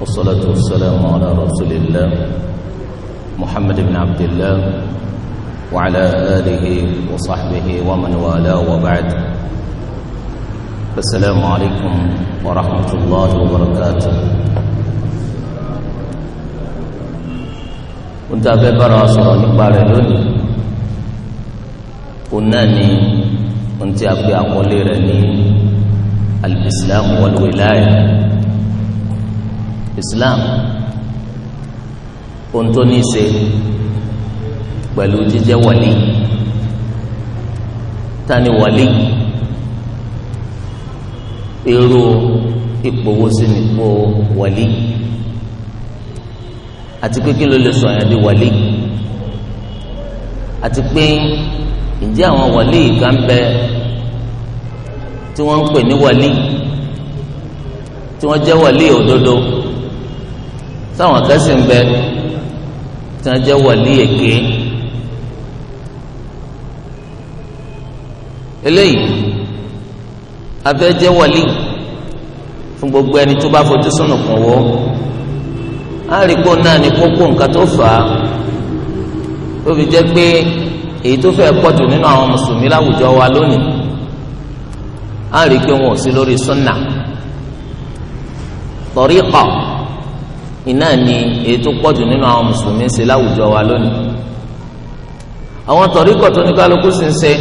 والصلاة والسلام على رسول الله محمد بن عبد الله وعلى آله وصحبه ومن والاه وبعد السلام عليكم ورحمة الله وبركاته كنت أبي برا صلى الله قلنا لي كنت أبي أقول لي الإسلام والولاية Islam ohun tó ní í ṣe pẹ̀lú jíjẹ́ wàlí tani wàlí irú ìpòwò sí nípò wàlí àti pé kí ló lè sọ àyàn di wàlí àti pé ǹjẹ́ àwọn wàlí kan ń bẹ tí wọ́n ń pè ní wàlí tí wọ́n jẹ́ wàlí òdodo táwọn kan sì ń bẹ tí wọ́n jẹ́ wọ̀lí èké eléyìí abẹ́ jẹ́ wọ̀lí fún gbogbo ẹni tó bá fojú sọ̀nà kàn wọ́ àríkò náà ni kókó nǹkan tó fà á ó fi jẹ́ pé èyí tó fẹ́ pọ̀jù nínú àwọn mùsùlùmí láwùjọ wa lónìí àríkò wọn ò sí lórí sunna tariqa iná ni èyí tó pọ̀jù nínú àwọn mùsùlùmí ń ṣe láwùjọ wa lónìí àwọn tọ̀ríkọ̀ tó ní kálukú sì ń ṣe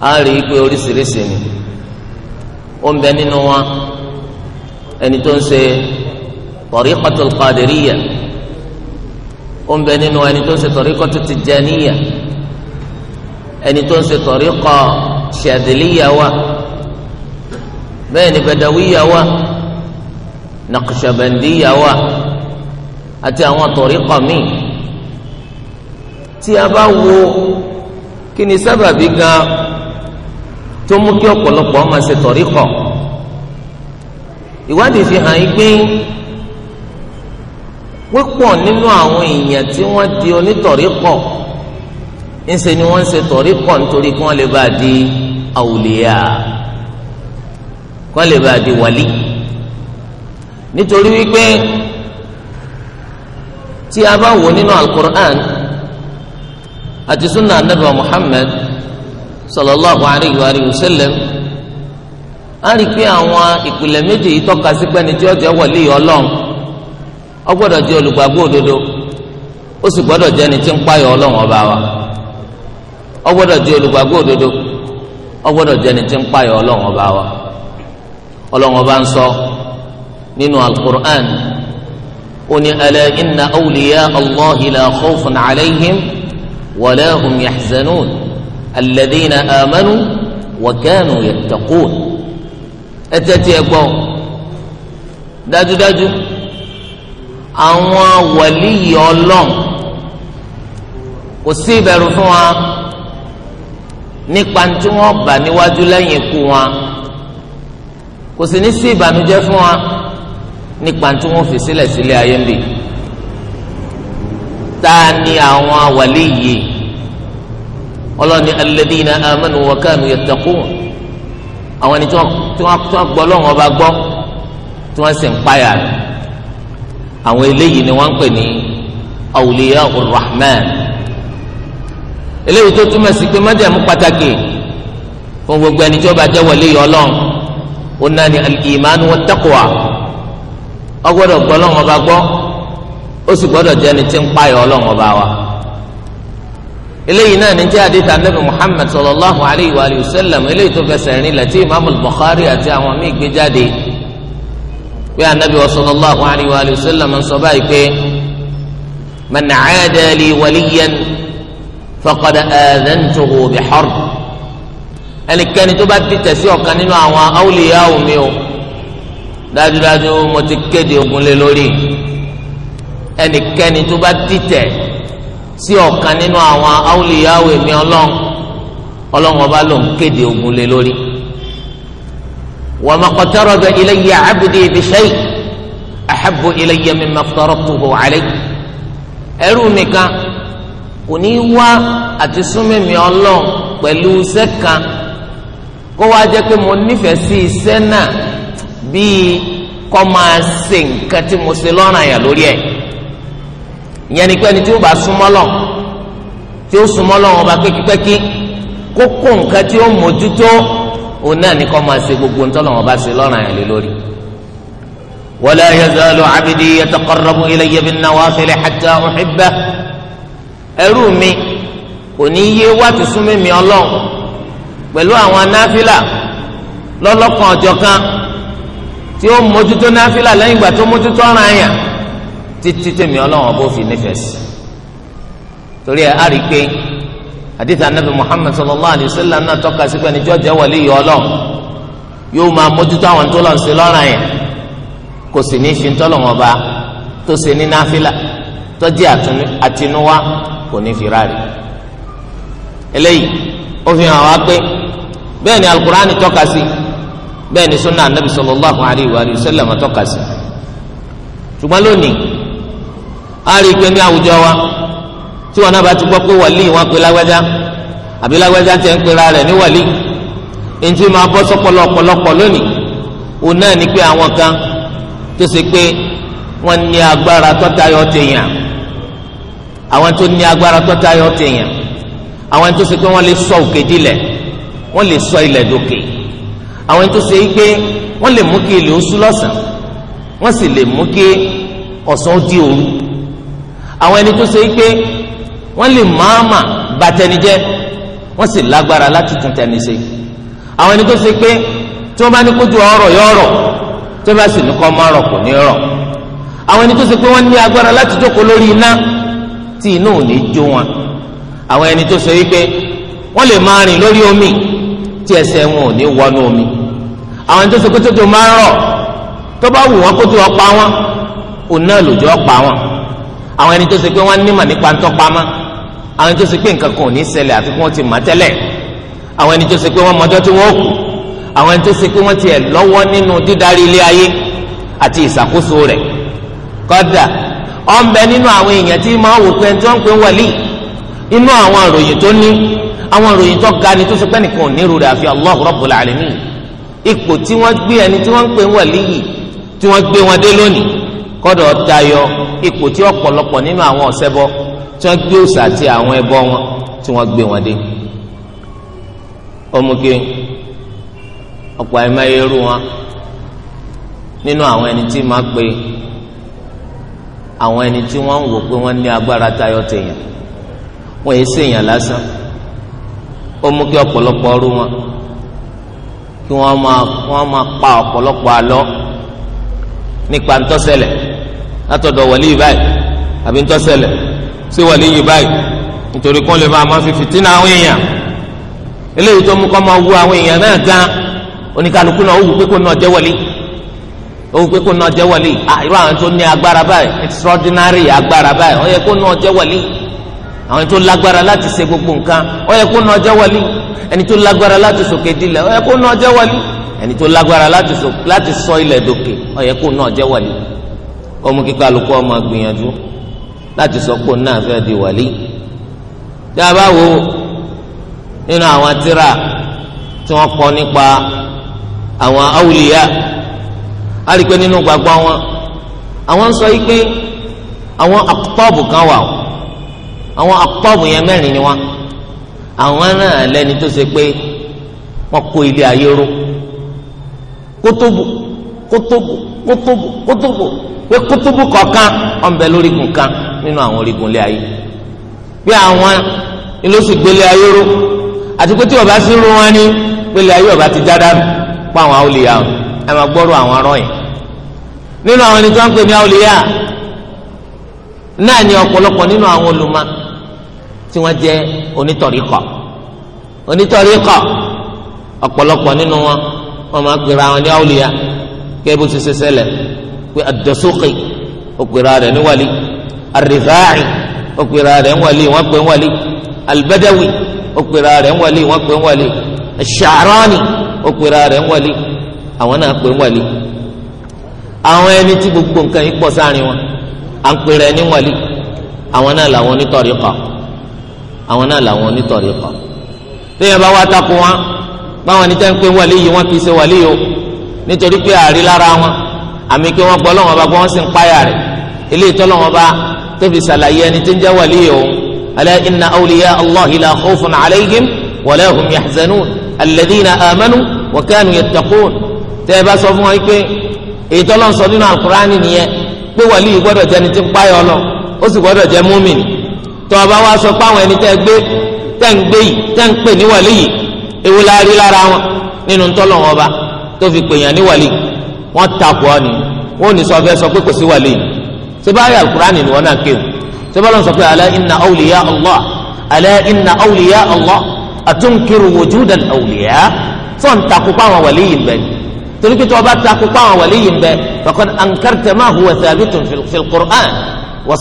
á rí i pé oríṣiríṣi ni ó ń bẹ nínú wa ẹni tó ń ṣe tọ̀ríkọ̀tò kàdìríyà ó ń bẹ nínú ẹni tó ń ṣe tọ̀ríkọ̀tò tìjàníyà ẹni tó ń ṣe tọ̀ríkọ̀ ṣàdìlíyà wa bẹ́ẹ̀ ni bẹ̀dàwíyà wa. Naqshbandiya wà àti àwọn tọ̀ríkọ̀ míì tí a bá wo kí ni sábàbí gan tó mú kí ọ̀pọ̀lọpọ̀ ọmọ ṣe tọ̀ríkọ̀ ìwádìí fi hàn yí pé pípọ̀ nínú àwọn èèyàn tí wọ́n di onítọ̀ríkọ̀ ńṣe ni wọ́n ń ṣe tọ̀ríkọ̀ nítorí kí wọ́n lè bá a di àwùlẹ̀yà kí wọ́n lè bá a di wàlí nítorí wípé tí a bá wò nínú alukur'an àti sunna anabi muhammed sallallahu alayhi wa sallam a rí i pé àwọn ìpìlẹ̀ méjì yìí tọ́ka sí pẹ́ni tí ó jẹ́ wọ̀lí ọlọ́run ó gbọ́dọ̀ jẹ́ olùgbàgbọ́ òdodo ó sì gbọ́dọ̀ jẹ́ ẹni tí ń páyọ̀ ọlọ́run ọba wa ó gbọ́dọ̀ jẹ́ olùgbàgbọ́ òdodo ó gbọ́dọ̀ jẹ́ ẹni tí ń páyọ̀ ọlọ́run ọba wa ọlọ́run ọba ń sọ. So, nínú alukur'an oní ala inna awliya allahi la khawfun alayhim wala hum yaxzanun alladina amanu wa kanu yattaqun ẹ tẹ́tí ẹ gbọ́ dájúdájú àwọn wàlíyìí ọlọ́n kò sí ìbẹ̀rù fún wa nípa tí wọ́n bá níwájú lẹ́yìn ikú wa kò sì ní sí ìbànújẹ́ fún wa nípa tí wọ́n fi sílẹ̀ sílẹ̀ ayé ń bì tá a ní àwọn àwàlẹ́ yìí ọlọ́ni alladhina amanu wa kanu yattaqun àwọn ẹni tí wọ́n gbọ́ lọ́wọ́ bá gbọ́ tí wọ́n sì ń páyà rẹ̀ àwọn eléyìí ni wọ́n ń pè ní awliya'ur rahman eléyìí tó túmọ̀ sí pé májàmú pàtàkì fún gbogbo ẹni tí wọ́n bá jẹ́ wàlẹ́ yìí ọlọ́run ó náà ní al-imanu wat ó gbọ́dọ̀ gbọ́ Ọlọ́run ọba gbọ́ ó sì gbọ́dọ̀ jẹ́ ẹni tí ń payọ Ọlọ́run ọba wa eléyìí náà ní jẹ́ àdìtà nabi Muhammad sallallahu alayhi wa sallam eléyìí tó fẹsẹ̀ rìn lẹ́tí imaamu Bukhari àti àwọn míì gbé jáde pé anabi wa sallallahu alayhi wa sallam ń sọ báyìí pé man waliyan faqad aadhantuhu bi harb ẹnikẹ́ni tó bá dìtẹ̀ sí ọ̀kan nínú àwọn awliya mi o dájúdájú mo ti kéde ogun lé lórí ẹnikẹ́ni tó bá dìtẹ̀ sí ọ̀kan nínú àwọn awúlíyàwó èmi ọlọ́run ọlọ́run ọba ló ń kéde ogun lé lórí. wa ma qataraba ilayya abdi bi shay' ahabbu ilayya mimma aftaratuhu alayhi. ẹrú mi kan kò ní wá àti súnmẹ́mi ọlọ́run pẹ̀lú iṣẹ́ kan kó wá jẹ́ pé mo nífẹ̀ẹ́ sí iṣẹ́ náà bíi kọ́ máa ṣe nǹkan tí mo ṣe lọ́rùn àyà lórí ẹ̀ ìyẹn ni pé ẹni tí ó bá súnmọ́ lọ tí ó súnmọ́ lọ wọn bá pẹ́kípẹ́kí kókó nǹkan tí ó mójútó òun náà ni kọ́ máa ṣe gbogbo nítorí wọn bá ṣe lọ́rùn àyà lé lórí. wala yazalu abdi yataqarrabu ilayya bin nawafil hatta uhibba ẹrú mi kò yé wá ti mi ọlọ́run pẹ̀lú àwọn anáfílà lọ́lọ́kan ọ̀jọ̀ kan tí ó mójútó náfìlà lẹ́yìn ìgbà tó mójútó ọ̀ràn àyàn títí tèmi ọlọ́run bó fi nífẹ̀ẹ́ sí torí ẹ̀ á rí i pé àdìsá nàbì Muhammad sallallahu alayhi wa sallam náà tọ́ka sí pé ní jọ́jẹ́ wọlé yìí ọlọ́run yóò máa mójútó àwọn tó lọ́n sí lọ́ràn àyàn kò sì ní fi tọ́lọ̀wọ́n ọba tó ṣe ní náfìlà tọ́jú àtinúwá kò ní fi ráàlì eléyìí ó fi hàn wá pé bẹ́ẹ̀ ni alukur'ani bẹ́ẹ̀ ni sunna anabi sallallahu alayhi wa sallam tọ́ka sí ṣùgbọ́n lónìí a rí i pé ní àwùjọ wa tí wọn náà bá ti gbọ́ pé wàlíì wọn pe lágbájá àbí lágbájá tẹ̀ ń pera rẹ̀ ní wàlíì èyí tí máa bọ́ sọ́pọ̀lọ ọ̀pọ̀lọpọ̀ lónìí òun náà ni pé àwọn kan tó ṣe pé wọ́n ní agbára tọ́tayọ̀ tèèyàn àwọn tó ní agbára tọ́tayọ̀ tèèyàn àwọn tó ṣe pé wọ́n lè sọ òkè dilẹ̀ wọ́n lè sọ ilẹ̀ dòkè àwọn tó so yìí pé wọ́n lè mú kí ilé oṣù lọ́sàn-án wọ́n sì lè mú kí ọ̀sán di òru àwọn ẹni tó so yìí pé wọ́n lè máàmà bà tẹni jẹ́ wọ́n sì lágbára láti tún tẹni ṣe àwọn ẹni tó so yìí pé tí wọ́n bá ní kójú ọ̀rọ̀ yọ ọ̀rọ̀ tí wọ́n bá sì ní kọ́ máa rọ̀ kò ní rọ̀ àwọn ẹni tó so pé wọ́n ní agbára láti jókòó lórí iná tí iná ò ní jó wọn àwọn ẹni tó so yìí pé wọ́n lè máa rìn lórí omi tí ẹsẹ̀ wọn ò ní wọnú omi àwọn tó sọkótó tó máa ń rọ̀ tó bá wù wọn kó tó ọpa wọn òun náà lòjọ́ ọpa wọn àwọn ẹni tó sọ pé wọ́n nímọ̀ nípa ntọ́pamọ́ àwọn ẹni tó sọ pé nǹkan kan ò ní ṣẹlẹ̀ àfi kí ti mọ̀ tẹ́lẹ̀ àwọn ẹni tó sọ pé wọ́n mọjọ́ tí wọ́n kù àwọn ẹni tó ṣe pé wọ́n tiẹ̀ lọ́wọ́ nínú dídarí ilé ayé àti ìṣàkóso rẹ̀ kódà ọ̀nbẹ nínú àwọn èèyàn tí máa wò pé ẹni tí ń pè wọlé inú àwọn àròyìn tó ní àwọn ìròyìn tó ga ni tó ṣe pé nìkan ò ní rúre àfi Allah Rabbul Alamin ipò tí wọ́n gbé ẹni tí wọ́n ń pè wọlé yìí tí wọ́n gbé wọn dé lónìí kọ́dọ̀ tayọ ipò tí ọ̀pọ̀lọpọ̀ nínú àwọn ọ̀sẹ́bọ tí wọ́n gbé òòṣà àti àwọn ẹbọ wọn tí wọ́n gbé wọn dé. ọmọge ọ̀pọ̀ àìmọye irú wọn nínú àwọn ẹni tí máa pe àwọn ẹni tí wọ́n ń wò pé wọ́n ní agbára tayọ tèèyàn wọ́n yé ó mú kí ọ̀pọ̀lọpọ̀ ọrú wọn kí wọ́n máa wọ́n máa pa ọ̀pọ̀lọpọ̀ àlọ́ nípa ntọ́sẹ̀lẹ̀ látọ̀dọ̀ wọlé yìí báyìí àbí ntọ́sẹ̀lẹ̀ sí wọlé yìí báyìí nítorí kó lè máa máa fi fìtínà àwọn èèyàn eléyìí tó mú kó máa wú àwọn èèyàn náà gan oníkàlùkù náà ó wù pé kó náà jẹ́ wọlé pé kó àwọn tó lágbára láti ṣe gbogbo nǹkan ó yẹ kó náà jẹ́ wali ẹni tó lágbára láti sòkè dilẹ̀ ó yẹ kó náà jẹ́ wali ẹni tó lágbára láti sọ ilẹ̀ dòkè ó yẹ kó náà jẹ́ wali kọ́mú kíkọ́ alùpùpù ọmọ gbìyànjú láti sọ pé náà fẹ́ di wali tí a bá wo nínú àwọn tírà tí wọ́n kọ nípa àwọn awùlíyà á nínú gbàgbọ́ wọn àwọn sọ yìí pé àwọn akutọ́ọ̀bù kan wà o àwọn akpọ́ọ̀bù yẹn mẹ́rin ni wọn àwọn náà lẹ́ni tó ṣe pé wọ́n kó ilé ayé ró kótóbù kótóbù kótóbù kótóbù pé kótóbù kọ̀ọ̀kan ọ̀n bẹ lórígun kan nínú àwọn orígun ilé ayé pé àwọn ìlọsì gbélé ayé ró àti pé tí ọba sí rú wọn ní gbélé ayé ọba ti já dànù pa àwọn àwòlíyà ẹ máa gbọ́rọ̀ àwọn arọ́ yẹn nínú àwọn ẹni tó ń pè ní àwòlíyà náà ni ọ̀pọ̀lọpọ̀ nínú àwọn olùmọ̀ tí wọ́n jẹ́ onítọ̀ríkọ̀ onítọ̀ríkọ̀ ọ̀pọ̀lọpọ̀ nínú wọn wọ́n máa pèrè àwọn ní awliya kẹ́ bó ti ṣe ṣẹlẹ̀ pé àdọ́sókè ó pèrè àrẹ ní wàlí àrìfáàrì ó pèrè àrẹ ń wàlí wọ́n pè ń wàlí albadawi ó pèrè àrẹ ń wàlí wọ́n pè ń wàlí ṣàrọ́ọ̀nì ó pèrè ń wàlí àwọn náà pè ń wàlí àwọn ẹni tí gbogbo nǹkan yìí pọ̀ sáàrin wọn à ń pèrè ẹni wàlí àwọn náà làwọn onítọ̀ríkọ̀ àwọn náà làwọn onítọ̀rí kọ téèyàn bá wá takò wọn báwọn ẹni tẹ́ ń pè wàlí yìí wọn kì í ṣe wàlí yìí o nítorí pé àárí lára wọn àmì pé wọn gbọ́ lọ́wọ́n bá gbọ́ wọn sì ń páyà rẹ̀ eléyìí tọ́ lọ́wọ́n bá tóbi sàlàyé ẹni tí ń jẹ́ wàlí yìí o ala inna awliya allahi la khawfun alayhim wala hum yahzanun alladhina amanu wa kanu yattaqun tẹ́ ẹ bá sọ fún wọn pé èyí tọ́lọ́ sọ nínú alukur'ani tó o bá wá sọ pé àwọn ẹni tẹ́ gbé tẹ́ ń gbé yìí tẹ́ ń pè ní wàlí yìí ewu la rí lára wọn nínú ntọ́lọ̀ wọn bá tó fi pè yàn ní wàlí wọn takò ọ ni wọn ò ní sọ fẹ́ sọ pé kò sí wàlí yìí sibáyà alukur'an ni wọn náà kéwù sibáyà lọ sọ pé ala inna awliya allah ala inna awliya allah atunkiru wujudan awliya sọ̀n takò pa àwọn wàlí yìí bẹ́ẹ̀ torí tó o bá takò pa wàlí yìí bẹ́ẹ̀ faqad ankarta ma huwa thabitun fil qur'an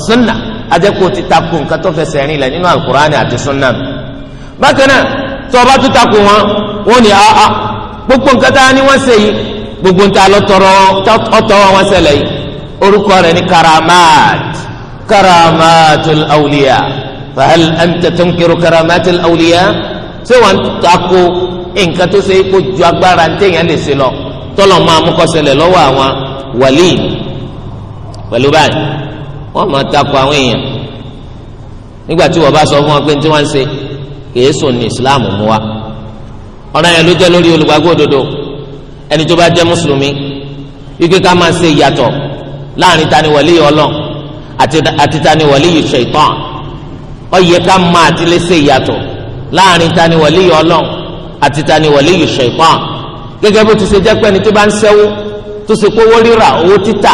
sunnah ajẹ́kù ti takò nǹkan tó fẹsẹ̀ rìn lẹ̀ nínú alukur'ani àti sunna bákan náà tó o bá tún takò wọn wọn ni aa ah, ah, gbogbo nǹkan tá a ní wọ́n ṣe yìí gbogbo nǹkan lọ tọrọ ọtọ wọn ṣẹlẹ̀ yìí orúkọ rẹ̀ ni karamat karamatul awliya fahal anta tunkiru karamatul awliya ṣé wọn takò nǹkan tó ṣe kó ju agbára ntẹ̀yìn lè ṣe lọ tọ́lọ̀ máa mú kó lọ́wọ́ àwọn wàlíì pẹ̀lú báyìí wọ́n máa takò àwọn èèyàn nígbà tí wọ́n bá sọ fún wọn pé tí wọ́n ń ṣe kìí sùn ní islam mú wa ọ̀ràn yẹn ló jẹ́ lórí olùgbàgbọ́ òdodo ẹni tó bá jẹ́ mùsùlùmí wípé ká máa ṣe ìyàtọ̀ láàrin tani wàlí ọlọ́n àti tani wàlí ṣaitan ó yẹ ká máa ti lè ṣe ìyàtọ̀ láàrin tani wàlí ọlọ́n àti tani wàlí ṣaitan gẹ́gẹ́ bó ti ṣe jẹ́ pé tó bá ń ṣẹ́wó tó ṣe kówó rírà owó títà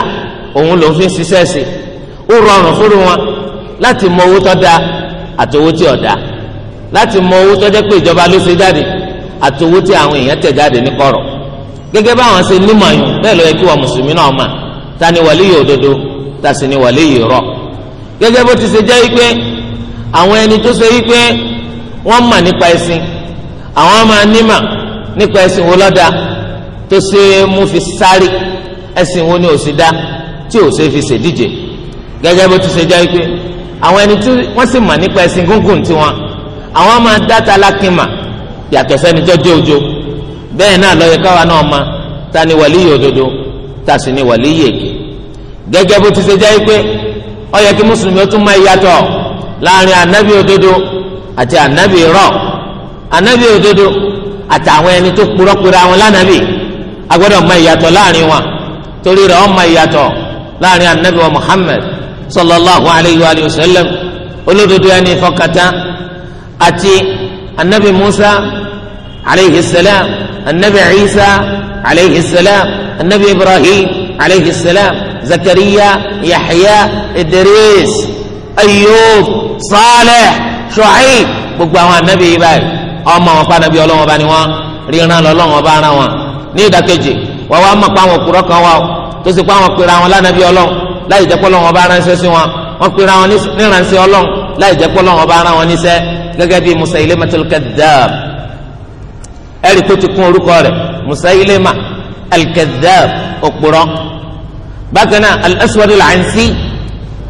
òun ló fi ń ṣiṣẹ́ sí ó rọrùn fúnru wọn láti mọ owó tó dáa àti owó tí ò dáa láti mọ owó tó jẹ́ pé ìjọba ló ṣe jáde àti owó tí àwọn èèyàn tẹ̀ jáde ní kọ̀rọ̀ gẹ́gẹ́ báwọn ṣe nímọ̀ yìí bẹ́ẹ̀ ló yẹ kí wọn mùsùlùmí náà mà ta ni wàlíyì òdodo ta sì ni wàlíyì rọ gẹ́gẹ́ bó ti ṣe jẹ́ wípé àwọn ẹni tó ṣe wípé wọ́n mà nípa ẹ̀sìn àwọn máa nímọ̀ nípa ẹ̀sìn wo lọ́dà tó ṣe mú fi sáré ẹ̀sìn wo ni ò sì dá tí ò ṣe fi ṣèdíje gẹ́gẹ́ bó ti ṣe jẹ́ pé àwọn ẹni tí wọ́n sì mọ̀ nípa ẹ̀sìn gúngùn tiwọn àwọn máa dá talákin mà yàtọ̀ sẹ́ni tó jẹ́ òjò bẹ́ẹ̀ náà lọ́yẹ káwa náà ma ta ni wàlíyè òdodo ta sì ni wàlíyè èké gẹ́gẹ́ bó ti ṣe jẹ́ pé ó yẹ kí mùsùlùmí ó tún máa yàtọ̀ láàrin ànábì òdodo àti ànábì irọ́ ànábì òdodo àtàwọn ẹni tó kúrọ́kúrọ́ àwọn lánàbì agbọ́dọ̀ máa yàtọ̀ láàrin wọn torí rẹ̀ ó máa yàtọ̀ láàrin ànábì wa Muhammad sallallahu alayhi wa sallam olódodo ẹni fọkàtà àti anabi musa alayhi salam anabi isa alayhi salam anabi ibrahim alayhi salam zakariya yahya idris ayub saleh shuaib gbogbo àwọn anabi yìí báyìí ọmọ wọn pa anabi ọlọ́wọ́n bá ni wọn ríran lọ́lọ́wọ́n bá ara wọn ní ìdákejì wọ́n wá mọ̀ pa àwọn òkúrọ́ kan wá tó sì pa àwọn pèrè àwọn lánàbí ọlọ́wọ́ láì jẹ́ pé Ọlọ́run ọba ránṣẹ́ sí wọn wọ́n pera wọn níranṣẹ́ Ọlọ́run láì jẹ́ pé Ọlọ́run ọba rán wọn níṣẹ́ gẹ́gẹ́ bíi Musailimatul Kadhdhab ẹ̀rí tó ti kún orúkọ rẹ̀ Musailima al-Kadhdhab òpùrọ́ bákan náà al-Aswad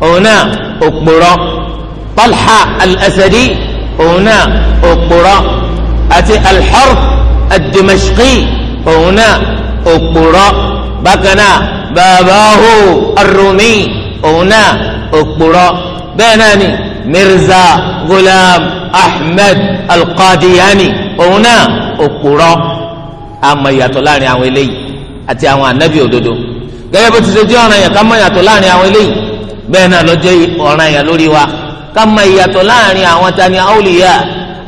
òun náà òpùrọ́ Talha al òun náà òpùrọ́ àti al-Harith òun náà òpùrọ́ bákan náà babahu arumi òun náà òpùrọ́ bẹ́ẹ̀ náà ni mirza gulam ahmed alqadiyani òun náà òpùrọ́ àmọ́ ìyàtọ̀ láàrin àwọn eléyìí àti àwọn anabi òdodo gẹ́gẹ́ bó ti ṣe jẹ́ ọ̀ràn yẹn ká mọ̀ ìyàtọ̀ láàrin àwọn eléyìí bẹ́ẹ̀ náà lọ́jọ́ ọ̀ràn yẹn lórí wa ká mọ̀ ìyàtọ̀ láàrin àwọn tani awliya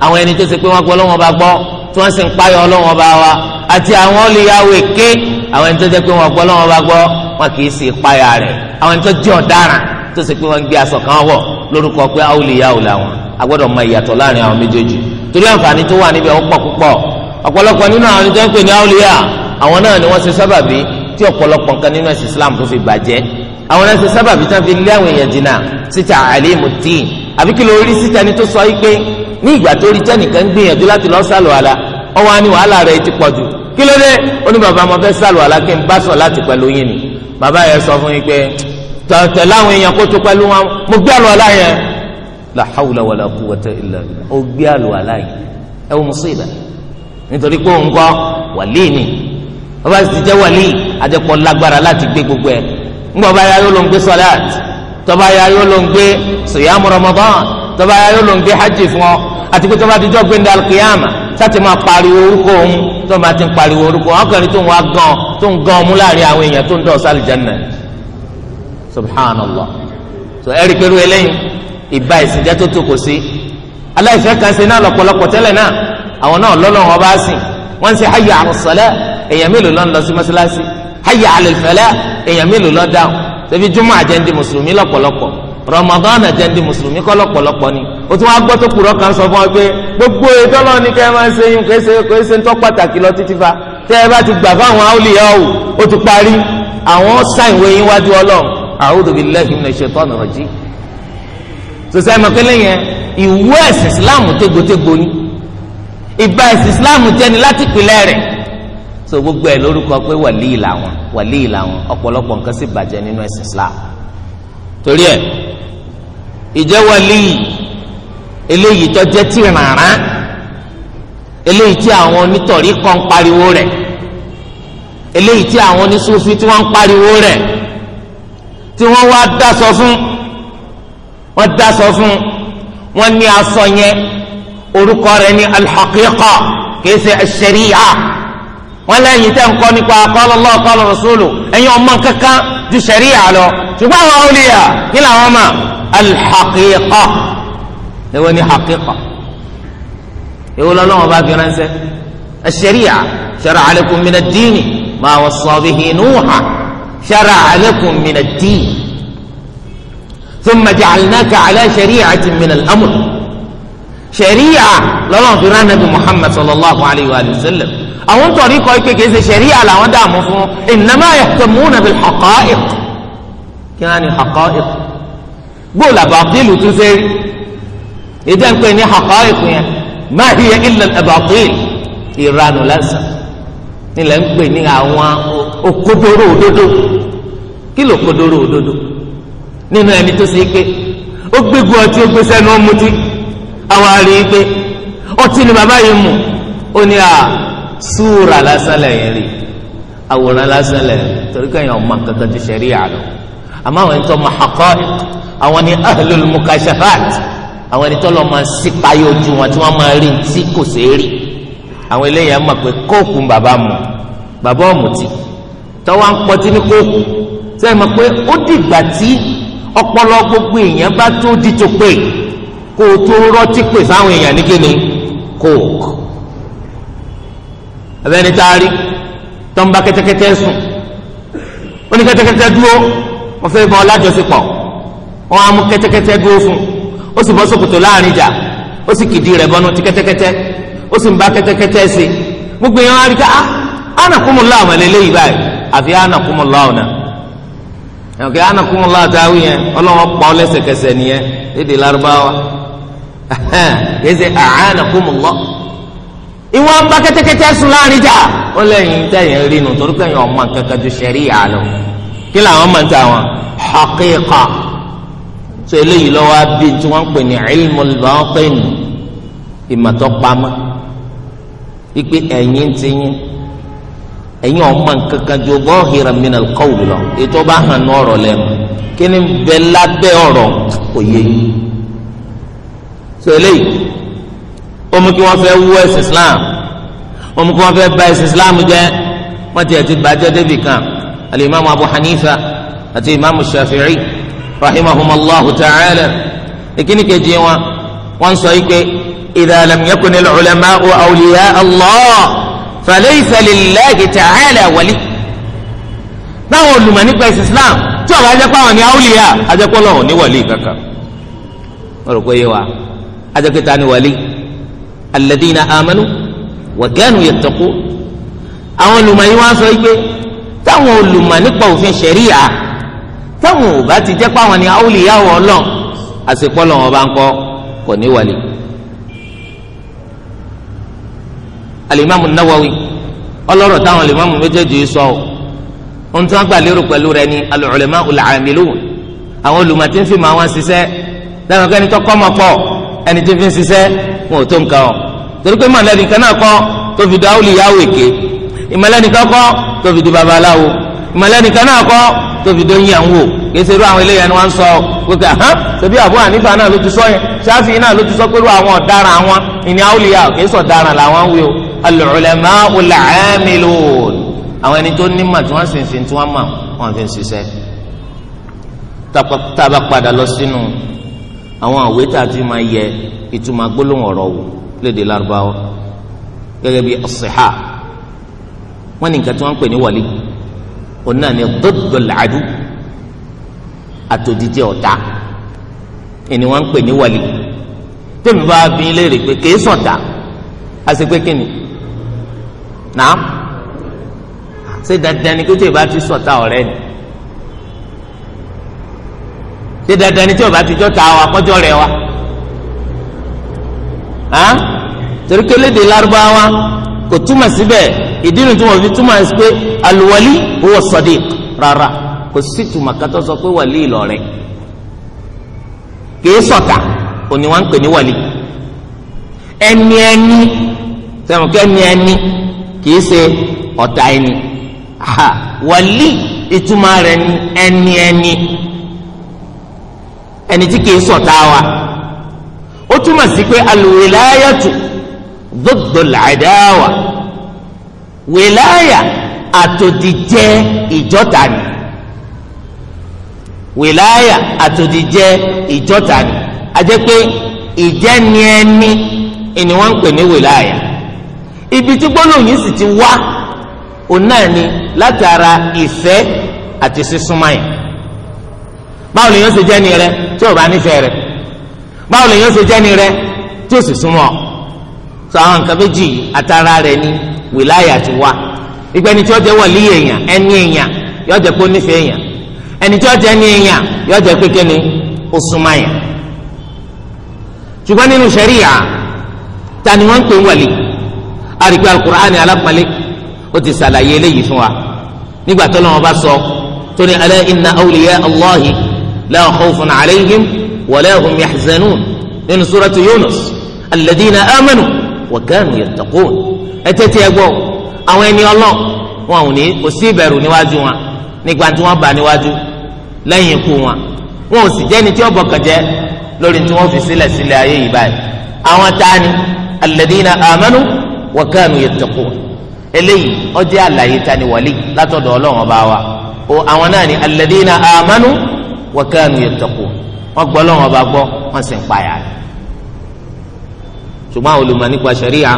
àwọn ẹni tó ṣe pé wọ́n gbọ́ lọ́wọ́ bá gbọ́ tí wọ́n sì ń páyọ̀ ọlọ́wọ́ bá wa àti àwọn olùyàwó èké àwọn ẹni tó jẹ́ pé wọ́n gbọ́ lọ́wọ́ bá gbọ́ wọn kì í sì páyà rẹ̀ àwọn ẹni tó jẹ́ ọ̀daràn tó sì pé wọ́n gbé aṣọ kan wọ̀ lórúkọ pé awolìyàwó làwọn a gbọ́dọ̀ mọ ìyàtọ̀ láàrin àwọn méjèèjì torí àǹfààní tó wà níbẹ̀ ó púpọ̀ ọ̀pọ̀lọpọ̀ nínú àwọn ẹni tó ń pè ní awolìyà àwọn náà ni wọ́n ṣe sábàbí tí ọ̀pọ̀lọpọ̀ nǹkan nínú ẹ̀sìn Islam tó fi bàjẹ́ àwọn náà ṣe sábàbí tí wọ́n fi lé àwọn èèyàn jìnnà síta àlímù tíì àbí kí ló rí síta ni tó sọ yìí pé ní ìgbà tó rí tẹ́nìkan gbìyànjú láti lọ sálọ àlà ọwọ́ á ní wàhálà rẹ̀ ti pọ̀ jù kí ló dé ó ní bàbá mo fẹ́ sàlù aláké ń bá sọ láti pẹ̀lú yín ni bàbá yẹn sọ fún yín pé tẹ̀tẹ̀ láwọn èèyàn kó tó pẹ̀lú wọn mo gbé àlọ́ àlá yẹn la hawla wala quwwata illa billah ó gbé àlọ́ àlá yẹn ẹ wọ́n musiba nítorí pé òun kọ́ wàlí ni bàbá sì ti jẹ́ wàlí àjẹpọ̀ lágbára láti gbé gbogbo ẹ̀ ńgbọ́ bá yá ló ń gbé sọ́láàtì tọ́ba yá ló ń gbé siyam Ramadan tọ́ba yá ló ń gbé hajj fún ọ àti pé tọ́ba dijọ́ gbé ndàlùkìyàmà sátì máa pariwo orúkọ òun tó máa ti ń pariwo orúkọ àwọn kan ní tó ń wá gan tó ń gan ọmú láàrin àwọn èèyàn tó ń dọ̀ sálì jẹ́nà subhanallah so ẹ̀rí pẹ̀lú eléyìí ìgbà ìsìnjẹ́ tó tó kò sí aláìfẹ́ kan ṣe náà lọ́pọ̀lọpọ̀ tẹ́lẹ̀ náà àwọn náà lọ́nà wọn bá sìn wọ́n ń ṣe hayya àrùsọ̀lẹ́ èèyàn mélòó ló ń lọ sí mọ́ṣáláṣí hayya àlèfẹ́lẹ́ èèyàn mélòó ló dáhùn ṣebí júmọ́ àjẹ́ndì mùsùlùmí lọ́pọ̀lọpọ̀ Ramadan àjẹndì mùsùlùmí kọ́ lọ́pọ̀lọpọ̀ ni o tún wá gbọ́ tó kúrọ́ kan sọ fún ọ pé gbogbo ìtọ́lọ́ ni kẹ́ ẹ máa ṣe yín kò é ṣe ń tọ́ pàtàkì lọ títí fa tẹ́ ẹ bá ti gbà fáwọn àwòlíyá o ó ti parí àwọn sáìwé yín wájú ọlọ́run a'udhu billahi minash shaitani rajim. sọsẹ́ mọ̀kẹ́lẹ́ yẹn ìwé ẹ̀sìn Islam tégbòtégbò ni ìbá ẹ̀sìn Islam jẹ́ni láti pìlẹ̀ rẹ̀ so gbogbo ẹ̀ lórúkọ pé wàlíì làwọn wàlíì làwọn ọ̀pọ̀lọpọ̀ nǹkan sì bàjẹ́ nínú ẹ̀sìn Islam torí ẹ ìjẹ́wọ́lé eléyìí tó jẹ́ tí ràrá eléyìí tí àwọn onítọ̀rí kan ń pariwo rẹ̀ eléyìí tí àwọn onísúfí tí wọ́n ń pariwo rẹ̀ tí wọ́n wá dasọ fún wọ́n dasọ fún wọ́n ní aṣọ yẹn orúkọ rẹ̀ ní alḥaqiqa kìí ṣe ṣẹ̀ríyà wọ́n lẹ́yìn tẹ́ ń kọ́ nípa qala Allah qala ẹ̀yin ọmọ kankan ju sẹ̀ríyà lọ ṣùgbọ́n àwọn awliya kí làwọn mọ̀ alḥaqiqa èwo ni haqiqa èwo lọ́lọ́wọ́n bá fi ránṣẹ́ asẹ̀ríyà shara'a lakum mina ad-dini ma wassa bihi Nuha shara'a lakum mina ad-din thumma ja'alnaka ala shari'atin mina al-amr sẹ̀ríyà lọ́lọ́wọ́n fi ránṣẹ́ bi Muhammad sallallahu alayhi wa sallam àwọn tọ̀rí kọ́ ike kìí ṣe ṣẹ̀ríà làwọn dààmú fún innama yahtamuna bil haqa'iq kí wọ́n á ní haqa'iq gbọ́dọ̀ àbàdìlù tún ṣe rí ìdá ń pè ní haqa'iq yẹn ma hiya illa al-abatil ìranù lásán nílẹ̀ ń pè ní àwọn òkodoro òdodo kí ló kodoro òdodo nínú ẹni tó ṣe pé ó gbégbó ọtí ó gbé sẹ́nu ó àwọn àrí pé ọtí ni bàbá yìí mú ó ní à súra lásán lẹ́yìn rí àwòrán lásán lẹ́yìn torí kẹ́yìn ọmọ kankan ti ṣẹ̀rí àlọ́ àmọ́ àwọn ẹ̀ńtọ́ mahakọ́ àwọn ni ahlul mukashafat àwọn ẹni tọ́lọ́ máa sípayé ojú wọn tí wọ́n máa rí tí kò ṣeé rí àwọn eléyìí á mọ̀ pé kóòkù bàbá mu bàbá ọ̀mùtí tọ́wọ́ ń pọtí ní kóòkù sẹ́yìn mọ̀ pé ó dìgbà tí ọpọlọ gbogbo èèyàn bá tó dìtò pé kó o tó rọ́tí pè fáwọn èèyàn ní kíni kóòkù abẹ́ni taari tọ́nba kẹ́tẹ́kẹ́tẹ́ sùn ó kẹ́tẹ́kẹ́tẹ́ dúró wọ́n fẹ́ bọ́ ọlájọsípọ̀ wọ́n á kẹ́tẹ́kẹ́tẹ́ dúró fún ó sì bọ́ sòkòtò láàrin ìjà ó sì kìdí rẹ̀ bọ́nu ti kẹ́tẹ́kẹ́tẹ́ ó sì ń bá kẹ́tẹ́kẹ́tẹ́ sí gbogbo yẹn wọ́n á á ah, anakumula àwọn eléyìí báyìí àfi yẹn ọlọ́wọ́ ìwọ bá kẹ́tẹ́kẹ́tẹ́ sùn láàrin jà ó lẹ́yìn tẹ̀yìn rínu torí pé èèyàn ọmọ kankan ju ṣẹ̀ríà lọ kí làwọn máa ń ta wọn haqiqa tó eléyìí lọ́wọ́ bí tí wọ́n ń pè ní ilmul batin ìmọ̀tọ́ pamọ́ ipe ẹ̀yìn ti yín ẹ̀yìn ọmọ kankan ju zahiran minal qawl lọ ètò bá hàn ní ọ̀rọ̀ lẹ́nu kí ni bẹ́ẹ̀ lábẹ́ ọ̀rọ̀ kò yẹ yín tó eléyìí ó mú kí wọ́n fẹ́ wú ẹ̀sìn islam ó mú kí wọ́n fẹ́ bà ẹ̀sìn islam jẹ́ wọ́n ti ẹ̀tì bàjẹ́ débi kan alimami abu hanifa àti imaamu shafi'i rahimahumallahu ta'ala ìkíni kejì wọn wọ́n sọ yìí pé idha lam yakun al-ulama'u awliya allah falaysa lillahi ta'ala wali báwọn olùmọ̀ nípa ẹ̀sìn islam tí ọ̀rọ̀ ajẹ́pọ̀ àwọn ni ajẹ́pọ̀ lọ́wọ́ ní wali kankan wọ́n pé yé wa ajẹ́pẹ́ ta ni alladhina amanu wa kanu yattaqun àwọn olùmọ̀ yìí wọ́n á sọ pé táwọn olùmọ̀ nípa òfin ṣẹ̀ríà táwọn ò bá ti jẹ́ pé àwọn ni awliyahu Ọlọ́run àsìkò Ọlọ́run bá ń kọ́ kò ní wàlẹ̀. alimami nawawi ọlọ́rọ̀ táwọn alimami méjèèjì sọ ọ́ ohun tí wọ́n gbà lérò pẹ̀lú rẹ̀ ni al-ulama'ul 'amilun àwọn olùmọ̀ tí ń fi mọ̀ àwọn ṣiṣẹ́ dáhùn kẹ́ni tó kọ́ mọ̀ pọ̀ ẹni tí fi ń ṣiṣẹ́ wọn ò tó nǹkan o torí pé mọ̀lẹ́ nìkan náà kọ́ tó fi dá òòlì yàwó èké ìmọ̀lẹ́ nìkan kọ́ tó fi di babaláwo ìmọ̀lẹ́ nìkan náà kọ́ tó fi dóyin àwọn wò kì í ṣe irú àwọn eléyà ni wọ́n ń sọ gbogbo àhán ṣebí àbú ànífà náà ló ti sọ yẹn ṣáfì náà ló ti sọ pé irú àwọn ọ̀daràn àwọn ìní àwòlìyà kì í ọ̀daràn làwọn wí o alùlẹ̀mọ́ ọ̀làmìlò àwọn ẹni tó nímọ̀ tí wọ́n sì ń tí wọ́n mọ̀ wọ́n fi ń ṣiṣẹ́ tá padà lọ sínú àwọn àwé tá a ti máa yẹ ìtumọ̀ gbólóhùn ọ̀rọ̀ wò léde lárúbáwá gẹ́gẹ́ bí ọ̀sìhà wọ́n ní nǹkan tí wọ́n ń pè ní wọ̀lí òun náà ní dọ́dọ̀làdú àtòdìjẹ ọ̀tá ẹni wọ́n ń pè ní wọ̀lí tẹ́mi bá bí léèrè pé kìí sọ̀tá àti pé kíni náà ṣé dandan ni kí o tẹ̀ bá ti sọ̀tá ọ̀rẹ́ ni ṣé dandan ni tí o bá ti jọ ta wa kọjọ rẹ wa hàn torí kéléde lárúbáwá kò túmọ̀ síbẹ̀ ìdí nu tí wọ́n fi túmọ̀ sí pé aluwali huwa sadiq rárá kò sí túmọ̀ kátó sọ pé wàlí ìlọrẹ kìí sọ̀tà òní wọn ń pè ní wàlí ẹni ẹni sẹ́wọ̀n kẹ́ni ẹni kìí ṣe ọ̀tá ẹni wàlí ìtumọ̀ rẹ̀ ni ẹni ẹni ẹni tí kìí ṣọ̀tá wa ó túmọ̀ sí pé alùwìláyàtù dọ́dọ̀ làdáwà wìláyà àtòdìjẹ́ ìjọ́ta ni wìláyà àtòdìjẹ́ ìjọ́ta ni a jẹ́ pé ìjẹ́ni ẹni ni wọ́n ń pè ní wìláyà ibi tí gbólóhùn yìí sì ti wá òun náà ni látara ìfẹ́ àti sísúnmáyà báwo lèyàn ṣe jẹ́ni rẹ tí ò bá nífẹ̀ẹ́ rẹ báwo lèyàn ṣe jẹ́ni rẹ tí ò sì súnmọ́ sọ àwọn nǹkan méjì àtàrà rẹ ni wìláyà ti wá ìgbẹ́ni tí ó jẹ́ wọ̀lí èèyàn ẹni èèyàn yóò jẹ́ pé ó nífẹ̀ẹ́ èèyàn ẹni tí ó jẹ́ ẹni èèyàn yóò jẹ́ pé kíni ó súnmọ́ èèyàn ṣùgbọ́n nínú sẹ́ríyà ta ni wọ́n ń pè ń wọ̀lí àríkí alukur'ani alápàlẹ́ ó ti ṣàlàyé eléyìí fún wa nígbà tó lọ́wọ́ bá sọ tó ní ala inna awliya Allahi la khawfun alayhim wala hum yahzanun nínú suratu Yunus alladhina amanu wa kanu yattaqun ẹ tẹ́tí ẹ gbọ́ àwọn ẹni ọlọ́ wọn ò ní kò sí ìbẹ̀rù níwájú wọn nígbà tí wọ́n bá níwájú lẹ́yìn ikú wọn wọn ò sì jẹ́ ni tí ó bọ̀kànjẹ́ lórí tí wọ́n fi sílẹ̀ sílẹ̀ ayé yìí báyìí àwọn tani alladhina amanu wa kanu yattaqun eléyìí ó àlàyé tani wàlí látọ̀dọ̀ Ọlọ́run ọba wa àwọn náà ni alladhina amanu wa kanu yattaqun wọ́n gbọ́ lọ́wọ́ ọba gbọ́ wọ́n sì ń payà rẹ̀ ṣùgbọ́n àwọn olùmọ̀ nípa ṣẹ̀ríà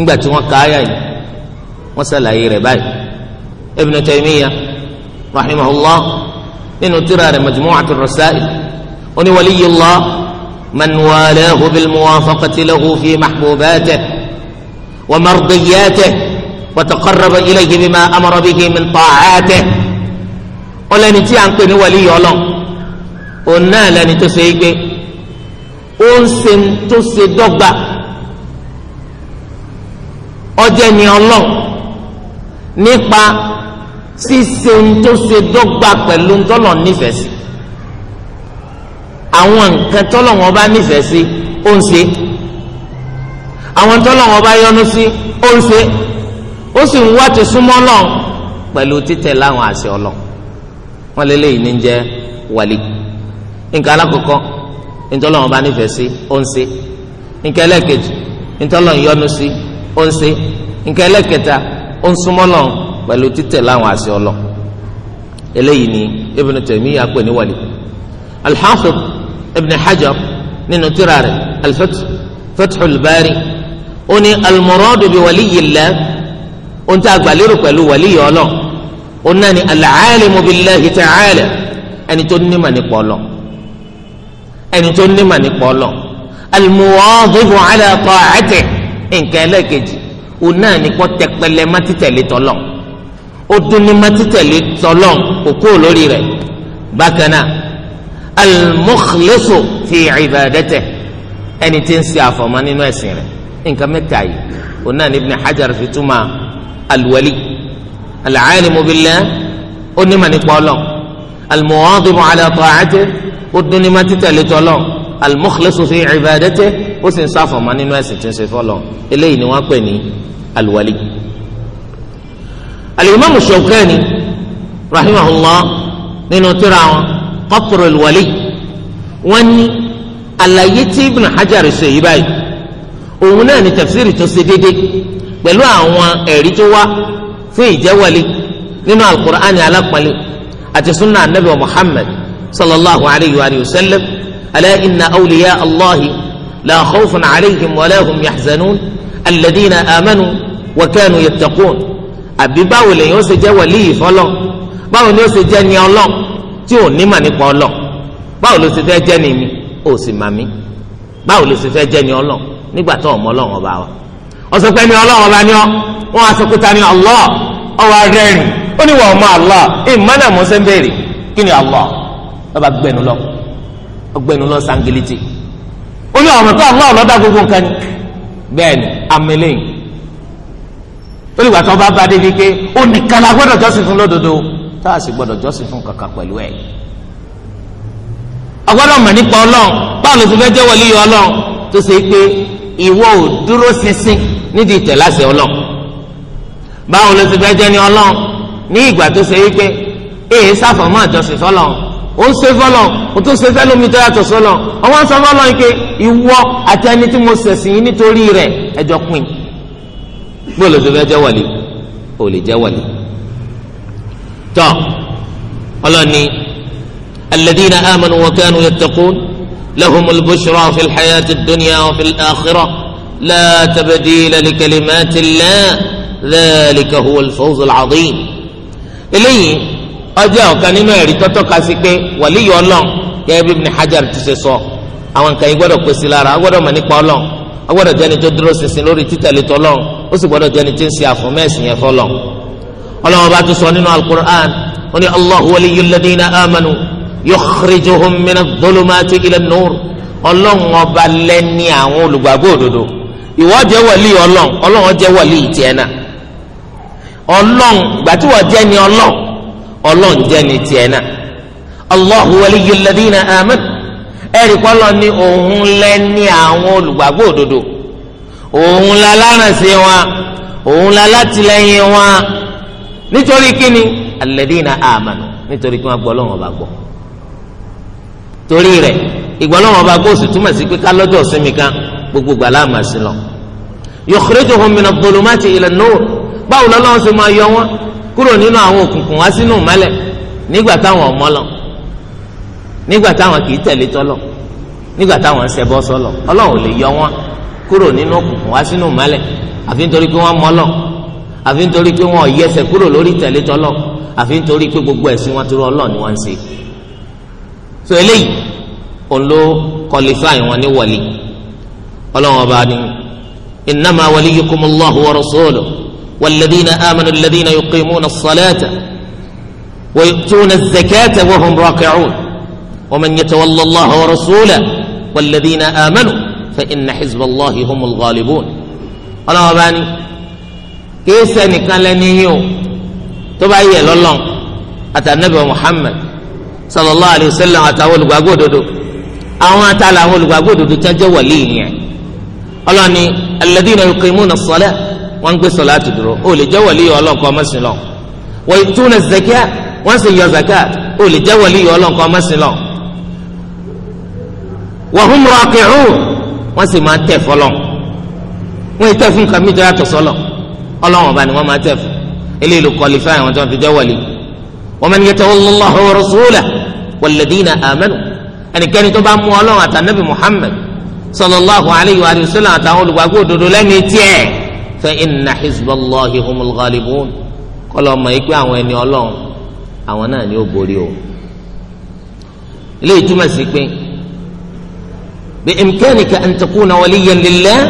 ńgbà tí wọ́n ka ayà yìí wọ́n ṣàlàyé rẹ̀ báyìí Ibn Taymiyyah rahimahullah nínú tírà rẹ̀ Majmu'atu Rasail ó ní waliyullah man walahu bil muwafaqati lahu fi mahbubatihi wa mardiyatihi wa taqarraba ilayhi bima amara bihi min ta'atihi ó lẹ́ni tí a ń pè ní wàlí yọlọ òun náà lẹ́ni tó ṣe é gbé ó ń ṣe tó ṣe dọ́gba ọjẹ ni ọlọ nípa ṣíṣe tó ṣe dọ́gba pẹ̀lú ntọlọ nífẹ̀ẹ́ sí àwọn nǹkan tọlọ wọn bá nífẹ̀ẹ́ sí ó ń ṣe àwọn tọlọ wọn bá yọ́nú sí ó ń ṣe ó sì ń wá ti súnmọ́ lọ pẹ̀lú títẹ̀ láwọn àṣẹ Ọlọ́run wọn lé léyìí ní jẹ́ wàlí nǹkan alákọ̀ọ́kọ́ ntọ́lọ́wọ́n bá nífẹ̀ẹ́ sí ó ń ṣe nǹkan ẹlẹ́ẹ̀kejì ntọ́lọ́wọ́n yọ́nú sí ó ń ṣe nǹkan ẹlẹ́ẹ̀kẹta ó ń súnmọ́ lọ́n pẹ̀lú títẹ̀ láwọn àṣẹ ọlọ́ eléyìí ni Ibn Taymiyyah pè ní wàlí al-Hafiz Ibn Hajar nínú tírà rẹ̀ al Bari ó ní al-muradu bi waliyillah ó ń tẹ́ àgbàlérò pẹ̀lú wàlí yìí ọlọ́ọ̀ onáà ni al-alimu billahi ta'ala ẹni tó nímà nípa ọlọ ẹni tó nímà nípa ọlọ al-muwadibu ala ta'atihi nǹkan ẹlẹ́ẹ̀kejì onáà ni kò tẹpẹlẹ má títẹ̀lé tọlọ ó dún ní má títẹ̀lé tọlọ òkú lórí rẹ̀ bákan náà al-mukhlisu fi ibadatihi ẹni tí ń ṣe àfọ̀mọ́ nínú ẹ̀sìn rẹ̀ nǹkan mẹ́ta yìí onáà Ibn Hajar fi túmọ̀ al al-alimu billah ó ní mà nípa ọlọ al-muwadibu ala ta'ati ó dún ní ma títẹ̀lé tọlọ al-mukhlisu fi ibadati ó sì ń sáfọ̀mọ́ nínú ẹ̀sìn tí ń ṣe fọlọ eléyìí ni wọ́n pè ní al-wali. al-imam Shawkani rahimahullah nínú tírà wọn Qatrul al-wali wọ́n ní àlàyé tí Ibn Hajar ṣe yí báyìí òun náà ni tafsiri tó ṣe déédéé pẹ̀lú àwọn ẹ̀rí tó wá fún ìjẹ́wọ́lé nínú alukur'ani alápọ̀lé àti sunna anabi wa muhammad sallallahu alayhi wa sallam ala inna awliya allahi la khawfun alayhim wa la hum yaxzanun alladina amanu wa kanu yattaqun àbí báwo lèyìn ó ṣe jẹ́ wọlé yìí fọlọ́ báwo ni ó ṣe jẹ́ ní ọlọ́ tí ò ní mà nípa ọlọ́ báwo ló ṣe fẹ́ jẹ́ ní mi ò sì mà mí báwo ló ṣe fẹ́ jẹ́ ní ọlọ́ nígbà tó ọmọ ọlọ́run ọba wa wọ́n sọ pé ní ọlọ́run ọba ni ọ́ wọ́n á sọ pé ta ni Allah ọwọ́ rẹ́rìn ó ní wọ́n mọ Allah ìmọ̀nà mọ́sẹ́ ń bèrè kí ni Allah bàbá gbẹnu lọ gbẹnu lọ sangiliti ó ní ọ̀rọ̀ tó Allah ọlọ́dà gbogbo nǹkan ni bẹ́ẹ̀ ni ó ní gbàtọ́ bá bá débi pé ó ní kala gbọ́dọ̀ jọ́sìn fún lódodo tá a sì gbọ́dọ̀ jọ́sìn fún kankan pẹ̀lú ẹ̀ ọgbọ́dọ̀ mọ̀ nípa ọlọ́run báwo ló ti fẹ́ jẹ́ wọlé yọ ọlọ́run tó ṣe pé ìwọ ò dúró ṣinṣin nídìí tẹ̀láṣẹ ọlọ́ báwo ló ti fẹ́ jẹ́ ní ọlọ́ ní ìgbà tó ṣe wípé èyí sáfọ̀mọ́ àjọṣe fọlọ́ ó ń ṣe fọlọ́ ó tún ṣe fẹ́lómi tó yàtọ̀ sọlọ́ ọwọ́ ń sọ fọlọ́ yìí pé ìwọ àti ẹni tí mo ṣẹ̀sìn yín nítorí rẹ̀ ẹjọ́ pin bó ló fẹ́ jẹ́ wàlí ò lè jẹ́ wàlí. tọ́ ọlọ́ni alladhina amanu wa kanu yattaqun lahumul bushra fil hayati dunya wa لا تبديل لكلمات الله ذلك هو الفوز العظيم eléyìí ọjọ́ ọ̀kan nínú ẹ̀rí tó tọ́ka sí pé wàlíyọ ọlọ́n gẹ́gẹ́ bí Ibn Hajar ti ṣe sọ àwọn nǹkan yìí gbọ́dọ̀ pèsè lára a gbọ́dọ̀ mọ̀ nípa ọlọ́n a gbọ́dọ̀ jẹ́ni tó dúró ṣinṣin lórí títẹ̀lé tọ́lọ́n ó sì gbọ́dọ̀ jẹ́ni tí ń ṣe àfọ̀mẹ́sìn yẹn fọlọ́n. ọlọ́wọ́n bá tún sọ nínú Al-Qur'an ó ní Allahu waliyyul ladina amanu yukhrijuhum minadh-dhulumati ilan-nur ọlọ́run ọba lẹ́ni àwọn olùgbàgbọ́ òdodo ìwọ jẹ́ wọlé ọlọ́n ọlọ́n jẹ́ wọlé tiẹ̀ náà ọlọ́n gbàtí wọ́n jẹ́ ni ọlọ́n ọlọ́n jẹ́ ni tiẹ̀ náà allahu waliyyul ladina amanu ẹ̀rí kọ́lọ́ ni òun lẹ́ni àwọn olùgbàgbọ́ òdodo òun la lárànṣẹ́ wọn òun la látìlẹ́yìn wọn nítorí kíni alladina amanu nítorí kí wọ́n gbọ́ lọ́wọ́ bá gbọ́ torí rẹ̀ ìgbọ́ lọ́wọ́ bá gbọ́ sì túmọ̀ sí pé ká lọ́jọ́ sinmi kan gbogbo gbàlá àmàsí lọ. yukhrijuhum min adh-dhulumati ila an-nur báwo lọ́lọ́run ṣe máa yọ wọn kúrò nínú àwọn òkùnkùn wá sínú ìmọ́lẹ̀ nígbà táwọn ọmọ lọ nígbà táwọn kì í tẹ̀lé tọ́lọ̀ nígbà táwọn ń ṣẹbọ sọlọ ọlọ́run lè yọ wọn kúrò nínú òkùnkùn wá sínú ìmọ́lẹ̀ àfi nítorí pé wọ́n mọ́ àfi nítorí pé wọ́n yẹsẹ̀ kúrò lórí tẹ̀lé tọ́lọ̀ àfi nítorí pé gbogbo ẹ̀sìn wọn tó rọ ọlọ́run ni wọ́n ń ṣe so eléyìí ọlọ́run ọba ni innama waliyukumullahu wa rasuluhu walladhina amanu alladhina yuqimuna as-salata wa yu'tuna az-zakata wa hum raki'un wa man yatawalla allaha wa rasulahu walladhina amanu fa inna hizballahi humul ghalibun ọlọ́run ọba ni kí sẹ́nìkan lẹ́ni yìí o tó bá yẹ lọ́lọ́n àtànàbẹ̀ Muhammad sallallahu alayhi wa sallam àtàwọn olùgbàgbọ́ òdodo àwọn àtàlà àwọn olùgbàgbọ́ òdodo tẹ́jọ́ wọ̀lé yẹn ọlọ́ni alladhina yuqimuna as-salah wọ́n ń gbé sọlá ti dúró ó lè jẹ́ wàlíyà ọlọ́nkọ́ mẹ́sìn lọ wa yu'tuna az-zakata wọ́n sì yọ zakat ó lè jẹ́ wàlíyà ọlọ́nkọ́ mẹ́sìn lọ wa hum raki'un wọ́n sì máa tẹ̀ fọlọ́ wọ́n yìí tẹ̀ fún kàmí tó yàtọ̀ sọlọ́ ọlọ́wọ́n ọba ni wọ́n máa tẹ̀ fún sallallahu alayhi wa sallam àtàwọn olùgbàgbọ́ òdodo lẹ́ni tiẹ̀ fa inna hizballahi humul ghalibun kọ́lọ́ ọmọ yìí pé àwọn ẹni ọlọ́run àwọn náà ni ó borí o ilé ìtumọ̀ sí pé bi imkanika an takuna waliyan lillah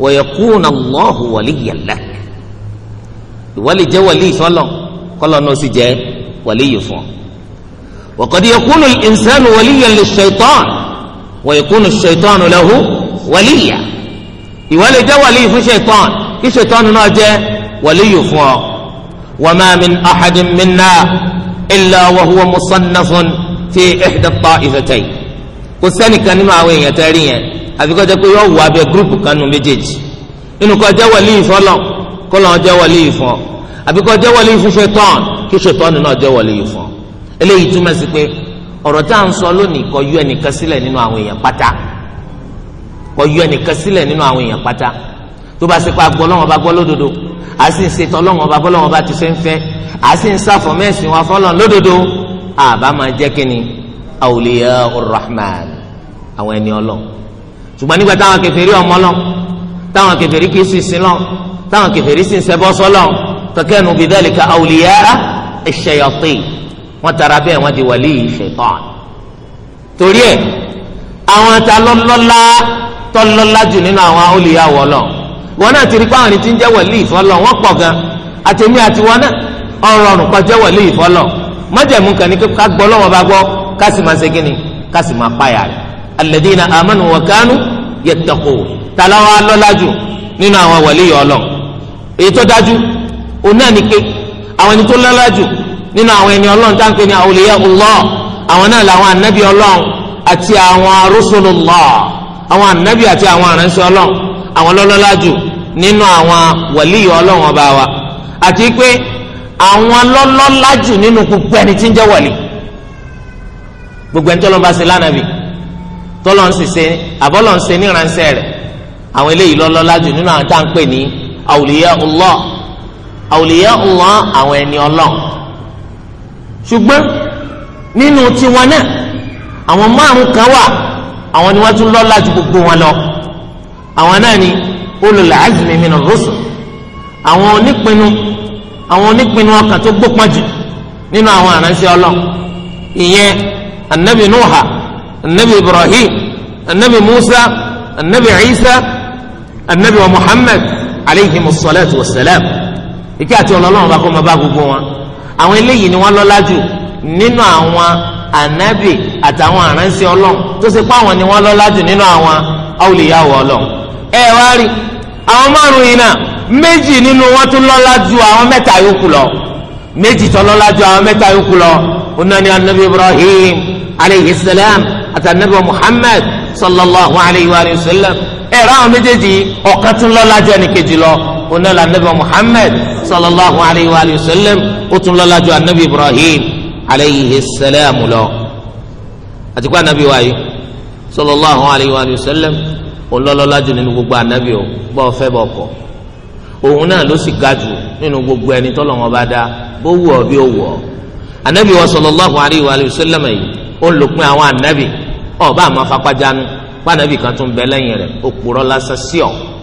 wa yakuna Allahu waliyan jẹ́ wàlí ìfọ́lọ̀ kọ́lọ̀ náà sì jẹ́ wàlí yìí fún ọ. wa qad yakunu al-insanu wa yakunu ṣaitanu lahu wàlíyà ìwọ lè jẹ́ wàlíyì fún ṣaitan kí ṣaitan náà jẹ́ wàlíyì fún ọ. wa ma min ahadin minna illa wa huwa musannafun fi ihda ta'ifatayn kò sẹ́nìkan nínú àwọn èèyàn tẹ́rí yẹn àfikọ́ jẹ́ pé yóò wọ abẹ́ gúrúùpù kan nù méjèèjì inú kọ́ jẹ́ wàlíyì fún ọlọ́ kọ́ lọ́n jẹ́ wàlíyì fún ọ àfikọ́ jẹ́ wàlíyì fún ṣaitan kí ṣaitan náà jẹ́ wàlíyì fún ọ eléyìí túmọ̀ sí pé ọ̀rọ̀ tá à ń sọ lónìí kò yọ ẹnìkan sílẹ̀ nínú àwọn èèyàn pátá kò yọ ẹnìkan sílẹ̀ nínú àwọn èèyàn pátá tó bá ṣe pa gbọ́ lọ́wọ́ bá gbọ́ lódodo à sì ń ṣe tọ́ lọ́wọ́ bá gbọ́ lọ́wọ́ bá ti ṣe ń fẹ́ à sì ń sáfọ̀ mẹ́sìn wa fọ́lọ́ lódodo àbá máa jẹ́ kínni awliya urrahman àwọn ẹni ọlọ́ ṣùgbọ́n nígbà táwọn kèfèrí ọmọ lọ táwọn kèfèrí kì í sì sin lọ táwọn kèfèrí sì ń ṣẹbọ sọ́lọ́ takanu bidhalika awliya ash-shayatin wọ́n tara bẹ́ẹ̀ wọ́n di wàlí ṣètọ́n torí ẹ̀ àwọn ta lọ́lọ́lá tọ́lọ́lá jù nínú àwọn olùyàwó lọ wọn náà ti rí pé àwọn ẹni tí ń jẹ́ wàlí ìfọlọ́ wọ́n pọ̀ gan àtẹ̀mí àti wọn náà ọ̀rọ̀ ọ̀rùn kan jẹ́ wàlí ìfọlọ́ májẹ̀mú kan ní ká gbọ́ lọ́wọ́ bá gbọ́ ká sì máa ṣe ni ká sì máa pààyà rẹ̀ alladhina amanu wa kanu yattaqun talawa lọ́lá jù nínú àwọn wàlí yọ̀ èyí tó dájú òun náà ni pé àwọn ẹni tó lọ́lá jù nínú àwọn ẹni ọlọ́run tá à ń pè ní awliya Allah àwọn náà làwọn anabi ọlọ́run àti àwọn rusulullah àwọn anabi àti àwọn aránṣẹ́ ọlọ́run àwọn lọ́lọ́lá jù nínú àwọn wàlíyì ọlọ́run ọba wa àti pé àwọn lọ́lọ́lá jù nínú gbogbo ẹni tí ń jẹ́ wàlí gbogbo ẹni tọ́lọ́ bá ṣe lánàbì tọ́lọ́ ń sì ṣe àbọ́lọ́ ń ṣe níranṣẹ́ rẹ̀ àwọn eléyìí lọ́lọ́lá jù nínú àwọn tá à pè ní awliya Allah awliya Allah àwọn ẹni ọlọ́run ṣùgbọ́n nínú tiwọn náà àwọn márùn kan wà àwọn ni wọ́n tún lọ́lá ju gbogbo wọn lọ àwọn náà ni ulul azmi minar rusul àwọn onípinnu àwọn onípinnu ọkàn tó gbópọn jù nínú àwọn àránṣẹ́ Ọlọ́run ìyẹn anabi nuha anabi ibrahim anabi musa anabi isa anabi wa muhammad aleyhi musalatu wa salam ìkẹ́ àti ọlọ́lọ́run bá kọ́ ma bá gbogbo wọn àwọn eléyìí ni wọ́n lọ́lá jù nínú àwọn ànábì àtàwọn àránṣẹ́ ọlọ́run tó ṣe pé àwọn ni wọ́n lọ́lá jù nínú àwọn awòlíyàwó ọlọ́run ẹ wá rí àwọn márùn yìí náà méjì nínú wọn tún lọ́lá jù àwọn mẹ́ta yòókù lọ méjì tó lọ́lá jù àwọn mẹ́ta yòókù lọ ọ̀nà ni anabi ibrahim aleyhi salam àti anabi muhammad sallallahu alayhi wa sallam ẹ rà àwọn méjèèjì ọ̀kan tún lọ́lá jù ẹnìkejì lọ onílà anabi muhammed sallallahu alayhi wa sallam ó tún lọ́lá ju anabi ibrahim alayhi salam lọ àti pé anabi wa yìí sallallahu alayhi wa sallam ó lọ́lọ́lá ju nínú gbogbo anabi o bọ́ fẹ́ bọ́ kọ́ òun náà ló sì ga jù nínú gbogbo ẹni tọ́lọ̀ wọn bá dá bó wù ọ́ bí ó wù ọ́ anabi wa sallallahu alayhi wa sallam yìí ó ń lòpin àwọn anabi ọba àmọ́ fapájánu pànàbì kan tún bẹ lẹ́yìn rẹ̀ òpùrọ́ lásán sí ọ̀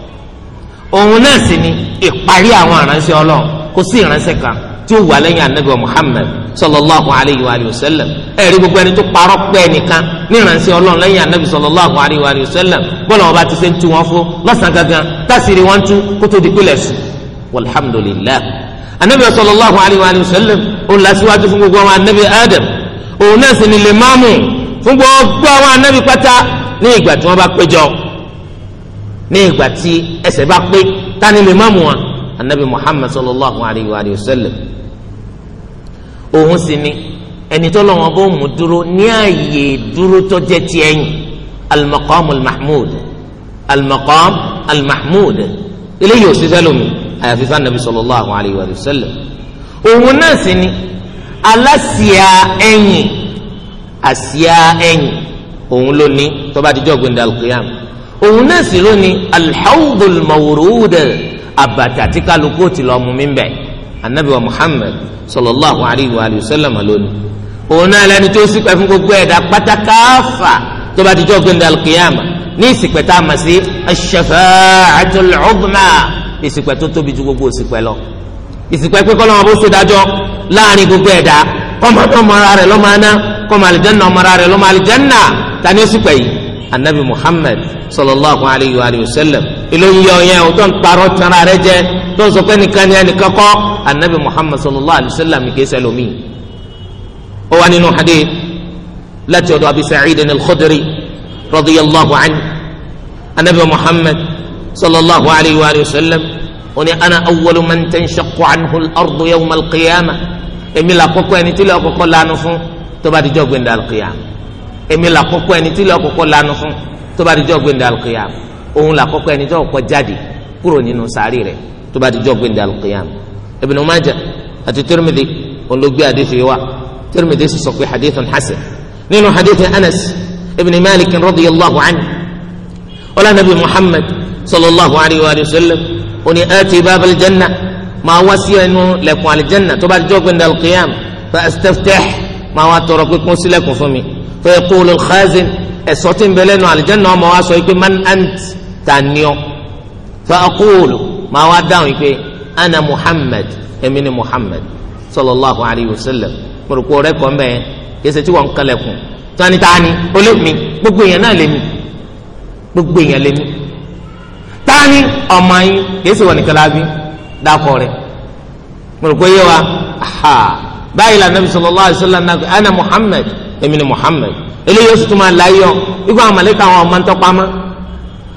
òun náà sì ni ìparí àwọn aránṣẹ́ Ọlọ́run kò sí ìránṣẹ́ kan tí ó wà lẹ́yìn anabi Muhammad sallallahu alayhi wa sallam ẹ̀rí gbogbo ẹni tó parọ́ pẹ́ nìkan ní ìránṣẹ́ Ọlọ́run lẹ́yìn anabi sallallahu alayhi wa sallam bọ́lá wọn bá ti ṣe ń tu wọn fún lọ́sàn gangan tásìrì wọn tú kó tó di pílẹ̀ sùn walhamdulilah anabi sallallahu alayhi wa sallam ó lásìwájú fún gbogbo àwọn anabi Adam òun náà sì ni lè máàmù fún gbogbo àwọn anabi pátá ní ìgbà tí wọ́n bá péjọ ní ìgbà tí ẹsẹ̀ bá pé tani lè má mu wa anabi muhammad sallallahu alayhi wa sallam òun sì ni ẹni tó lọ́wọ́ bó mu dúró ní ààyè dúró tó jẹ́ tiẹ̀ yìí al-maqam al-mahmud al-maqam al-mahmud eléyìí ò ṣiṣẹ́ lómi àyàfi fún anabi sallallahu alayhi wa sallam òun náà sì ni alásìá ẹ̀yìn àsìá ẹ̀yìn òun ló ní tó bá ti jọ́ gbẹ̀ndà al òun náà sì ló ní alḥawdul mawruud àbàtà tí kálukú ti lọ mú mi bẹ anabi wa muhammed sallallahu alayhi wa sallam lónìí òun náà lẹni tó sì pẹ fún gbogbo ẹ̀dá pátákáfà tó bá ti jọ gbẹndé alqiyama ní ìsìpẹ tá a mọ̀ sí ash-shafa'atul 'udma ìsìpẹ tó tóbi ju gbogbo ìsìpẹ lọ ìsìpẹ pé kọ́lọ́mọ bó so dájọ́ láàrin gbogbo ẹ̀dá kọ́mọ tó rẹ̀ lọ́mọ aná kọ́mọ anabi muhammed sallallahu alayhi wa sallam ilé ń yọ yẹn o tó ń parọ́ tán ara jẹ tó ń sọ pé nìkan ni ẹnì kankan anabi muhammed sallallahu alayhi wa sallam kìí sẹlómi. ó wà nínú hadith láti ọ̀dọ̀ abi sa'id al-khudri radiyallahu anhu anabi muhammed sallallahu alayhi wa sallam ó ní ana awwalu man tanshaqqu anhu al-ardu yawma al-qiyamah èmi là kọ́kọ́ ẹni tí lè kọ́kọ́ lanu fún tó bá di jọ́ gbẹ̀ndà qiyamah èmi là kọ́kọ́ ẹni tí ilé ọkọ̀kọ́ lanu fún tó bá di jọ́ gbẹ̀ndẹ̀ alùkìyàm òun là kọ́kọ́ ẹni tó ọkọ̀ jáde kúrò nínú sàárì rẹ̀ tó bá di jọ́ gbẹ̀ndẹ̀ alùkìyàm Ibn Majah àti Tirmidhi olùgbé hadith wa Tirmidhi sì sọ pé hadithun hasan nínú hadith Anas ibn Malik radiyallahu anhu wala nabi Muhammad sallallahu alayhi wa sallam oni ati bab aljanna ma wá sí ẹnu lẹ̀kùn aljanna tó bá di jọ́ gbẹ̀ndẹ̀ alùkìyàm fa astaftah ma wá tọrọ pé kún fún mi fayaqulu al-khazin ẹ̀sọ́ tí ń bẹ lẹ́nu àlìjẹ́nà ọmọ wa sọ pé man ant taniọ́ fa aqulu máa wá dáhùn pé ana muhammad èmi ni muhammad sallallahu alayhi wa sallam mo rò pé ọ̀rẹ́ kan bẹ́ẹ̀ yẹsẹ tí wọ́n ń kalẹ̀kùn tani tani olómi gbogbo èèyàn náà lèmi gbogbo èèyàn lèmi tani ọmọ yín yẹsẹ wọn nìkan lábí dákọ rẹ mo rò pé yẹ wa báyìí la nabi sallallahu alayhi wa sallam ana muhammad èmi ni Muhammad eléyìí oṣù tó máa láyọ ikú àwọn màlẹ́kà àwọn ọmọ ntọ́ pamọ́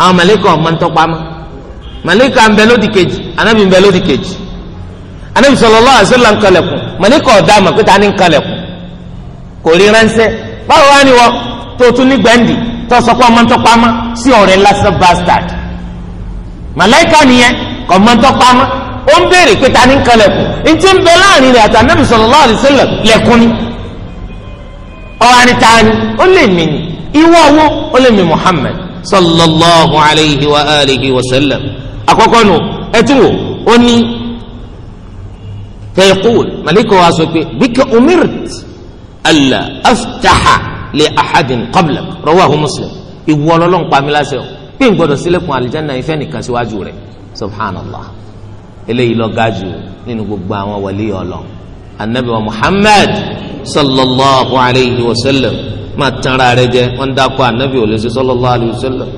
àwọn màlẹ́kà ọmọ ntọ́ pamọ́ màlẹ́kà ń bẹ lódì kejì anábì ń bẹ lódì kejì anábì sallallahu alaihi wasallam ń kalẹ̀kùn màlẹ́kà ọ̀dà àmọ̀ pé ta ni ń kalẹ̀kùn kò rí ránṣẹ́ báwo wá ni wọ́n tó tún ní gbẹ̀ǹdì tó sọ pé ọmọ ntọ́ pamọ́ sí ọ̀rẹ́ lásán bastard màlẹ́kà nìyẹn kọ̀ ọmọ ntọ́ pamọ́ ó ń béèrè pé ta ń kalẹ̀kùn ni ọwọ́ anitaani ó lè mí ni ìwọ owó ó lè mí Muhammad sallallahu alayhi wa alihi wa sallam àkọ́kọ́ nu ẹtún wo ó ní fẹ́ẹ́kúl malikọ wa sọ pé bíkẹ́ umirt allah aftaha lè ahadin qablak rawahu muslim ìwọ ọlọ́lọ́n pa mí láṣẹ o pé n gbọ́dọ̀ alijanna ìfẹ́ nìkan síwájú rẹ̀ subhanallah eléyìí lọ gájú nínú gbogbo àwọn wàlíyọ̀ ọlọ́n anabi wa muhammad sallallahu alayhi wa sallam máa tanra rẹ jẹ wọn dákọ anabi ò lè ṣe sallallahu alayhi wa sallam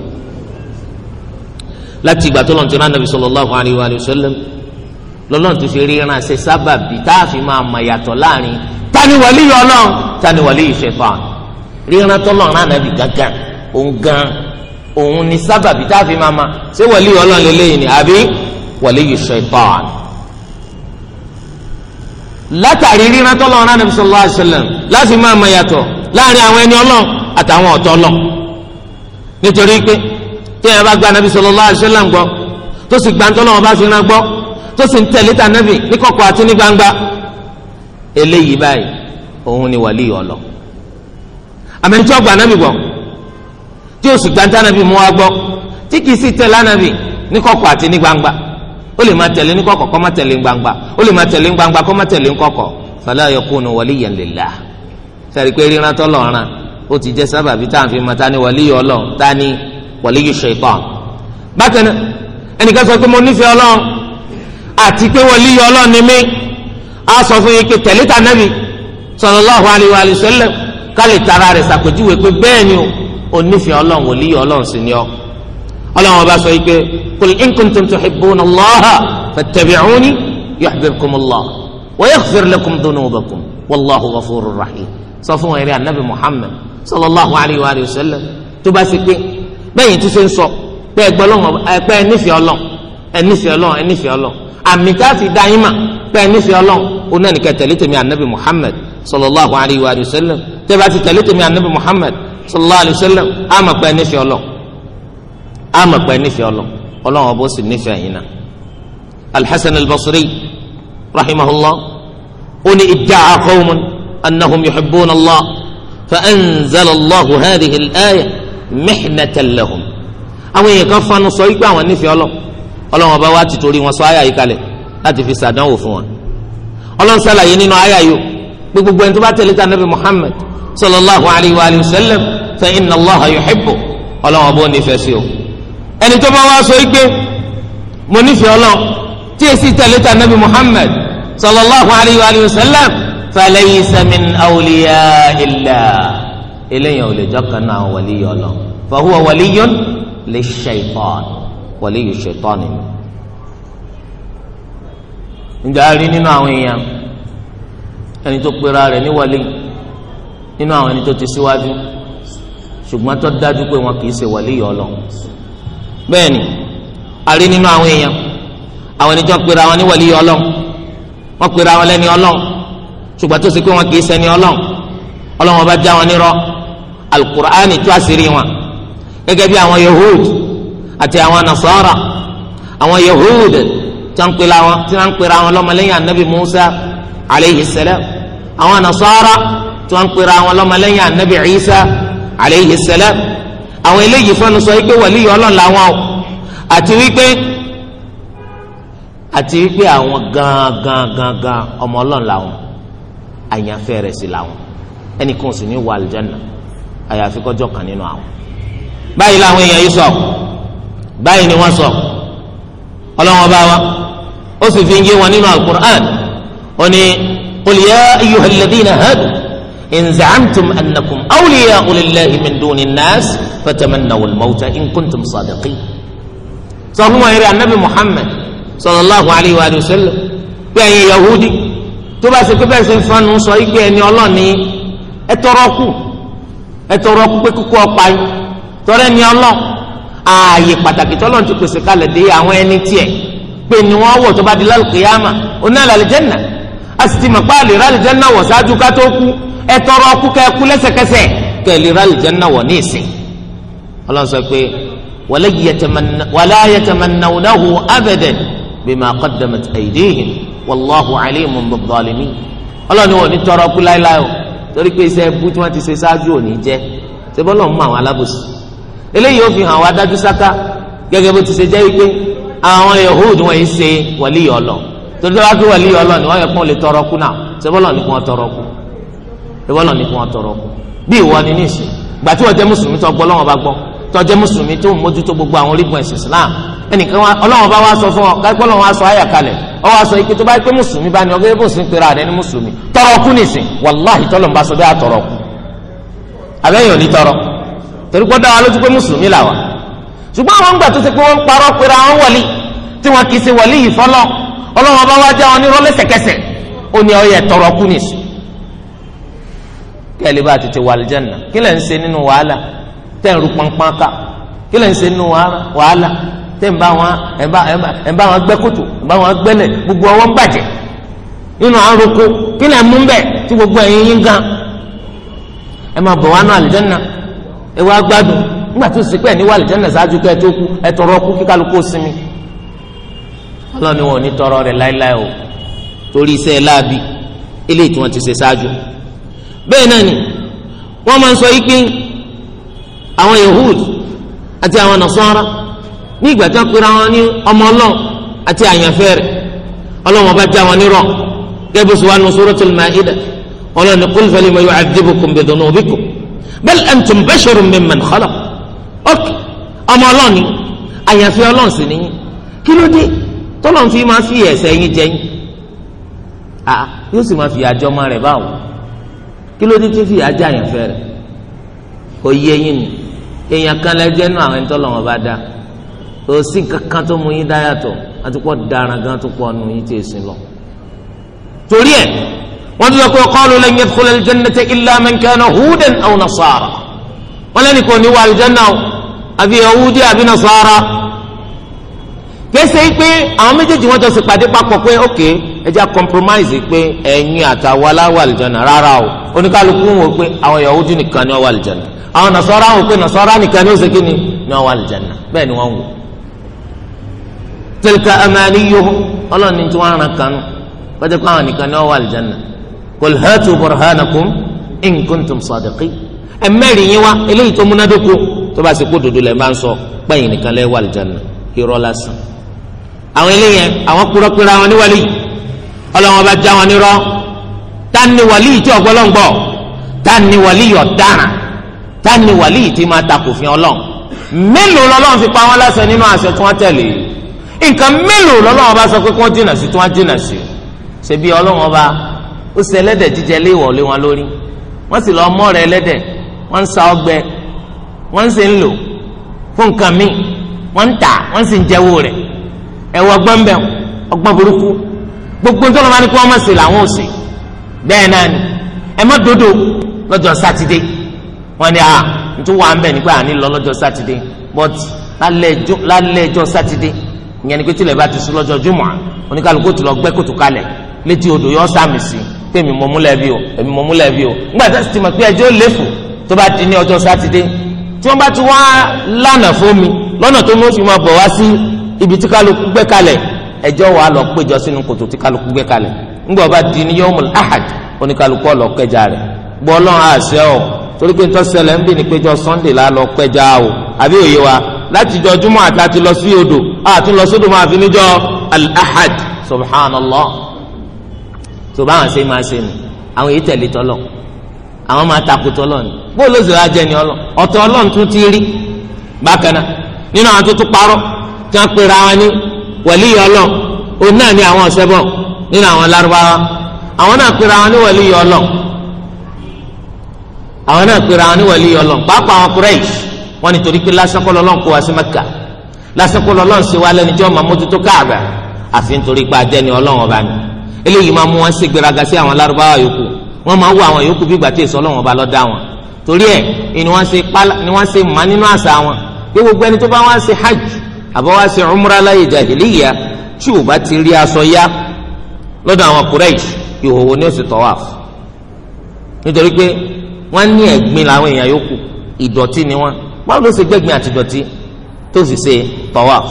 láti ìgbà tó lọ́n ti rán anabi sallallahu alayhi wa sallam lọ́lọ́n ti fi ríran ṣe sábàbí tá a fi máa mọ̀ yàtọ̀ láàrin tani wàlíyù ọlọ́run tani wàlíyù ṣẹ̀fà ríran tó lọ́n rán anabi gángan òun gan òun ni sábàbí tá a fi máa ma ṣé wàlíyù ọlọ́run lélẹ́yìn ni àbí wàlíyù ṣẹ̀fà látàrí ríran tọ́lọ́ ọ̀rán nàbí sallallahu alaihi wasallam láti máa ma yàtọ̀ láàrin àwọn ẹni ọlọ́run àtàwọn ọ̀tọ̀ ọlọ́run nítorí pé tí èèyàn bá gba nàbí sallallahu alaihi wasallam gbọ́ tó sì gba tọ́lọ́ wọn bá fi ran gbọ́ tó sì ń tẹ̀lé ta nàbí ní kọ̀kọ̀ àti ní gbangba eléyìí báyìí òun ni wàlíì ọlọ́run àmẹ́ntí ọgbà nàbí gbọ́ tí ó sì gba tánàbí mú wa gbọ́ tí kì í sì tẹ̀lé ànàbí ní kọ̀kọ̀ àti ní gbangba ó lè máa tẹ̀lé ní kọ̀kọ̀ kó má tẹ̀lé ní gbangba ó lè máa tẹ̀lé ní gbangba kó má tẹ̀lé ní kọ̀kọ̀ fala yakunu waliyan lillah sẹ́rí pé ríran tọ́lọ̀ ọ̀ràn ó ti jẹ́ sábàbí tá à ń fi máa tani waliyu ọlọ́run tani waliyu shaitan. bákan náà ẹnìkan sọ pé mo nífẹ̀ẹ́ ọlọ́run àti pé waliyu ọlọ́run ni mí á sọ fún yín pé tẹ̀lé ta nábì sallallahu alayhi o nífẹ̀ẹ́ ọlọ́run ọlọ́run ọba sọ wípé kul in kuntum tuhibbuna allaha fattabi'uni yuhbibkum allah wa yaghfir lakum dhunubakum wallahu ghafurur rahim sọ fún wọn eré anabi muhammad sallallahu alayhi wa sallam tó bá ṣe pé bẹ́yìn tó ṣe ń sọ pé ẹgbẹ́ ọlọ́run ẹgbẹ́ ẹnífẹ̀ẹ́ ọlọ́run ẹnífẹ̀ẹ́ ọlọ́run ẹnífẹ̀ẹ́ ọlọ́run àmì tá a fi dá yín mà pé ẹnífẹ̀ẹ́ ọlọ́run òun náà nìkan tẹ̀lé tèmi anabi muhammad sallallahu alayhi wa sallam tẹ́ bá ti tẹ̀lé tèmi anabi muhammad sallallahu alayhi wa sallam àmọ̀ pé ẹnífẹ̀ẹ́ ọlọ́run àmọ̀ pé nífẹ̀ẹ́ ọlọ ọlọ́run ọbọ̀ sì nífẹ̀ẹ́ yìí náà alḥasan albasri rahimahullah ó ní idda'a qawmun annahum yuhibbuna allah fa anzala allahu hadhihi al-aya mihnatan lahum àwọn èèyàn kan fanu sọ wípé àwọn nífẹ̀ẹ́ ọlọ ọlọ́run ọba wa ti torí wọn sọ àyà yìí kalẹ̀ láti fi sàdánwò fún wọn ọlọ́run sàlàyé nínú àyà yìí pé gbogbo ẹni tó bá tẹ̀lé ta nabi muhammad sallallahu alayhi wa sallam fa inna allah yuhibbu ọlọ́run ọba ó nífẹ̀ẹ́ sí o ẹni tó bá wá sọ igbe mo nífẹ̀ẹ́ ọlọ́run tí èsì tẹ̀lé ta nabi muhammad sallallahu alayhi wa sallam falaysa min awliya illah eléyàn ò lè jọ́kan náà wàlíyà ọlọ́run fahuwa wàlíyàn lè ṣaitan wàlíyà ṣaitan ni. ǹjẹ́ a rí nínú àwọn èèyàn ẹni tó pera rẹ̀ ní wàlíyà nínú àwọn ẹni tó ti síwájú ṣùgbọ́n tó dájú pé wọn kì í ṣe wàlíyà ọlọ́run bẹ́ẹ̀ ni àrí nínú àwọn èèyàn àwọn ẹni tí wọ́n pera wọn ní wàlíyé ọlọ́run wọ́n pera wọn lẹ́ni ọlọ́run ṣùgbọ́n tó ṣe pé wọn kì í ṣẹni ọlọ́run ọlọ́run ọba já wọn nírọ́ alukur'ani tú àṣírí wọn gẹ́gẹ́ bí àwọn yehud àti àwọn nasara àwọn yehud tí wọ́n pera wọn tí wọ́n pera wọn lọ́mọlẹ́yìn anabi musa aleyhi salam àwọn nasara tí wọ́n pera wọn lọ́mọlẹ́yìn anabi isa aleyhi salam àwọn eléyìí fẹnu sọ wípé wàlíyọ Ọlọ́run làwọn o àti wípé àti wípé àwọn gan gan gan gan ọmọ Ọlọ́run làwọn àyànfẹ́ rẹ̀ sì làwọn ẹnìkan sì ní wà àlùjáná àyàfi kọjọ kan nínú àwọn. báyìí làwọn èèyàn yìí sọ báyìí ni wọ́n sọ Ọlọ́run bá wa ó sì fi ń yé wọn nínú alukur'an ó ní qul ya ayyuhal ladhina إن زعمتم أنكم أولياء لله من دون الناس فتمنوا الموت إن كنتم صادقين صلوا إلى النبي محمد صلى الله عليه وآله وسلم بين يهودي تبا سكبا سنفان صحيح بين الله ني أتركوا أتركوا بكوا قاي ترى الله ààyè pàtàkì tọ́lọ́n ti pèsè kalẹ̀ dé àwọn ẹni tiẹ̀ pé ni wọ́n wọ̀ tó bá di lálùkìyàmà onílàlẹ̀ jẹ́nà a ti mọ̀ pé àlè rálẹ̀ jẹ́nà wọ̀ ṣáájú ká tó kú ẹ tọrọ ọkú kẹ kú lẹ́sẹ̀kẹsẹ̀ kẹlẹ rà lìjẹnà wọ ní ìsìn Ọlọ́run sọ pé wàlá yẹtẹmẹnàwùnáhù abẹdẹn bima qaddamat aydihim wàlláhu alimun bid-zalimin Ọlọ́run ni wọn ní tọrọ ọkú láéláé o torí pé iṣẹ́ ẹbú tí wọn ti ṣe ṣáájú òní jẹ ṣe bọlọ ń mú àwọn alábòsí eléyìí ó fi hàn wá dájú sáká gẹ́gẹ́ bó ti ṣe jẹ́ wípé àwọn yahood wọ́n yìí ṣe wàlíyọ̀ ọlọ torí wọ́n á gbé wàlíyọ̀ ọlọ ni wọ́n yẹ kó lè tọrọ kú náà ṣe bọ́lọ̀ ni kò wọ́n tọrọ kú ìwọ náà ní kí wọ́n tọrọ kù bí ìwọ ni níìsì gbà tí wọ́n jẹ́ mùsùlùmí tó gbọ́ lọ́wọ́ bá gbọ́ tó jẹ́ mùsùlùmí tó ń mójútó gbogbo àwọn orígun ẹ̀sìn Islam ẹnìkan ọlọ́wọ́n bá wá sọ fún ọ káyipọ́ lọ́wọ́ aṣọ àyà kalẹ̀ ọ wá sọ ike tó bá yẹ pé mùsùlùmí bá ní ọgẹ́ bó sì ń pera rẹ ní mùsùlùmí tọrọ kú nìsín wàláhì tọ́lọ̀ ń bá sọ bẹ́ẹ̀ àtọrọ kù àbẹ́yìn ò ní tọrọ torí gbọ́dọ̀ wa lójú pé mùsùlùmí là wà ṣùgbọ́n àwọn gbà tó ṣe pé wọ́n ń parọ́ pera wọn wọlé tí wọn kì í ṣe wọlé yìí fọlọ́ ọlọ́wọ́n bá wá já wọn kẹ́lẹ́ bá tètè wà lìjánà kí lẹ́ ń ṣe nínú wàhálà tẹ́ ń ru pọnpọ́n ká kí lẹ́ ń ṣe nínú wàhálà tẹ́ ń bá wọn ẹ̀ ń bá wọn gbẹ́ kòtò ẹ̀ ń bá wọn gbẹ́lẹ̀ gbogbo ọwọ́ ń bàjẹ́ nínú àrùkù kí lẹ́ mú bẹ́ẹ̀ tí gbogbo ẹ̀yin yín gan ẹ máa bọ̀ wá náà àlìjánà wá gbádùn nígbà tó sì pé ẹ̀ ní wà àlìjánà ṣáájú kẹ́ ẹ tó kú ẹ tọrọ kú kí kálukú sinmi ọlọ́ni wọn ò ní tọrọ rẹ̀ láíláí o torí iṣẹ́ láabi eléyìí tí wọ́n ti ṣe ṣáájú bẹ́ẹ̀ náà ni wọ́n máa ń sọ yípe àwọn yahud àti àwọn nasara ní ìgbà tí wọ́n pera wọn ní ọmọ ọlọ́ọ̀ àti àyànfẹ́ rẹ̀ ọlọ́wọ́n bá já wọn nírọ̀ gẹ́gẹ́ bó ṣe wà nù suratul Maida ọlọ́ọ̀ni qul falima yu'adhibukum bidunubikum bal antum basharun mimman khalaq ok ọmọ ọlọ́ọ̀ni àyànfẹ́ ọlọ́ọ̀ sì nìyí kí ló dé tọ́lọ́ọ̀ fi máa fi ẹ̀ṣẹ̀ yín jẹ yín ah yóò sì máa fi àjọmọ́ rẹ̀ báwo kí ló dé tí fi ajá yẹn fẹ́ rẹ̀ kò yé yín ni èèyàn kan lẹ́jẹ́ nù àwọn ẹni tó lọ́wọ́ bá dá kò sí kankan tó mú yín dá yàtọ̀ àti pọ̀ daran gan tó pọ̀ nù yín tí èsì lọ. torí ẹ̀ wọ́n ti sọ pé qalu lan yadkhula al-jannata illa man kana hudan aw nasara wọ́n lẹ́nu kò ní wà al-janna àbí yahudi àbí nasara kẹsẹ̀ yìí pé àwọn méjèèjì wọ́n jọ sì pàdé papọ̀ pé ókè. Okay, ẹjẹ́ compromise pé ẹ̀yin àtàwọn aláwọ̀ àlìjọ́nà rárá o oníkálukú wọn pé àwọn Yahudi nìkan ni wọ́n wà àlìjọ́nà àwọn Nasara wọn pé Nasara nìkan ni ó ṣe kíni ni wọ́n wà àlìjọ́nà bẹ́ẹ̀ ni wọ́n wò. tilka amaniyuhum ọlọ́ọ̀ni tí wọ́n ran kanu pẹ́ẹ́tẹ́ pé àwọn nìkan ni wọ́n wà àlìjọ́nà qul hatu burhanakum in kuntum sadiqin ẹ̀mẹ́rin tó múnádóko tó bá ṣe kó dodo lẹ́ẹ̀ máa ń sọ pẹ́yìn nìkan lẹ́ẹ̀ wà àlìjọ́nà àwọn eléyẹn àwọn kúrọ́kúrọ́ àwọn níwáyé ọlọ́wọ́n bá já wọn nírọ́ tani wàlíì tí ọgbọ́lọ́ngbọ́ tani wàlíì ọ̀daràn tani wàlíì tí máa takò fi ọlọ́run mélòó lọ́lọ́run fi pa wọn láṣẹ nínú àṣẹ tí wọ́n tẹ̀lé nǹkan mélòó lọ́lọ́run bá sọ pé kí wọ́n jìnnà sí tí wọ́n jìnnà sí ṣebí ọlọ́run ọba ó ṣe ẹlẹ́dẹ̀ jíjẹ léèwọ̀ lé wọn lórí wọ́n sì lọ́ọ́ mọ́ọ̀rẹ́ ẹlẹ́dẹ̀ wọ́n ń sa ọgbẹ wọ́n ń ṣe ń lò fún nǹkan míì wọ́n ń tà wọ́n sì ń jẹ́wọ́ rẹ̀ ẹ̀wọ̀ ọgbọ́n bẹ̀ ọgbọ́n burúkú gbogbo ntọ́nà máa ní kí wọ́n mọ̀ sí làwọn ò sí bẹ́ẹ̀ náà ni ẹ má dodo lọ́jọ́ sátidé wọ́n ní a ntú wà ń bẹ̀ nígbà àní lọ lọ́jọ́ sátidé but lálẹ́ ẹjọ́ sátidé ìyẹn ni pé tílẹ̀ bá ti sùn lọ́jọ́ jùmọ̀ oníkàlùkù tó lọ gbẹ́ kòtò kalẹ̀ létí odò yọ sàmì sí pé èmi mọ̀ múlẹ̀ bí o èmi mọ̀ múlẹ̀ bí o nígbà tó ti mọ̀ pé ẹjọ́ léfò tó bá di ní ọjọ́ sátidé tí wọ́n bá ti wá lánàá fún mi lọ́nà tó mú fi máa bọ̀ wá sí ibi tí kálukú gbẹ́ kalẹ̀ ẹjọ́ wa lọ péjọ sínú kòtò tí kálukú gbé kalẹ̀ ńgbà ọba di ní yọmul ahad oníkálukú ọlọ kẹjà rẹ̀ gbọ́ ọlọ́run àṣẹ ọ torí pé nítorí ṣẹlẹ̀ ń bì ní péjọ sunday la lọ kẹjà o àbí òye wa láti jọ júmọ́ àti àti lọ sí odò àti lọ sódò máa fi níjọ al-ahad subhanallah tó bá wọn ṣe máa ṣe nù àwọn èyí tẹ̀lé tọ́lọ̀ àwọn máa takò tọ́lọ̀ ni bóòlù ló sì rà ni ọlọ ọ̀tọ̀ ọlọ́run tún ti rí wàlíyà ọlọ òun náà ní àwọn ọ̀sẹ́bọ̀ nínú àwọn lárúbáwá àwọn náà pera wọn ní wàlíyà ọlọ àwọn náà pera wọn ní wàlíyà ọlọ pàápàá àwọn Quraysh wọn nítorí pé lásán kọ́ kó wá sí Mẹ́kà lásán kọ́ sí wa lẹ́ni tí wọ́n máa mójútó Káàbà àfi nítorí pé ajẹ́ni ọlọ́run ọba ni eléyìí máa mú wọn sí gbéraga sí àwọn lárúbáwá yòókù wọn máa wọ àwọn yòókù bí gbàtẹ́ ìsọlọ́run ọba lọ́dá ni wọ́n ṣe má nínú àṣà wọn pé gbogbo bá wá àbọ̀ wá sí umra láyé jahiliya tí o bá ti rí aṣọ yá lọ́dọ̀ àwọn Quraysh ìhòòhò ni ó sì tawaf nítorí pé wọ́n ní ẹ̀gbin làwọn èèyàn yòókù ìdọ̀tí ni wọ́n báwo ló ṣe gbẹ̀gbin àti ìdọ̀tí tó sì ṣe tawaf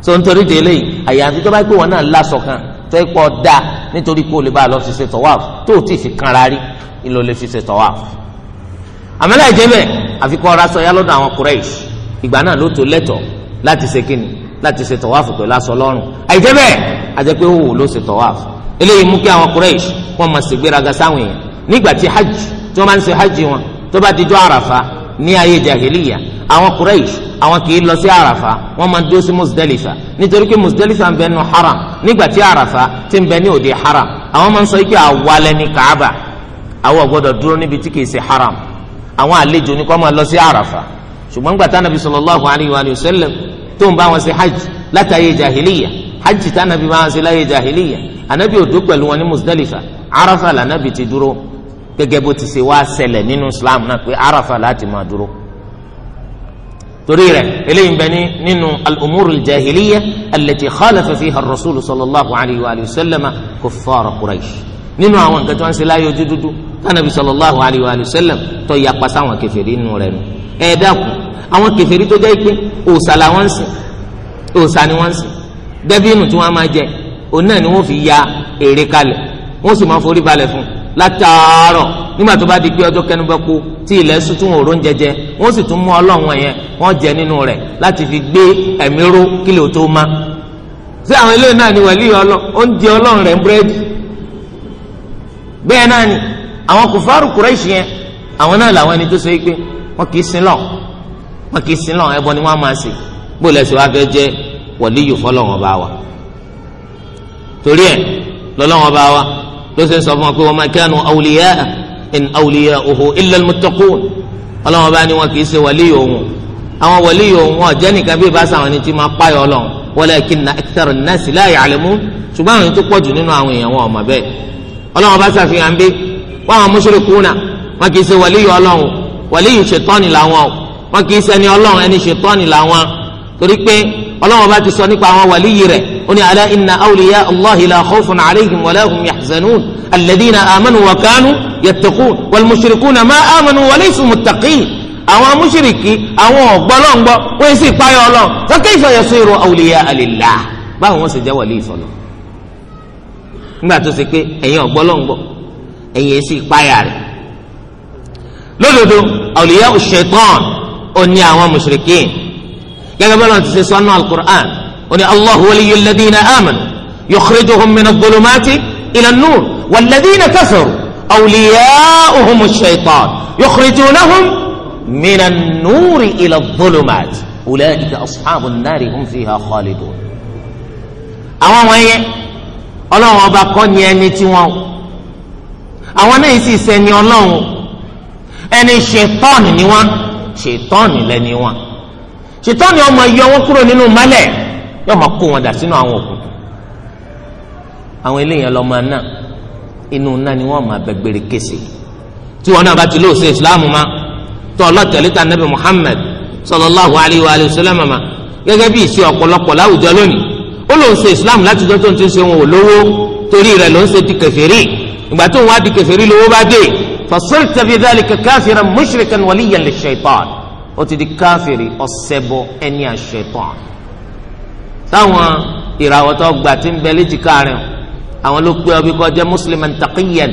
so nítorí délé àyàfi tó bá gbé wọn náà lásọ kan tó pọ̀ dá nítorí kó o lè bá a lọ fi ṣe tawaf tó ti fi kanra rí ìlò lè fi ṣe tawaf àmọ́ láì jẹ́ bẹ́ẹ̀ àfikún ọ̀rá sọ yá àwọn Quraysh ìgbà náà ló tó lẹ́tọ̀ọ́ láti ṣe kíni láti ṣe tọ̀wáfù pẹ̀lú aṣọ lọ́rùn àìjẹ́ bẹ́ẹ̀ àjẹ́ pé òwò ló ṣe tọ̀wáfù eléyìí mú kí àwọn Quraysh wọn máa ṣègbéraga sáwọn èèyàn nígbà tí hajj tí wọ́n máa ń ṣe hajj wọn tó bá dijọ́ àràfà ní ayé jahiliya àwọn Quraysh àwọn kì í lọ sí àràfà wọ́n máa dúró sí Muzdalifa nítorí pé Muzdalifa ń bẹ nù haram nígbà tí àràfà ti ń bẹ ní òde haram àwọn máa ń sọ pé àwalẹ̀ ní Kaaba àwọn ọ̀gbọ́dọ̀ dúró níbi tí kì ṣe haram àwọn àlejò ní kó máa lọ sí àràfà ṣùgbọ́n gbàtà nàbí sallallahu alayhi wa sallam tó ń bá wọn ṣe hajj látàyè jahiliya hajj tá anabi bá wọn ṣe láyè jahiliya anabi òdó pẹ̀lú wọn ní musdalifa arafa lànàbì ti dúró gẹ́gẹ́ bó ti ṣe wá ṣẹlẹ̀ nínú islam náà pé arafa láti máa dúró torí rẹ̀ eléyìí ń bẹ ní nínú al-umur al-jahiliya allati khalafa fiha ar-rasul sallallahu alayhi wa sallam kuffar quraish nínú àwọn nǹkan tí wọ́n ń ṣe láyé ojú dúdú tánàbí sallallahu alayhi wa sallam tó yapa sáwọn kèfèrí nínú rẹ̀ nù ẹ àwọn kèfèrí tó jẹ́ pé òòṣà làwọn ń sìn òòṣà ni wọ́n ń sìn dẹ́bínù tí wọ́n á máa jẹ òun náà ni wọ́n fi ya èrè kalẹ̀ wọ́n sì máa forí balẹ̀ fún látàárọ̀ nígbà tó bá di pé ọjọ́ kẹnubẹ́kú tí ilẹ̀ sùn tún ń jẹjẹ wọ́n sì tún mú ọlọ́run yẹn wọ́n jẹ nínú rẹ̀ láti fi gbé ẹ̀mí ró kílò tó má sí àwọn ilé náà ni wẹ̀lí ọlọ́ oúnjẹ ọlọ́run rẹ̀ ń búrẹ́dì bẹ́ẹ̀ náà ni àwọn kòfàrù Kùráìṣì yẹn àwọn náà làwọn ẹni tó so yìí pé wọ́n kì í sin lọ́ọ̀ wọn kì í sin lọ́wọ́ ẹbọ ni wọ́n á máa sè bó lẹ́sẹ̀ wá fẹ́ jẹ́ wọ̀líyù fọlọ́wọ́n bá wa torí ẹ̀ lọ́lọ́wọ́n bá wa ló ṣe ń sọ fún wa pé wa ma kanu awliyaa in awliyauhu illa almuttaqun ọlọ́wọ́n bá ní wọn kì í ṣe wọ̀líyù òun àwọn wọ̀líyù òun wọn jẹ́ nìkan bí ìbáṣà wọn ni ti máa páyọ̀ ọlọ́run walakinna akthara an-nasi la ya'lamun ṣùgbọ́n àwọn tó pọ̀jù nínú àwọn èèyàn wọn ọ̀mọ̀ bẹ́ẹ̀ ọlọ́wọ́n bá ṣàfihàn bí wọn àwọn mushrikuna wọn kì í ṣe wọ̀líyù ọlọ́run wọ̀líyù ṣètọ́ni làwọn o wọn kì í ṣẹni ọlọ́run ẹni ṣètọ́ni làwọn torí pé ọlọ́run bá ti sọ nípa àwọn wàlíyì rẹ̀ ó ní ala inna awliya allahi la khawfun alayhim wa lahum yahzanun alladhina amanu wa kanu yattaqun wal mushrikuna ma amanu wa laysu muttaqin àwọn amúṣirìkì àwọn ọ̀gbọ́lọ́ngbọ́ wọ́n sì páyọ̀ ọlọ́run fa kayfa yasiru awliya lillah báwo wọ́n sì jẹ́ wàlíyì fọlọ́ nígbà tó ṣe pé ẹ̀yin ọ̀gbọ́lọ́ngbọ́ ẹ̀yin sì páyà rẹ̀ lódodo awliya ash òní àwọn mushrikin gẹ́gẹ́ bọ́lá ti ṣe sọ́nù alukur'an òní allahu waliyu ladina amanu yukhrijuhum min adh-dhulumati ila an-nur walladina kafaru awliya'uhum ash-shaytan yukhrijunahum min an-nur ila adh-dhulumati ulaika ashabu an-nari hum fiha khalidun. àwọn wọ̀nyẹn ọlọ́run ọba kọ́ ni ẹni tí wọ́n àwọn náà sì sẹ́ni ọlọ́run ẹni ṣètọ́ọ̀nù ni wọ́n ṣètọ́ọ̀nì lẹ́ni wọn ṣètọ́ọ̀nì ọmọ yọ wọn kúrò nínú mọ́lẹ̀ yóò máa kó wọn dà sínú àwọn òkùnkùn àwọn eléyàn lọ́mọ náà inú náà ni wọ́n máa bẹ gbére kése tí wọn náà bá ti lóòsè ìsìláàmù ma tó ọlọ́tẹ̀lẹ́ ta nabi Muhammad sallallahu alayhi wa sallam ma gẹ́gẹ́ bí ìṣe ọ̀pọ̀lọpọ̀ láwùjọ lónìí ó lóòsè ìsìláàmù láti jọ́ tó ń ti ṣe wọn ò lówó torí rẹ̀ ló ń ṣe di kèfèrí ìgbà tó ń wá di kèfèrí lówó bá dé fasulta bi dhalika kafiran mushrikan waliyan li shaitan ó ti di káfìrí ọ̀sẹ̀bọ ẹni àṣetàn táwọn ìràwọ̀tọ́ gbà tí ń bẹ léjìká rẹ̀ àwọn ló pé ọbí kó jẹ́ musliman taqiyan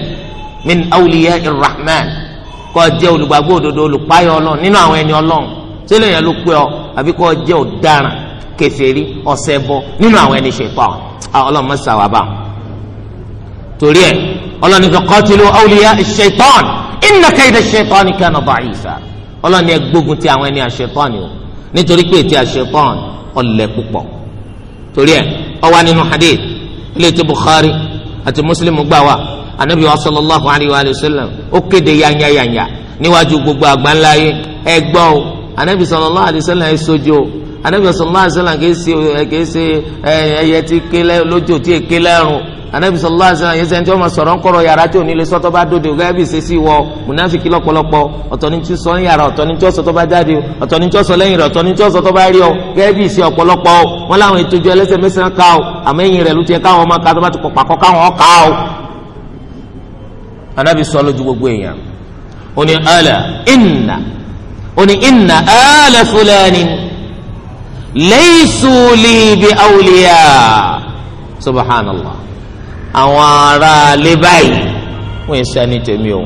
min awliya irrahman kó jẹ́ olùgbàgbọ́ òdodo olùpáyọ̀ ọlọ́run nínú àwọn ẹni ọlọ́run tí lèyìn ló pé ọ àbí kó jẹ́ ọ̀daràn kèfèrí nínú àwọn ẹni ṣetàn ah, ọlọ́run mọ́sàwá báwọn torí ẹ ọlọ́ni kan qatilu awliya ash-shaytan inna kayda ash-shaytani kana da'ifa ọlọ́ni ẹ gbógun ti àwọn ẹni ash-shaytani o nítorí pé ti ash-shaytan ọ̀lẹ púpọ̀ torí ẹ ó wà nínú hadith ilé tí Bukhari àti Muslim gbà wá anabi wa sallallahu alayhi wa sallam ó kéde yanyayanya níwájú gbogbo àgbáńlá yé ẹ gbọ́ o anabi sallallahu alayhi wa sallam ẹ sojú anabi sallallahu alayhi wa sallam kì í ṣe ẹyẹ tí ké lójó tí èké lẹ́rùn anabi sallallahu alayhi wa sallam yẹsẹ ẹni tí wọn ma sọ̀rọ̀ ńkọrọ yàrá tí onílé sọtọ bá dòde o gẹ́gẹ́ bí ìṣesí wọ munafiki lọ́pọ̀lọpọ̀ ọ̀tọ̀ ni tí sọ ń yàrá ọ̀tọ̀ ni tí wọn sọtọ bá jáde o ọ̀tọ̀ ni tí wọn sọ lẹ́yìn rẹ̀ ọ̀tọ̀ ni tí wọn sọtọ bá rí o gẹ́gẹ́ bí ìṣe ọ̀pọ̀lọpọ̀ o wọn làwọn ètò ìjọ ẹlẹ́sẹ̀ mẹsàn ká o àmọ́ ẹ̀yìn rẹ̀ ló ti káwọn ọmọ kátó bá ti pọpà kọ káwọn ká o. anabi sọ lójú gbogbo subhanallah àwọn ará alẹ́ báyìí wọ́n ń sẹ́ni tèmi o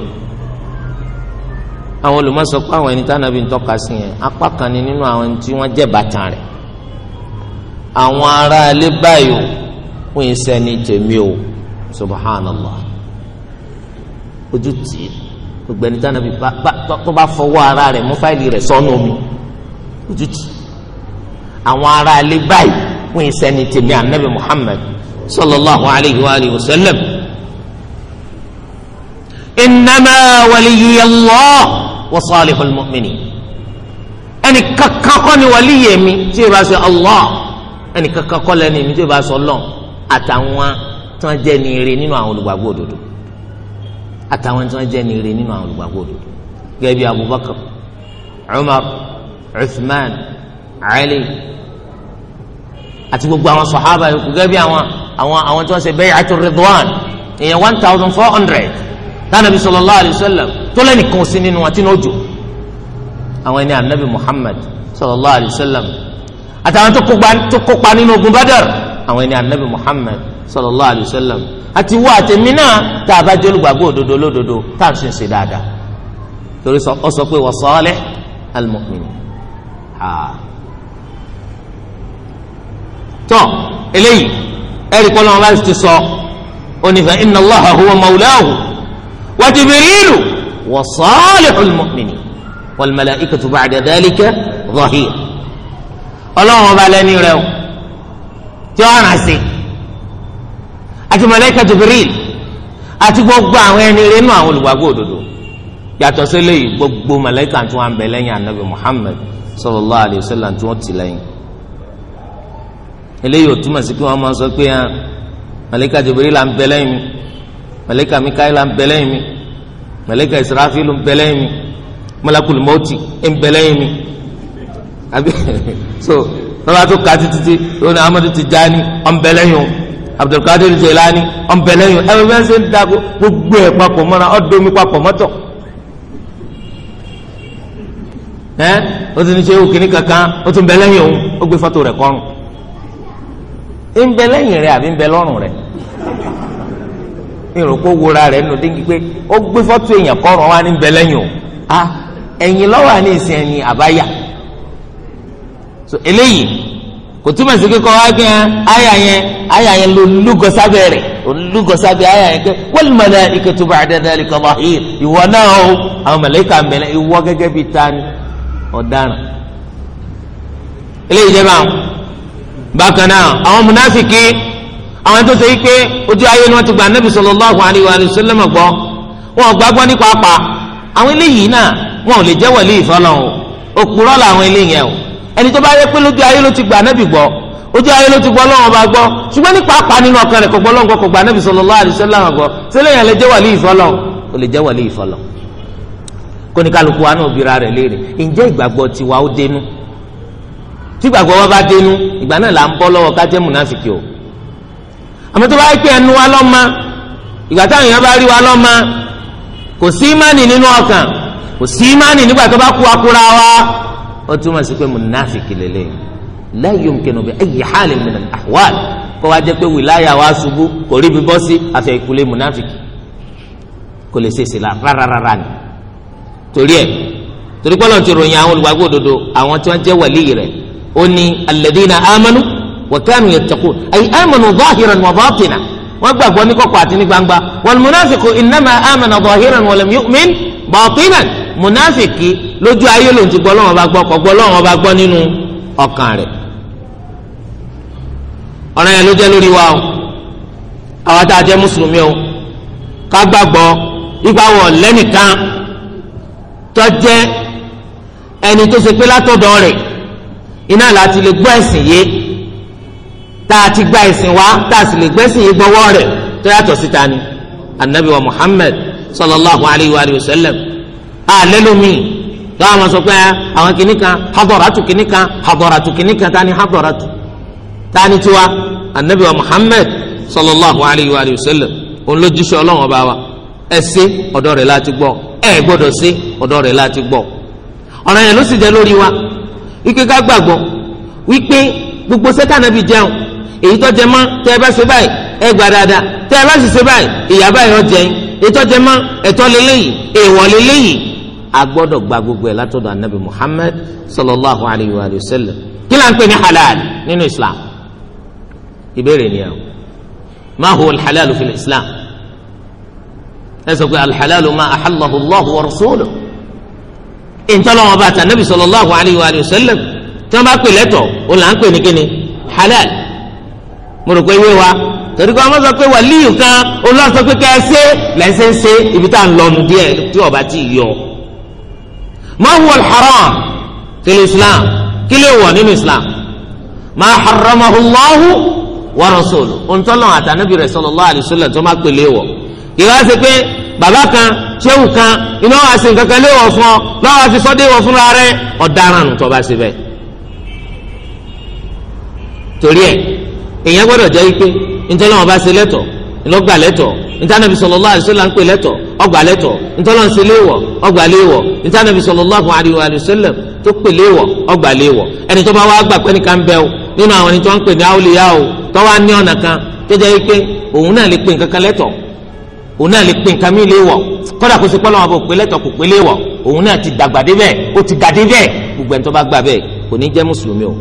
àwọn olùmọ̀sọ pé àwọn ẹni tí Ànábì ń tọ́ka sí yẹn apá kan ni nínú àwọn tí wọ́n jẹ́ bàtà rẹ̀ àwọn ará alẹ́ báyìí o wọ́n ń sẹ́ni tèmi o subhanallah ojú tì í gbogbo ẹni tí Ànábì tó bá fọwọ́ ara rẹ̀ mú fáìlì rẹ̀ sọ́nù omi ojú tì í àwọn ará alẹ́ báyìí ń sẹ́ni tèmi ànábì Muhammad sallallahu alayhi wa alihi wa sallam innama waliyuya Allah wa salihul mu'mini ẹni kankan kọ́ ni wàlíyé mi tí o bá sọ Allah ẹni kankan kọ́ lẹ́ni mi tí o bá sọ lọ́n àtàwọn tán jẹ́ ni ire nínú àwọn olùgbàgbọ́ òdodo àtàwọn tán jẹ́ ni ire nínú àwọn olùgbàgbọ́ òdodo gẹ́gẹ́ bí Abubakar Umar Uthman Ali àti gbogbo àwọn sọ̀hábà yòókù gẹ́gẹ́ bí àwọn àwọn àwọn tí wọ́n ṣe bay'atur ridwan èèyàn one thousand four hundred tánàbí sallallahu alayhi wa sallam tó lẹ́nìkan sí nínú àti ní òjò àwọn ẹni anabi muhammad sallallahu alayhi wa sallam àtàwọn tó kópa nínú ogun badar àwọn ẹni anabi muhammad sallallahu alayhi wa sallam àti wọ àtẹmí náà tá a bá jẹ́ òdodo lódodo tá a sì ń ṣe dáadáa torí ọ sọ pé wa salih al-mu'minin tọ́ eléyìí ẹ̀rí kọ́ lọ́wọ́ láti sọ onífẹ́ inna Allaha huwa mawlahu wa Jibrilu wa salihul mu'minin wal mala'ikatu ba'da dhalika dhahir ọlọ́wọ́ bá lẹ́ni rẹ̀ o tí ó rà sí àti màláíkà Jibril àti gbogbo àwọn ẹni rẹ̀ nù àwọn olùgbàgbọ́ òdodo yàtọ̀ sí eléyìí gbogbo màláíkà tí wọ́n bẹ̀ lẹ́yìn anabi Muhammad sallallahu alayhi wa sallam tí wọ́n ti lẹ́yìn eléyìí ò túmọ̀ sí pé wọ́n máa sọ pé hàn ah, màlẹ́kà jìbìrì là ń bẹ lẹ́yìn mi màlẹ́kà mikael là ń bẹ lẹ́yìn mi màlẹ́kà israfil ń bẹ lẹ́yìn mi malakul mọ́tì ń bẹ lẹ́yìn mi so lọ́wọ́ tó ka títí lónìí amadu tijani ọ̀ ń bẹ lẹ́yìn o abdulkadir jelani ọ̀ ń bẹ lẹ́yìn o ẹ̀rọ bẹ́ẹ̀ ṣe ń da gbogbo ẹ̀ papọ̀ mọ́ra ọ̀ domi papọ̀ mọ́tọ̀ ẹ́ o ti ní ṣe òkìní kankan o ti ń bẹ lẹ́yìn o ó gbé fọ́tò rẹ̀ kọ́rùn ń bẹ lẹ́yìn rẹ àbí ń bẹ lọ́rùn rẹ ìrò kó wura rẹ nù dínkì pé ó gbé fọ́tò èèyàn kọ́rùn wa ní ń bẹ o a ah, ẹ̀yìn lọ́wọ́ àní ìsìn ẹ̀yìn àbáyà so eléyìí kò túmọ̀ sí kíkọ́ wá gbé hàn àyà yẹn àyà yẹn ló lúgọ sábẹ́ rẹ̀ olùlúgọ sábẹ́ àyà yẹn pé wal malaikatu ba'da dhalika zahir ìwọ náà o àwọn màláíkà ń ìwọ gẹ́gẹ́ bíi tani ọ̀daràn eléyìí jẹ́ báwọn bákan náà àwọn munafiki àwọn tó ṣe pé ojú ayé ni wọ́n ti gba anabi sallallahu alayhi wa sallam gbọ́ wọn ò gbàgbọ́ ní pàápà àwọn eléyìí náà wọn ò lè jẹ́ wọlé ìfọlọ o òpùrọ́ làwọn eléyìí o ẹni tó bá yẹ pé lójú ayé ló ti gba anabi gbọ́ ojú ayé ló ti gbọ́ lọ́wọ́ bá gbọ́ ṣùgbọ́n ní pàápà nínú ọkàn rẹ̀ kò gbọ́ lọ́wọ́ tí gbàgbọ́ wọn bá dénú ìgbà náà là ń bọ́ lọ́wọ́ kájẹ́ múnásìkì o àmọ́ tó bá pẹ́ ẹnu wa lọ́mọ ìgbà táwọn èèyàn bá rí wa lọ́mọ kò sí ìmánì nínú ọkàn kò sí ìmánì nígbà tó bá kú akura wa ó túmọ̀ sí pé múnásìkì lélẹ̀ la yumkinu bi ayyi halin min al-ahwal kó wá jẹ́ pé wìláyà wa ṣubú kò rí bí bọ́ sí àfẹ́ ìkúlé múnásìkì kò lè ṣèṣe la rárára ni torí ẹ torí pé Ọlọ́run ti ròyìn àwọn olùgbàgbọ́ òdodo àwọn tí wọ́n jẹ́ wàlíì rẹ̀ ó ní alladhina amanu wa kanu yattaqun ay amanu zahiran wa batina wọ́n gbàgbọ́ ní kọ̀kọ̀ àti ní gbangba wal munafiqu innama amana zahiran wa lam yu'min batinan munafiki lójú ayé ló ń ti gbọ́ lọ́wọ́ bá gbọ́ kọ́ gbọ́ bá gbọ́ nínú ọkàn rẹ̀ ọ̀ràn yẹn ló jẹ́ lórí wa o àwa tá a jẹ́ mùsùlùmí o ká gbàgbọ́ ipa wọ̀ lẹ́nìkan tó ẹni tó ṣe pé látọ̀dọ̀ rẹ̀ iná láti lè gbọ́ ẹ̀sìn yé tá a ti gba ẹ̀sìn wá tá a sì lè gbẹ́sìn yé gbọ́wọ́ rẹ̀ tó yàtọ̀ síta ni anabi wa muhammed sallallahu alayhi wa sallam alẹ́lómi lọ́wọ́ àwọn sọ pé àwọn kìnnìkan hadọ̀ràtù kìnnìkan hadọ̀ràtù kìnnìkan ta ni hadọ̀ràtù ta ni tiwa anabi wa muhammed sallallahu alayhi wa sallam òun ló jíṣẹ́ ọlọ́run ọba wa ẹ ṣe ọ̀dọ̀ rẹ̀ láti gbọ́ ẹ gbọ́dọ̀ ṣe ọ̀dọ̀ rẹ̀ láti gbọ́ ọ̀ràn yẹn ló sì jẹ́ lórí wa wípé ká gbàgbọ́ wípé gbogbo sẹ́tà nàbì jẹun èyí tó jẹ mọ́ tẹ́ ẹ bá ṣe báyìí ẹ gbà dáadáa tẹ́ ẹ bá sì ṣe báyìí ìyá báyìí ọ jẹ èyí tó jẹ mọ́ ẹ̀tọ́ lélẹ́yìí èèwọ̀ lélẹ́yìí a gbọ́dọ̀ gba gbogbo ẹ̀ látọ̀dọ̀ anabi Muhammad sallallahu alayhi wa sallam kí ló ń pè ní halal nínú Islam ìbéèrè ni ẹ o ma huwa alhalal fi Islam ẹ sọ pé alhalal ma ahallahu Allah wa rasuluhu ìtọ́lọ́wọ́n bá ta nabi sallallahu alayhi wa sallam tí wọ́n bá pè lẹ́tọ̀ ó là ń pè ní kíni halal mo rò pé wé wa torí kí wọ́n mọ̀ sọ pé wàlíyù kan olóòtú sọ pé ká ẹ ṣe lẹ́sẹ̀ ń ṣe ibi tá à ń lọ nu díẹ̀ tí ọba ti yọ. ma huwa al-haram fil islam kí ló wọ̀ islam ma harramahu Allahu wa rasuluhu òǹtọ́lọ́wọ́n àtànábì rẹ̀ alayhi wa sallam tó má pè léwọ̀ kí wọ́n á pé bàbá kan ṣéwù kan iná wàá nkakalewo nǹkan kan fún ọ lọ́wọ́ fi sọ́dẹ̀ fúnra rẹ ọ̀daràn nù tọ́ba bẹ́ẹ̀. torí ẹ èèyàn gbọ́dọ̀ jẹ́ wípé nítorí wọn bá ṣe lẹ́tọ̀ ńlọgbà lẹ́tọ̀ ntanabi sallallahu alaihi ń pè lẹ́tọ̀ ọgbà lẹ́tọ̀ ntọ́lọ́n ṣe léwọ̀ ọgbà léwọ̀ ntanabi sallallahu tó pè ọgbà òun náà lè pe nǹkan mi lè wọ̀ kódà kó sì pọ́lọ́wọ́n bò pé lẹ́tọ̀ kò pé lè wọ̀ òun náà ti dàgbà dé bẹ́ẹ̀ ó ti gà dé bẹ́ẹ̀ gbogbo ẹni tó bá gbà bẹ́ẹ̀ kò ní jẹ́ mùsùlùmí o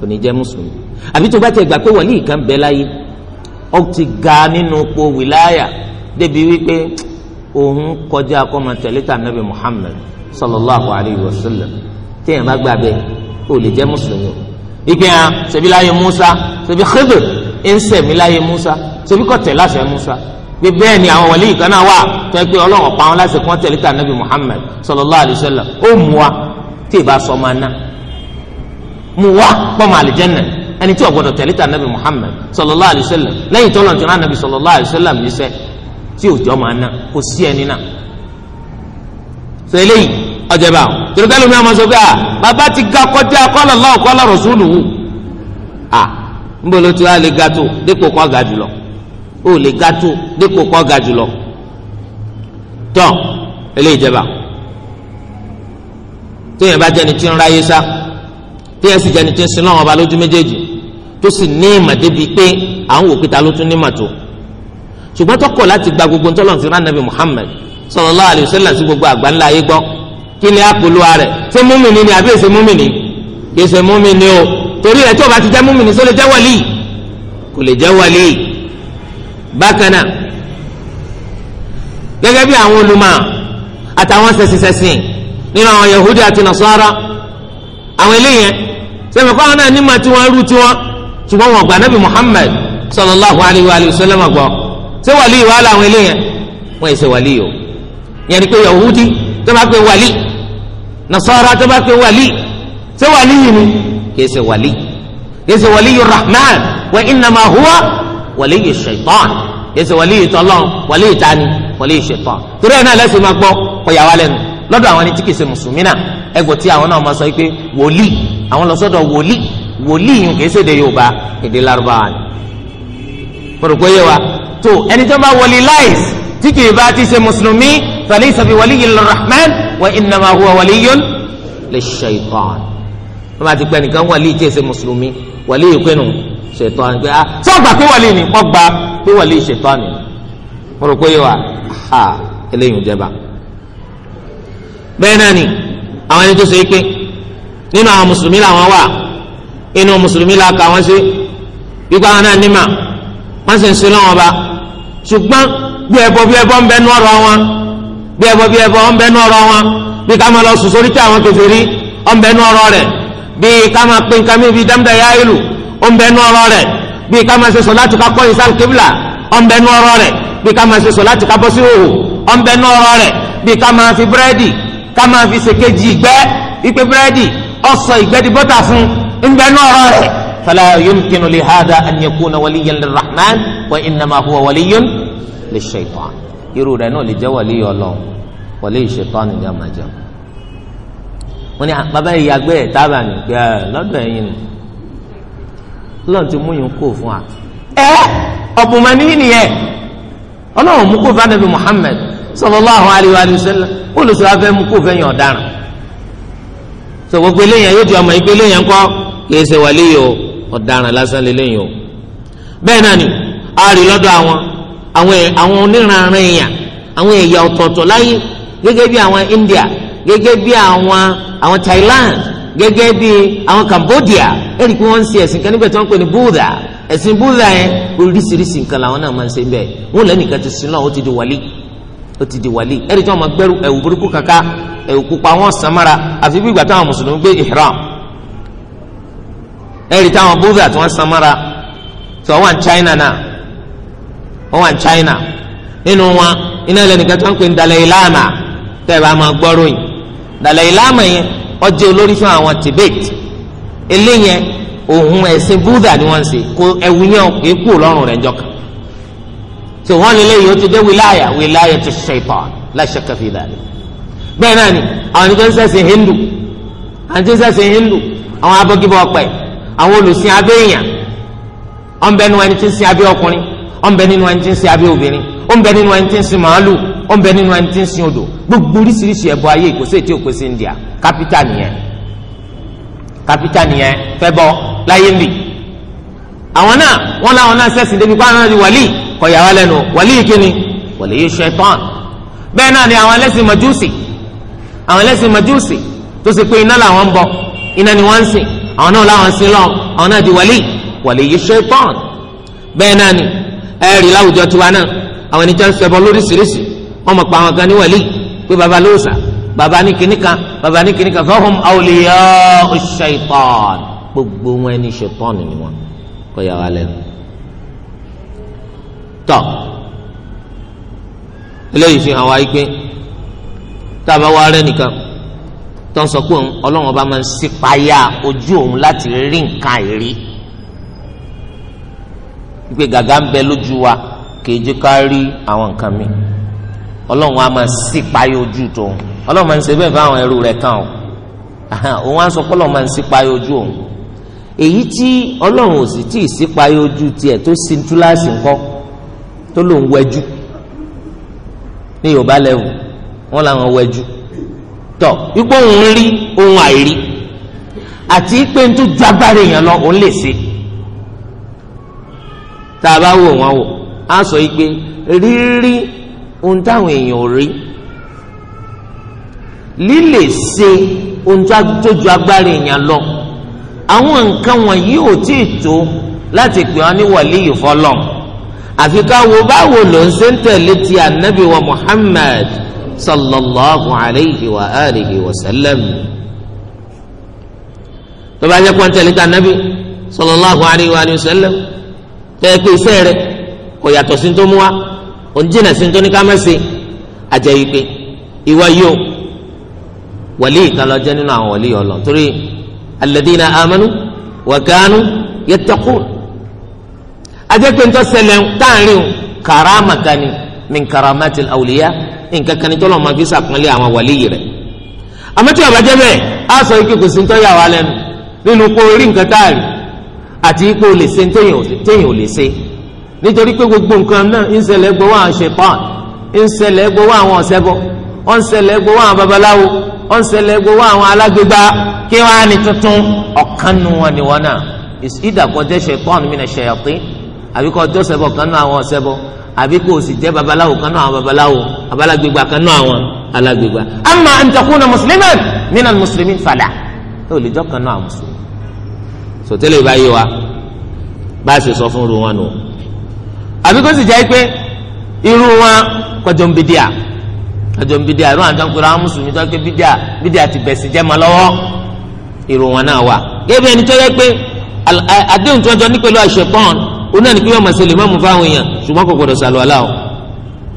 kò ní jẹ́ mùsùlùmí àbí tó bá ti gbà pé wọ̀lí ìkan bẹ láyé ó ti ga nínú po wìláyà débi wípé òun kọjá akọ́mọ tẹ̀lé tà nàbì Muhammad sallallahu alayhi wa sallam téèyàn bá gbà bẹ́ẹ̀ ó lè jẹ́ mùsùlùmí o ìgbẹ́ hàn ṣebí láyé Musa ṣebí Khidir pé bẹ́ẹ̀ ni àwọn wàlíì kan náà wà tó ẹ pé ọlọ́run pa wọn láti kún tẹ̀lé tà nàbì Muhammad sallallahu alayhi wa sallam ó mú wa tí ì bá sọ máa ná mú wa pọ́nmọ́ àlìjẹ́nà ẹni tí ò gbọ́dọ̀ tẹ̀lé tà nàbì Muhammad sallallahu alayhi wa sallam lẹ́yìn tó lọ́n ti rán nàbì sallallahu alayhi wa sallam níṣẹ́ tí òjò ná kò sí ẹni náà. sọ eléyìí ọjà bá wọn mi àwọn sọ pé à ah, bàbá ó lè ga tó dípò kọ́ ga jùlọ tọ́ eléyìí jẹba téèyàn bá jẹni tí ń ráyé sá téèyàn sì jẹni tí ń sin náà ọba lójú méjèèjì tó sì ní ìmọ̀ débi pé à ń wò pété ló tún ní ìmọ̀ tó ṣùgbọ́n tọkọ̀ láti gba gbogbo ntọ́lọ́n ti rán nàbì Muhammad sallallahu alaihi wasallam sí gbogbo àgbà ńlá ayé gbọ́ kí ni àpòlùwà rẹ̀ ṣé múmìnì ni àbí èsè múmìnì kì í ṣe múmìnì o torí rẹ̀ tí ó bá ti jẹ́ múmìnì só lè jẹ́ wàlíì kò lè jẹ́ wàlíì bákan náà gẹ́gẹ́ bí àwọn olùmọ̀ àtàwọn sẹ̀sìnsẹ̀sìn nínú àwọn yahudi àti nasara àwọn eléyẹn sẹ́mi kọ́ àwọn náà ní màtí wọn rú tiwọn ṣùgbọ́n wọn gba nabi muhammad sallallahu alayhi wa sallam gbọ́ ṣé wàlíì wà láwọn eléyẹn wọn èsè wàlíì o yẹn ni pé yahudi tó pé wàlíì nasara tó pé wàlíì ṣé wàlíì ni kì ṣe wàlíì kì í ṣe wàlíì rahman wa innama huwa wàlíyì ṣètọ́n yẹsẹ wàlíyì tọ́lọ́n wàlíyì tani wàlíyì ṣètọ́n torí ẹ̀ náà lẹ́sìn máa gbọ́ kọ̀yà wa lẹ́nu lọ́dọ̀ àwọn ẹni tí kìí ṣe mùsùlùmí náà ẹgbẹ́ tí àwọn náà máa sọ pé wòlíì àwọn lọ sọ́dọ̀ wòlíì wòlíì yìí kìí ṣèdè Yorùbá èdè Lárúbáwá ni. pọ̀rọ̀kọ yé wa tó ẹni tó bá wòlíì láìsí tí kìí bá ti ṣe mùsùlùmí falaysa bi waliyyin lirrahman wa innama huwa waliyyun lishaytan. wọ́n bá ti pẹ́ nìkan wòlíì tí ì ṣètọ́ni pé ah sọ́ọ̀gbà pé wọlé ni wọ́n gba pé wọlé ṣètọ́ni mo rò pé wà á eléyìí ń jẹba. bẹ́ẹ̀ náà ni àwọn ẹni tó ṣe é pé nínú àwọn mùsùlùmí làwọn wà inú mùsùlùmí la kà wọ́n sí gbígbá wọn náà nímà wọ́n sì ń sin lọ́wọ́ ba ṣùgbọ́n bí ẹbọ bí ẹbọ ń bẹ nú ọ̀rọ̀ wọn bí ẹbọ bí ẹbọ ń bẹ nú ọ̀rọ̀ wọn bí ká máa lọ sùn sórí tí àwọn kẹfẹ́ rí ọ̀ ń bẹ nú ọ̀rọ̀ rẹ̀ bí ká máa pín nǹkan bí dámdá yá ìlú ọ̀nbẹ́nu ọ̀rọ̀ rẹ̀ bíi ká máa ṣe sọ̀láàtì ká kọ́ ìsàl kíbla ọ̀nbẹ́nu ọ̀rọ̀ rẹ̀ bíi ká máa ṣe sọ̀láàtì ká bọ́ sí òhò ọ̀nbẹ́nu ọ̀rọ̀ rẹ̀ bíi ká máa fi búrẹ́dì ká máa fi ṣèkejì ìgbẹ́ ipe búrẹ́dì ọ̀sọ̀ ìgbẹ́ di bọ́tà fún ọ̀nbẹ́nu ọ̀rọ̀ rẹ̀ fala yumkinu li hada an yakuna waliyan lirrahman wa innama huwa waliyun lishaitan irú rẹ̀ náà lè jẹ́ wàlíyà Ọlọ́run wàlíyà ṣaitan ni yà máa jẹun wọ́n ní ah, bàbá ìyàgbẹ́ ẹ̀ tábà ọlọ́run ti mú yín kó fún wa. ẹ ọ̀bùnmọ̀ni nìyẹn ọlọ́run mú kó fún anabi Muhammad sallallahu alayhi wa sallam olùsọ afẹ́ mú kó fẹ́yìn ọ̀daràn. sọ gbogbo eléyàn yóò di ọmọ eléyàn kọ́ kìí ṣe o ọ̀daràn lásán o. bẹ́ẹ̀ náà ni a rí lọ́dọ̀ àwọn àwọn oníranran èèyàn àwọn ẹ̀yà ọ̀tọ̀ọ̀tọ̀ láyé gẹ́gẹ́ bí àwọn India gẹ́gẹ́ bí àwọn Thailand gẹ́gẹ́ bí àwọn Cambodia ẹ̀rí pé wọ́n ń ṣe ẹ̀sìn kan níbẹ̀ tí wọ́n ń pè ní Buddha ẹ̀sìn Buddha yẹn oríṣiríṣi nǹkan làwọn náà máa ń ṣe ń bẹ̀ wọ́n lẹ́nìkan ti sin náà ó ti di wàlí ó ti di wàlí ẹ̀rí tí wọ́n máa gbẹ́rù ẹ̀wù burúkú kàkà ẹ̀wù pupa wọn samara àfi bí ìgbà táwọn mùsùlùmí gbé ihram ẹ̀rí táwọn Buddha tí wọ́n samara tí wọ́n wà ní China náà wọ́n wà ní China nínú wọn iná lẹ́nìkan tí wọ́n ń pè ní Dalai Lama tẹ́ẹ̀ bá máa Dalai Lama yẹn ó jẹ́ olórí fún àwọn Tibet eléyẹn òun ẹ̀sìn Buddha ni wọ́n ń ṣe kó ẹ̀wù yẹn kò kú lọ́rùn rẹ̀ njọ́ kan tó wọ́n lé léyìí ó ti dé wíláyà wíláyà tó ṣèpọ̀ láṣẹ kẹfì dàlẹ́ bẹ́ẹ̀ náà ni àwọn tó ń ṣẹ̀sìn Hindu àwọn tó ń ṣẹ̀sìn Hindu àwọn abọ́gibọ̀ ọ̀pẹ àwọn olùsìn abẹ́yàn ọ̀nbẹ nínú ẹni tí ń sin abẹ́ ọkùnrin ọ̀nbẹ nínú ẹni tí ń sin abẹ́ obìnrin ọ̀nbẹ nínú ẹni tí ń sin màálù ọ̀nbẹ nínú ẹni tí ń sin odò gbogbo oríṣiríṣi ẹbọ ayé ìkòsí ètí òkòsí India kápítà nìyẹn kápítà nìyẹn fẹbọ láyé mbì àwọn náà wọn làwọn náà sẹsìn débi pàrọ náà di wàlí kọyàwá lẹnu wàlí kíni wàlí yìí ṣẹtán bẹ́ẹ̀ náà ni àwọn ẹlẹ́sìn majúsì àwọn ẹlẹ́sìn majúsì tó ṣe pé iná làwọn ń bọ iná ni wọn ń sìn àwọn náà làwọn ń sìn lọ àwọn náà di wàlí wàlí yìí ṣẹtán bẹ́ẹ̀ náà ni ẹẹrì láwùjọ tiwa náà àwọn ènìjọ ń ṣẹbọ lóríṣiríṣi wọn mọ pa àwọn kan ní wàlí pé baba ló sà baba ní kinní kan baba ní kinní kan fahum awliya'u shaitan gbogbo wọn ẹni shaitan ni wọn kọ́ yà wá lẹ́nu. tọ́ eléyìí fi hàn wá pé tá a bá wá rẹ́ nìkan tó ń sọ pé ọlọ́run ọba máa ń sípayá ojú òun láti rí nǹkan ìrí wípé gàgà ń bẹ lójú wa kì í jẹ́ ká rí àwọn nǹkan mìíràn ọlọ́run a máa sì payé ojú tó ọlọ́run máa ń ṣe bẹ́ẹ̀ fáwọn ẹrú rẹ̀ kàn ó òun á sọ pé ọlọ́run máa ń sì payé ojú òun èyí tí ọlọ́run ò sì tí ì sí payé ojú tiẹ̀ tó sin túláàsì ńkọ́ tó lòún wẹjú ní yorùbá lẹ́wù wọ́n làwọn wẹjú tọ̀ ipò òun rí ohun àìrí àti pé ń tó ju èèyàn lọ òun lè ṣe tá a bá wò wọ́n wò á sọ yìí pé rírí ohun táwọn èèyàn ò rí lílè ṣe ohun tó ju agbára èèyàn lọ àwọn nǹkan wọ̀nyí ò tí ì tó láti pè ọ́ ní wàlíyù fọlọ́ àfi ká báwo ló ń ṣe ń tẹ̀lé ti ànábì wa Muhammad sallallahu alayhi wa alihi wa sallam tó bá jẹ́ pọ́n tẹ̀lé ti ànábì sallallahu alayhi wa alihi wa sallam tẹ́ ẹ pé iṣẹ́ kò yàtọ̀ sí tó mú wa onjìnà sí nítorí ká má ṣe àjẹ́ yìí pé ìwà yóò wàlí ìkàlọ́jẹ́ nínú àwọn wàlí ọ̀lọ́ torí alladina amanu wa kanu yattaqun àjẹ́ pé nítorí ṣẹlẹ̀ táàrin karama kani min karamati awliya nǹkan kan ní tọ́lọ́ máa fi sàpọ́nlé àwọn wàlí yìí rẹ̀ àmọ́ tí ọ̀bàjẹ́ bẹ́ẹ̀ á sọ ike kò sí nítorí àwa lẹ́nu nínú kó orí nǹkan táàrin àti ipò lè ṣe téèyàn ò lè ṣe nítorí pé gbogbo nǹkan náà ń ṣẹlẹ̀ gbowó àwọn ṣèpọ́n ń ṣẹlẹ̀ gbowó àwọn ọ̀ṣẹ́bọ ó ń ṣẹlẹ̀ gbowó àwọn babaláwo ó ń ṣẹlẹ̀ gbowó àwọn alágbègbà kí wọ́n á ní tuntun ọ̀kan nu wọn ni wọn náà ìdàkọ̀jẹ́ ṣèpọ́n mi náà ṣèyàpín àbíkọ́ ọjọ́ ṣẹbọ kan náà àwọn ọ̀ṣẹ́bọ àbí kò sì jẹ́ babaláwo kan náà àwọn babaláwo abalagbègbà kan náà mina muslimin fala ó lè jọ kan náà àwọn mùsùlùmí sọtẹ́lẹ̀ ìbáyé àbí kó sì jẹ́ pé irú wọn kọjọ ń bídíà kọjọ ń bidia, irú àjọ ń pèrè àwọn mùsùlùmí tó pé bídíà bídíà ti bẹ̀sì jẹ́ ma lọ́wọ́ irú wọn náà wà. gẹ́gẹ́ ẹni tó yẹ pé àdéhùn tí wọ́n jọ ní pẹ̀lú àṣepọ́n òun náà ní pé wọ́n máa ṣe lè mọ́mú fáwọn èèyàn ṣùgbọ́n kò gbọdọ̀ sàlùwàlá o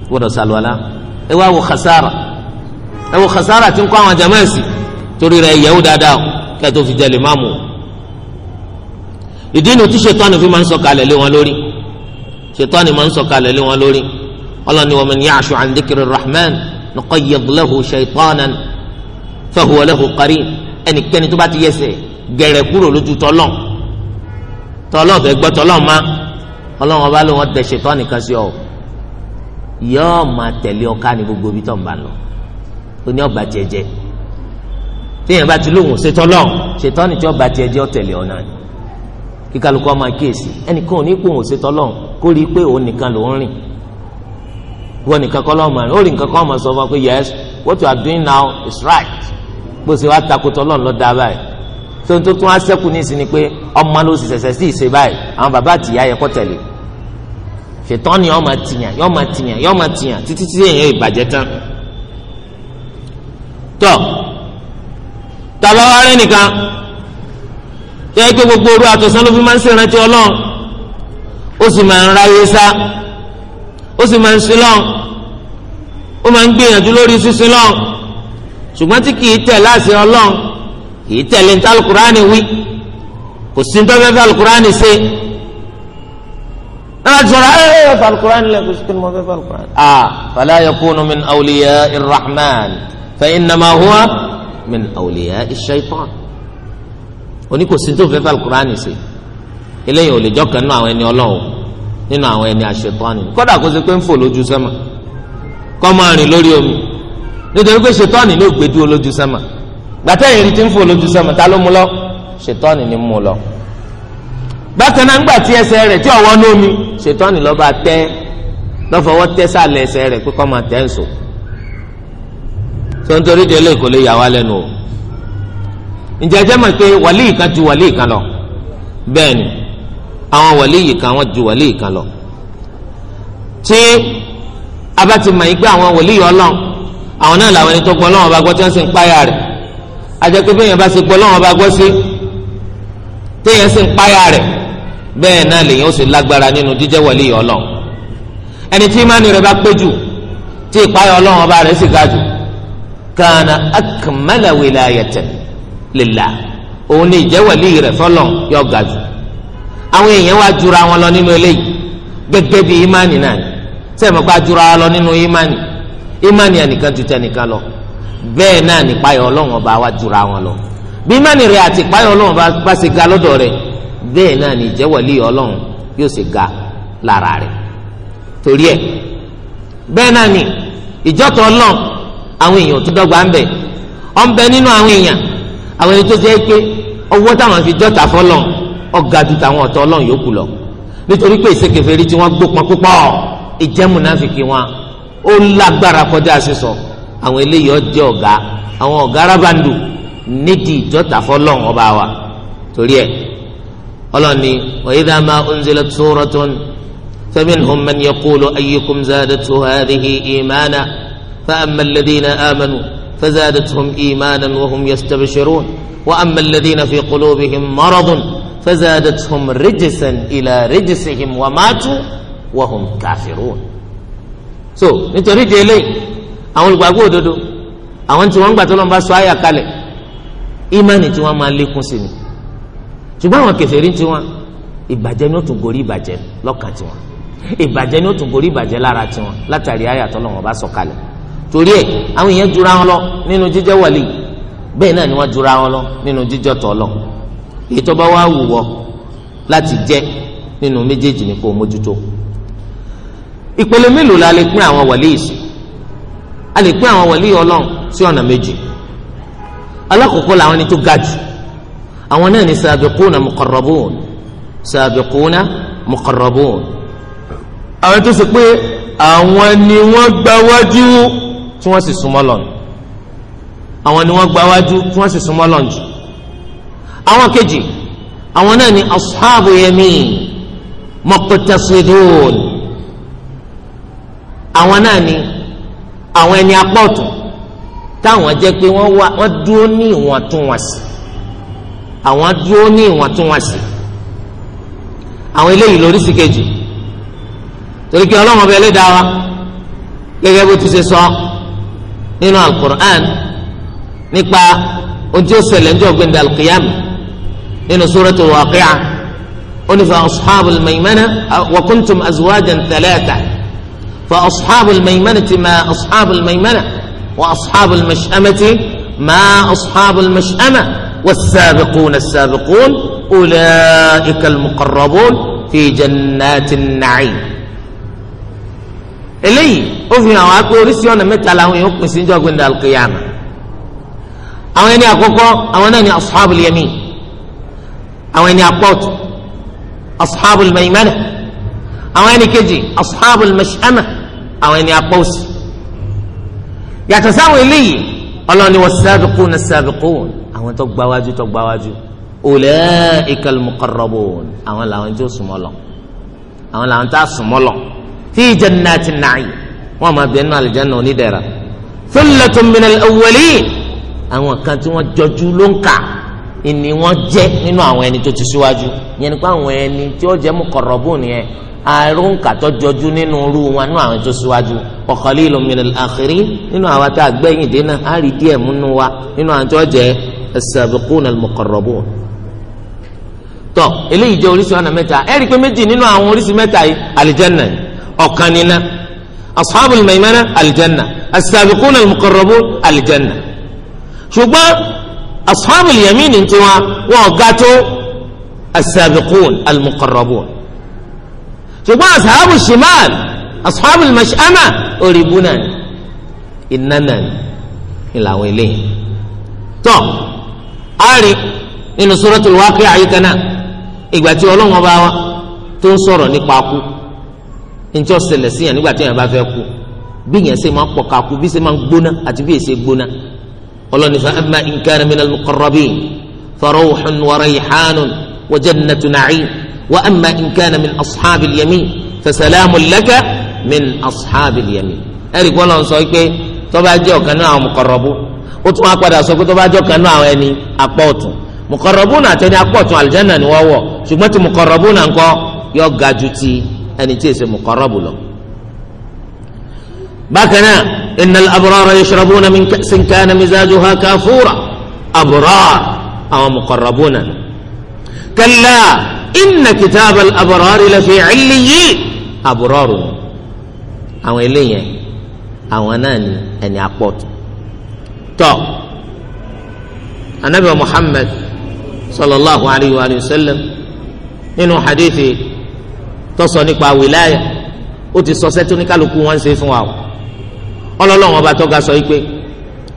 gbọdọ̀ sàlùwàlá ẹ wá wo khasara ẹ wo khasara tí ń kọ́ àwọn jamaasi torí rẹ̀ ìyẹ̀wò dáadáa kẹ́ẹ̀ fi jẹ́ lè mọ́mú ìdí inú tíṣe tọ́ni fi máa ń sọ kalẹ̀ lé wọn lórí ṣètọ́ni máa ń sọ̀kalẹ̀ lé wọn lórí ọlọ́ni wa man ya'shu an dhikri rahman nuqayyid lahu shaytanan fahuwa lahu qarin ẹnikẹ́ni tó bá ti yẹsẹ̀ gẹ̀rẹ̀ kúrò lójú tọ́lọ̀ tọ́lọ̀ fẹ́ gbọ́ tọ́lọ̀ ma ọlọ́run ọba ló wọn tẹ ṣètọ́ni kan sí ọ yọọ máa tẹ̀lé ọká ní gbogbo ibi tó ń bá lọ ó ní ọgbà tiẹ̀ jẹ téèyàn bá ti lóhùn ṣètọ́lọ̀ ṣètọ́ni tí ọgbà tiẹ̀ jẹ ọ tẹ̀lé ọ náà ni kí ọmọ kíyèsí ẹnìkan ò ní pò òun ṣètò ọlọ́run kó rí i pé òun nìkan ló ń rìn wọn nìkan kọ́ lọ́mọ rìn ó rí nǹkan ọmọ sọ fún ọ pé yes what you are doing now is right bó ṣe wá takotọ ọlọ́run lọ́ọ́ da báyìí tó ń tó tún á sẹ́kù ní ìsìn ni pé ọmọ ló sì ṣẹ̀ṣẹ̀ sí ìṣe báyìí àwọn bàbá àtìyá yẹ kọ́ tẹ̀lé ṣètọ́ ni ọmọ tìyàn yọmọ tìyàn yọmọ tìyàn títí tí èèyàn ìbàjẹ́ tán tọ́ tàbá wa tó yẹ pé gbogbo òru àtọ̀sán ló fi máa ń ṣèrántí ọlọ́run ó sì máa ń ráyé sá ó sì máa ń sin lọ́n ó máa ń gbìyànjú lórí sísin lọ́n ṣùgbọ́n tí kì í tẹ̀ láàṣẹ ọlọ́run kì í tẹ̀lé ní tálùkùránì wí kò sí tọ́fẹ́ tálùkùránì ṣe náà sọ̀rọ̀ ẹ ẹ tálùkùránì lẹ kò sí kí ni mo fẹ́ tálùkùránì. a fala yakunu min awliya irrahman fa innama huwa min awliya ishaitan oní kò sí tó fẹ́ fà alukurani sí eléyìí ò lè jọ́ kan nínú àwọn ẹni ọlọ́wọ́ nínú àwọn ẹni àṣetọ́ni kódà kó ṣe pé ń fò lójú sẹ́mà kọ́ máa rìn lórí omi nítorí pé ṣetọ́ni ló gbé dúró lójú sẹ́mà gbàtẹ́ ìrìn tí ń fò lójú sẹ́mà ta ló mú lọ ṣetọ́ni ni mú lọ. bákan náà ńgbà tí ẹsẹ̀ rẹ̀ tí ọwọ́ ní omi ṣetọ́ni ló bá tẹ́ lọ́fọwọ́ tẹ́ sàlẹ̀ ẹsẹ̀ rẹ̀ pé kọ́ máa tẹ́ ń sò ǹjẹ́ ẹjẹ́ mọ̀ pé wàlíì kan ju wàlíì kan lọ bẹ́ẹ̀ ni àwọn wàlíì kan wọ́n ju wàlíì kan lọ tí a bá ti mọ̀ yín pé àwọn wàlíì ọlọ́run àwọn náà làwọn ẹni tó gbọ́ lọ́wọ́ bá gbọ́ tí wọ́n sì ń páyà rẹ̀ àjẹ́ pé bẹ́ẹ̀ yẹn bá ṣe gbọ́ lọ́wọ́ bá gbọ́ sí téèyàn sì ń páyà rẹ̀ bẹ́ẹ̀ náà lèyìn ó sì lágbára nínú jíjẹ́ wàlíì ọlọ́run ẹni lillah òun ni ìjẹ́wẹ̀lì rẹ̀ fọlọ́ yọ ga jù àwọn èèyàn wá jura wọn lọ nínú eléyìí gẹ́gẹ́ bí ìmánì náà ni sẹ́mi pa jura wọn lọ nínú ìmánì ìmánì ẹnìkan ju tẹnìkan lọ bẹ́ẹ̀ náà ní ìpayọ̀ ọlọ́run ọba wá jura wọn lọ bí ìmánì rẹ̀ àti ìpayọ̀ ọlọ́run ọba bá ṣe ga lọ́dọ̀ rẹ̀ bẹ́ẹ̀ náà ní ìjẹ́wẹ̀lì ọlọ́run yóò ṣe ga lára rẹ̀ torí ẹ̀ bẹ́ẹ̀ náà ní ìjọ́tọ̀ ọlọ́run àwọn èèyàn tó dọ́gba ń bẹ ọ̀ ń bẹ nínú àwọn èèyàn àwọn ẹni tó jẹ́ pé ọwọ́ táwọn fi jọ́ta fọlọ́ ọ̀gá ju tàwọn ọ̀tọ̀ ọlọ́run yòókù lọ nítorí pé ìṣèkèfèrí tí wọ́n gbópọn púpọ̀ ìjẹ́múnáfìkì wọn ó lágbára kọjá sísọ àwọn eléyìí ọjọ́ ọ̀gá àwọn ọ̀gá rábàndù nídìí ìjọ́ta fọlọ́run ọba wa torí ẹ̀ ọlọ́ni wa idha ma unzilat suratun faminhum man yaqulu ayyukum zadatu فزادتهم إيمانا وهم يستبشرون وأما الذين في قلوبهم مرض فزادتهم رجسا إلى رجسهم وماتوا وهم كافرون so nítorí di eléyìí àwọn olùgbàgbọ́ òdodo àwọn tí wọ́n ń gbà tó lọ́n bá sọ àyà kalẹ̀ ìmánì tí wọ́n máa lékún sí ni ṣùgbọ́n àwọn kèfèrí tí wọ́n ìbàjẹ́ ni ó tún gorí ìbàjẹ́ lọ́kàn tiwọn ìbàjẹ́ ni ó tún gorí ìbàjẹ́ lára tiwọn látàrí àyà tó lọ́n bá sọ kalẹ̀ torí ẹ àwọn èèyàn jura wọn lọ nínú jíjẹ wàlí bẹ́ẹ̀ náà ni wọn jura wọn lọ nínú jíjọ tọ lọ èyí bá wà wù wọ láti jẹ nínú méjèèjì ni kò mójútó ìpele mélòó la lè pín àwọn wàlí yìí a lè pín àwọn wàlí Ọlọ́run sí ọ̀nà méjì alákòókò làwọn ẹni tó ga jù àwọn náà ni sàbẹ̀kúnà muqarrabun sàbẹ̀kúnà muqarrabun àwọn tó sọ pé àwọn ni wọ́n gbáwájú tí wọ́n sì súnmọ́ lọ́nù àwọn ni wọ́n gba wájú tí wọ́n sì súnmọ́ lọ́nù jù àwọn kejì àwọn náà ni ashabu yamin muqtasidun àwọn náà ni àwọn ẹni apá ọ̀tún táwọn jẹ́ pé wọ́n wá wọ́n dúró ní ìwọ̀ntúnwọ̀nsì àwọn dúró ní ìwọ̀ntúnwọ̀nsì àwọn eléyìí lóríṣi kejì torí kí ọlọ́run ọba ẹlẹ́dàá wa gẹ́gẹ́ bó ti ṣe sọ. So, nínú alukur'an nípa ojú ọ̀sẹ̀lẹ̀ njọ́ gbẹ̀ndẹ̀ dàlùkìyàm nínú suratul waqiya onífa fa asxaabul wakuntum azuwajan kuntum fa asxaabul maymana ti ma asxaabul maymana wa asxaabul ti ma asxaabul mash'ama wa saabiquuna saabiquun ulaa'ika almuqarrabuun fi jannatin nacim. eléyìí ó fi hàn wá pé oríṣi ọ̀nà mẹ́ta làwọn èèyàn pín sí ní ọjọ́ gbẹ̀ndà alqiyama àwọn ẹni àkọ́kọ́ àwọn náà ni ashabul yamin àwọn ẹni àpọ̀tù ashabul maymana àwọn ẹni kejì ashabul mash'ama àwọn ẹni àpọ̀sì yàtọ̀ sáwọn eléyìí ọlọ́ni was-sabiquna as-sabiqun àwọn tó gbáwájú tó gbáwájú ulaikal muqarrabun àwọn làwọn tó súnmọ́ lọ àwọn làwọn tá a lọ fi jannati na'i wọn máa bẹ nínú aljanna onídẹ̀ra thullatun minal awwalin àwọn kan tí wọ́n jọjú ló ń kà ìní wọn jẹ́ nínú àwọn ẹni tó ti síwájú yẹn ni pé àwọn ẹni tí ó jẹ́ muqarrabun nìyẹn àrùnkà tó jọjú nínú irú wọn nínú àwọn tó síwájú wa qalilun minal akhirin nínú àwọn tá a gbẹ̀yìn dínà á rí díẹ̀ múnú wa nínú àwọn tó jẹ́ as-sabiqun al-muqarrabun tọ eléyìí jẹ́ oríṣi ọ̀nà mẹ́ta ẹ rí i pé méjì nínú àwọn oríṣi mẹ́ta yìí àlìjẹ́nà yìí ọ̀kan níná ashabul maimana aljanna as-sabiquna al-muqarrabun aljanna ṣùgbọ́n ashabul yamin ní tiwọn wọn ọ̀gá tó as-sabiqun al-muqarrabun ṣùgbọ́n ashabul shimal ashabul mash'ama òrìbù náà iná náà ni làwọn eléyìí tọ́ àárín nínú suratul waqi'ah àyíká ìgbà tí ọlọ́run ọba wa tó ń sọ̀rọ̀ nípa kú njẹ́ ọ̀sẹ̀lẹ̀ sí yàn nígbà tí yàn bá fẹ́ kú bí yàn ṣe máa pọ̀ kakú bí ṣe máa gbóná àti bí èsè gbóná ọlọ́ni fa amma in kana minal muqarrabin fa rawhun wa rayhanun wa jannatu na'im wa amma in kana min ashabil yamin fa salamun laka min ashabil yamin ẹ̀rí kọ́ lọ́n sọ pé tó bá jẹ́ ọ̀kan náà àwọn muqarrabu ó tún wá padà sọ pé tó jẹ́ ọ̀kan náà àwọn ẹni apá ọ̀tún náà àtẹni apá aljanna ni wọ́n ṣùgbọ́n ti muqarrabu náà ńkọ́ yọ gaju ti ẹni tí èsè muqarrabu lọ. bákan náà innal abrara yashrabuna min ka'sin kana mizajuha kafura abrar àwọn bù nà. kalla inna kitaba al-abrari lafi 'illiyyin abraru àwọn eléyẹn àwọn náà ni ẹni apọ̀tù tọ́ anabi muhammed sallallahu alayhi wa sallam nínú hadithi. tó sọ nípa wìláyà ó ti sọ sẹ́tún ní kálukú wọn ń ṣe fún wa o ọlọ́lọ́wọ́n ọba tó ga sọ yìí pé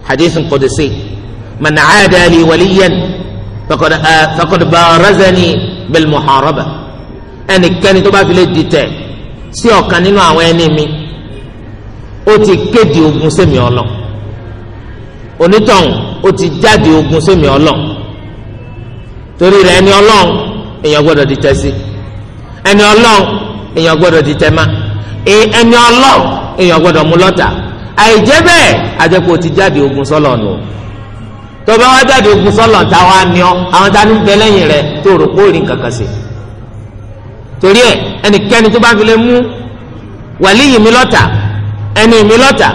hadith qudsi man aada li waliyan faqad barazani bil muharaba ẹnikẹ́ni tó bá fi lè dìtẹ̀ sí ọ̀kan nínú àwọn ẹni mi ó ti kéde ogun sẹ́mi ọlọ́ onítọ̀hún ó ti jáde ogun sẹ́mi ọlọ́ torí rẹ̀ ẹni ọlọ́run èèyàn gbọ́dọ̀ dìtẹ̀ sí i ẹni ọlọ́run èèyàn gbọ́dọ̀ di tẹ́ ma ẹni ọlọ́run èèyàn gbọ́dọ̀ mú lọ́tà àìjẹ́ bẹ́ẹ̀ àjẹpọ̀ ti jáde ogun sọ́lọ̀ nù tọ́ba wá jáde ogun sọ́lọ̀ ta wá ní ọ àwọn ta ní bẹ lẹ́yìn rẹ tó rò kó rí nǹkan kan sí torí ẹ ẹnikẹ́ni tó bá fi lè mú wàlíyì mi lọ́tà ẹni mi lọ́tà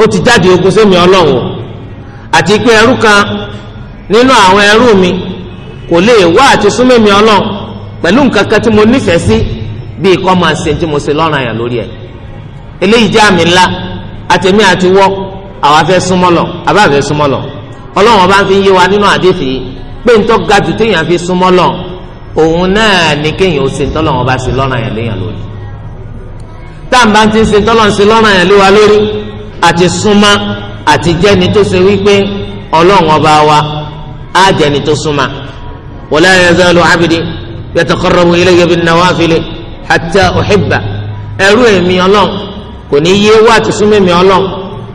ó ti jáde ogun sẹ́mi ọlọ́run àti pé ẹrú kan nínú àwọn ẹrú mi kò lè wá àti súnmẹ́mi ọlọ́run pẹ̀lú nǹkan kan tí mo nífẹ̀ẹ́ sí bíi kọ́ máa ṣe tí mo ṣe lọ́ràn yàn lórí ẹ̀ eléyìí jẹ́ àmì ńlá àtẹ̀mí àti wọ́ àwa fẹ́ súnmọ́ lọ àbá fẹ́ súnmọ́ lọ ọlọ́run bá fi ń yé wa nínú àdéfì pé ntọ́ ga jù téèyàn fi súnmọ́ lọ òun náà ni kéèyàn ó ṣe ntọ́lọ́run bá ṣe lọ́ràn yàn léèyàn lórí tá à ń bá ti ń ṣe ntọ́lọ́run ṣe lọ́ràn yàn lé wa lórí àti súnmọ́ àti jẹ́ni tó ṣe wípé ọlọ́run ọba wa á jẹ́ni tó súnmọ́ wala yazalu abdi yataqarrabu ilayya bin nawafili hatta uhibba ẹrú èmi ọlọ́n kò ní yé wá àtúnṣúmọ́ èmi ọlọ́n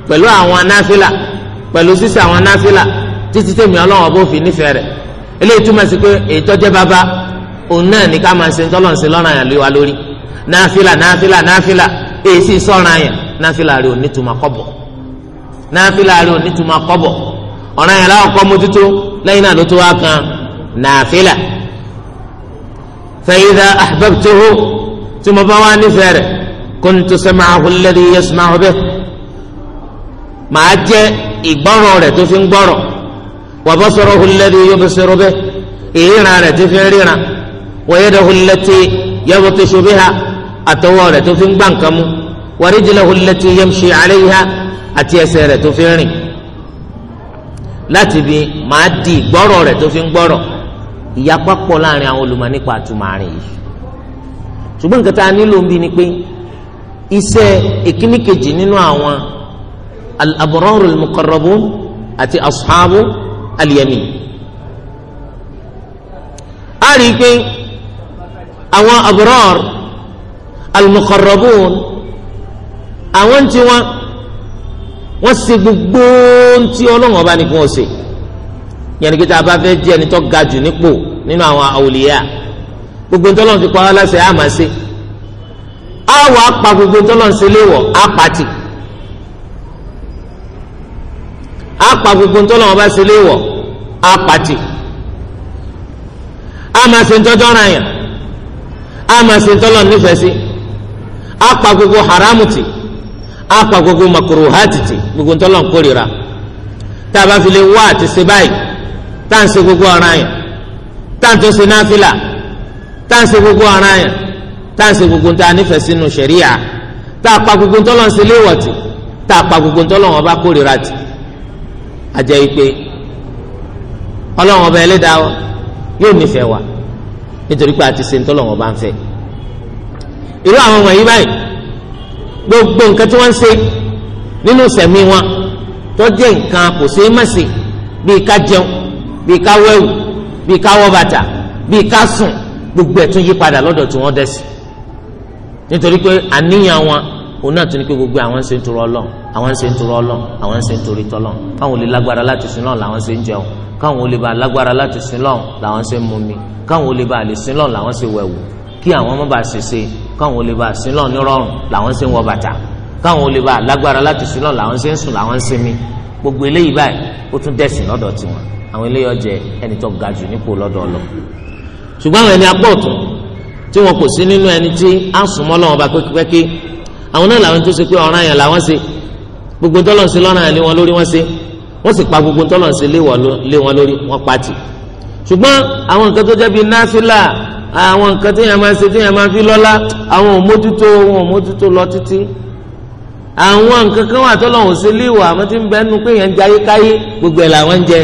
pẹ̀lú àwọn anáfílà pẹ̀lú sísè àwọn anáfílà títí tèmi ọlọ́n ọ̀bọ̀ òfin nífẹ̀ẹ́ rẹ̀ eléyìí túmọ̀ sí pé ètò jẹ́ bàbá òun náà ní ká máa ṣe tọ́lọ̀ ṣe lọ́ràn yàn léwa lórí náfílà náfílà náfílà èyí sì sọ̀ràn yàn náfílà rẹ̀ ò ní tuma kọ́bọ̀ náfílà rẹ̀ ò ní tuma kọ́bọ̀ ọ̀ràn yàn láwọn kọ́ mójútó lẹ́yìn náà ló tó wá kan náfílà fẹyìdá ahbabtuhu tí mo bá wà nífẹ̀ẹ́ rẹ̀ kuntu sam'ahu alladhi yasma'u bih màá jẹ́ ìgbọ́rọ̀ rẹ̀ tó fi ń gbọ́rọ̀ wa basarahu alladhi yubsiru bih ìríran rẹ̀ tó fi ń ríran wa yadahu allati yabtishu biha àtọwọ́ rẹ̀ tó fi ń gbà nǹkan mú wa rijluhu allati yamshi 'alayha àti ẹsẹ̀ rẹ̀ tó fi ń rìn láti bi màá di ìgbọ́rọ̀ rẹ̀ tó fi ń gbọ́rọ̀ ìyapa pọ̀ láàrin àwọn olùmọ̀ nípa àtúmọ̀ àárín yìí ṣùgbọ́n nǹkan tá a nílò ń bi ni pé iṣẹ́ ìkíní kejì nínú àwọn al-abrar al-muqarrabun àti ashabu al a rí i pé àwọn abrar al àwọn tí wọn ṣe gbogbo ohun tí ọlọ́run ọba nìkan ọ̀sẹ̀ yẹn ni kí tá a bá fẹ́ di ẹni tó ga jù nípò nínú àwọn àwòlíyà gbogbo ntọ́lọ́n ti pa wá láṣẹ àmà ṣe àwọ̀ apá gbogbo ntọ́lọ́n ṣe léwọ̀ apàtì apá gbogbo ntọ́lọ́n ọba ṣe léwọ̀ apàtì àmà ṣe ntọ́jọ́ ra yàn àmà ṣe ntọ́lọ́n nífẹ̀ẹ́ sí apá gbogbo haramu ti apá gbogbo makuruhati ti gbogbo ntọ́lọ́n kórìíra tá a bá fi lè wá àti ṣe báyìí tá à ń ṣe gbogbo ọ̀ràn yẹn tá à ń tó ṣe náfìlà tá à ń ṣe gbogbo ọ̀ràn yẹn tá à ń ṣe gbogbo tá a nífẹ̀ẹ́ sínú ṣẹ̀ríyà tá a pa gbogbo ntọ́lọ́ ń ṣe léwọ̀ tì tá a pa gbogbo ntọ́lọ́ wọn bá kórìíra tì á jẹ́ ipe ọba ẹlẹ́dàá yóò nífẹ̀ẹ́ wa nítorí pé a ti ṣe ntọ́lọ́ wọn bá ń fẹ́ irú àwọn wọ̀nyí báyìí gbogbo nǹkan tí wọ́n ń ṣe nínú sẹ̀mí wọn tó nǹkan kò ṣeé má ṣe bíi ká jẹun bí ká wẹ̀wù bí ká wọ bàtà bí ká sùn gbogbo ẹ̀ tún yí padà lọ́dọ̀ tí wọ́n dẹ̀sìn nítorí pé àníyàn wọn òun náà tún ní pé gbogbo àwọn ń ṣe ń turọ Ọlọ́run àwọn ń ṣe ń turọ Ọlọ́run àwọn ń ṣe ń torí tọlọ́run káwọn ò lè lágbára láti sin lọ́run làwọn ṣe ń jẹun káwọn ò lè bá lágbára láti sin lọ́run làwọn ṣe ń mumi káwọn ò lè bá lè sin lọ́run làwọn ṣe wẹ̀wù kí àwọn ọmọ bá ṣèṣe káwọn ò lè bá sin lọ́run nírọ̀rùn làwọn ṣe ń wọ bàtà káwọn ò lè bá lágbára láti sin lọ́run làwọn ṣe ń sùn làwọn ṣe mi gbogbo eléyìí báyìí ó tún dẹ̀sìn lọ́dọ̀ tiwọn àwọn eléyọ̀ jẹ ẹni tó ga jù nípò lọ́dọ̀ lọ ṣùgbọ́n àwọn ẹni apọ̀ ọ̀tún tí wọn kò sí nínú ẹni tí á súnmọ́ lọ́wọ́ bá pẹ́kípẹ́kí àwọn náà làwọn tó ṣe pé ọ̀ràn yẹn làwọn ṣe gbogbo tọ́lọ̀ ṣe lọ́ràn yẹn lé wọn lórí wọ́n ṣe wọ́n sì pa gbogbo tọ́lọ̀ ṣe lé wọn lórí wọ́n pa tì ṣùgbọ́n àwọn nǹkan tó jẹ́ bíi náfìlà àwọn nǹkan tí yẹn máa ṣe tí yẹn máa fi lọ́lá àwọn ò wọn ò lọ títí àwọn nǹkan kan wà tọ́lọ̀ ò ṣe léwọ̀ àmọ́ tí ń bẹ́ẹ̀ nu pé yẹn ń jayé káyé gbogbo ẹ̀ làwọn ń jẹ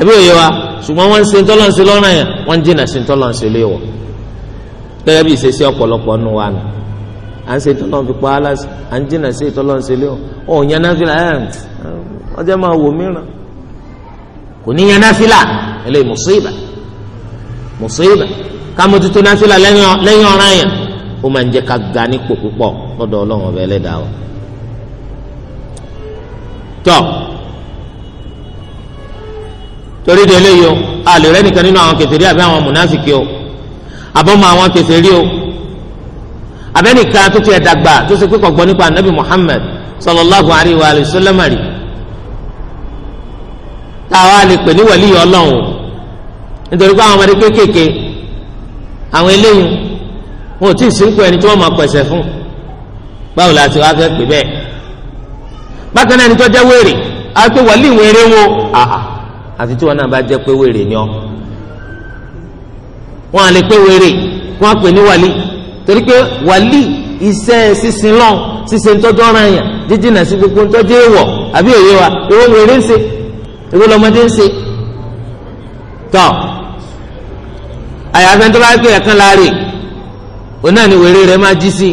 àbí òye wa ṣùgbọ́n wọ́n ń ṣe ntọ́lọ́ ń ṣe lọ́nà yẹn wọ́n ń jìnnà sí ntọ́lọ́ ń ṣe léwọ̀ gẹ́gẹ́ bí ìṣesí ọ̀pọ̀lọpọ̀ nù wa nù à ń ṣe ntọ́lọ́ ń fi pa á lásì à ń jìnnà sí ntọ́lọ́ ń ṣe léwọ̀ ò ń yaná fìlà ẹ̀ ọjọ́ máa wò mìíràn kò ní yẹn ó máa ń jẹ́ ká ga nípò púpọ̀ lọ́dọ̀ ọlọ́run torí de eléyìí o àlè rẹ nìkan nínú àwọn kèfèrí àbí àwọn mùnásìkì o àbọ̀mọ àwọn kèfèrí o abẹ́nìkan tó ti ẹ̀ dàgbà tó ṣe kíkọ̀ gbọ́ nípa anabi Muhammad sallallahu alayhi wa sallam rí táwa lè pè ní wàlíyà ọlọ́run o nítorí pé àwọn ọmọdé kéékèèké àwọn eléyìí wọn ò tí ì sìnkú ẹni tí wọ́n máa pẹ̀sẹ̀ fún báwo la ti wá fẹ́ pè bẹ́ẹ̀ bákan náà ẹni tó jẹ́ wèrè àti wàlíì wèrè wo àhà àfi tí wọn náà bá jẹ́ pé wèrè ni ọ wọn à lè pé wèrè wọn à pè ní wàlí torí pé wàlí iṣẹ́ sísin lọ́n ṣíṣe ńtọ́jọ́ ọ̀ràn yẹn jíjìnà sí gbogbo ńtọ́jọ́ èèwọ̀ àbí òye wa èwo wèrè ń ṣe èwo lọmọdé ń ṣe tọ́ àyàfẹ́ tó bá pè ẹ̀kan láàrin òun náà ni wèrè rẹ̀ máa jí sí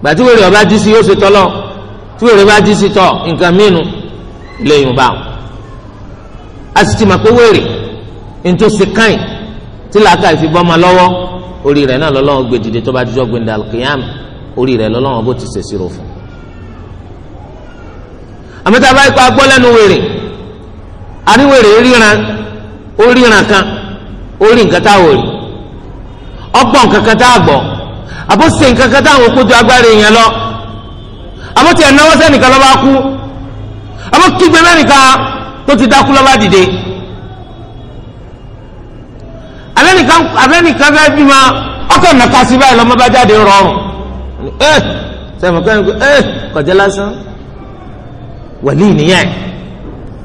gbàtí wèrè ọba jí sí yóò ṣe tọ́lọ́ tí wèrè bá jí sí tọ́ nǹkan mìíràn lẹ́yìn báwọn a sì ti mà pé wéèrè ntòsí káyìn tí làákà ìfi bọ́ ma lọ́wọ́ orí rẹ̀ náà lọ́lọ́wọ́ gbé dìde tó bá dijọ́ gbé ndàlùkìyàm orí rẹ̀ lọ́lọ́wọ́ bó ti ṣèṣirò fún. àmọ́tá bá ipa gbọ́ lẹ́nu wèrè àríwèrè ríran ó ríran kan ó rí nǹkan táwọn rí ọgbọ́n nǹkan kan tá a gbọ́ àbọ̀sẹ̀ nǹkan kan táwọn kó ju agbára èèyàn lọ àbọ̀tẹ̀ ẹ̀ náwó sẹ́nìkan lọ́ bá kú àbọ̀ kígbe mẹ́nìkan tó ti dákú lọ́ba dìde abẹ́nìkan abẹ́nìkan fẹ́ bí ma ọkọ̀ nàka sí báyìí lọ́mọ bá jáde rọrùn ẹ sẹ́mi kọ́ ẹ kọjá lásán wàlíì nìyẹn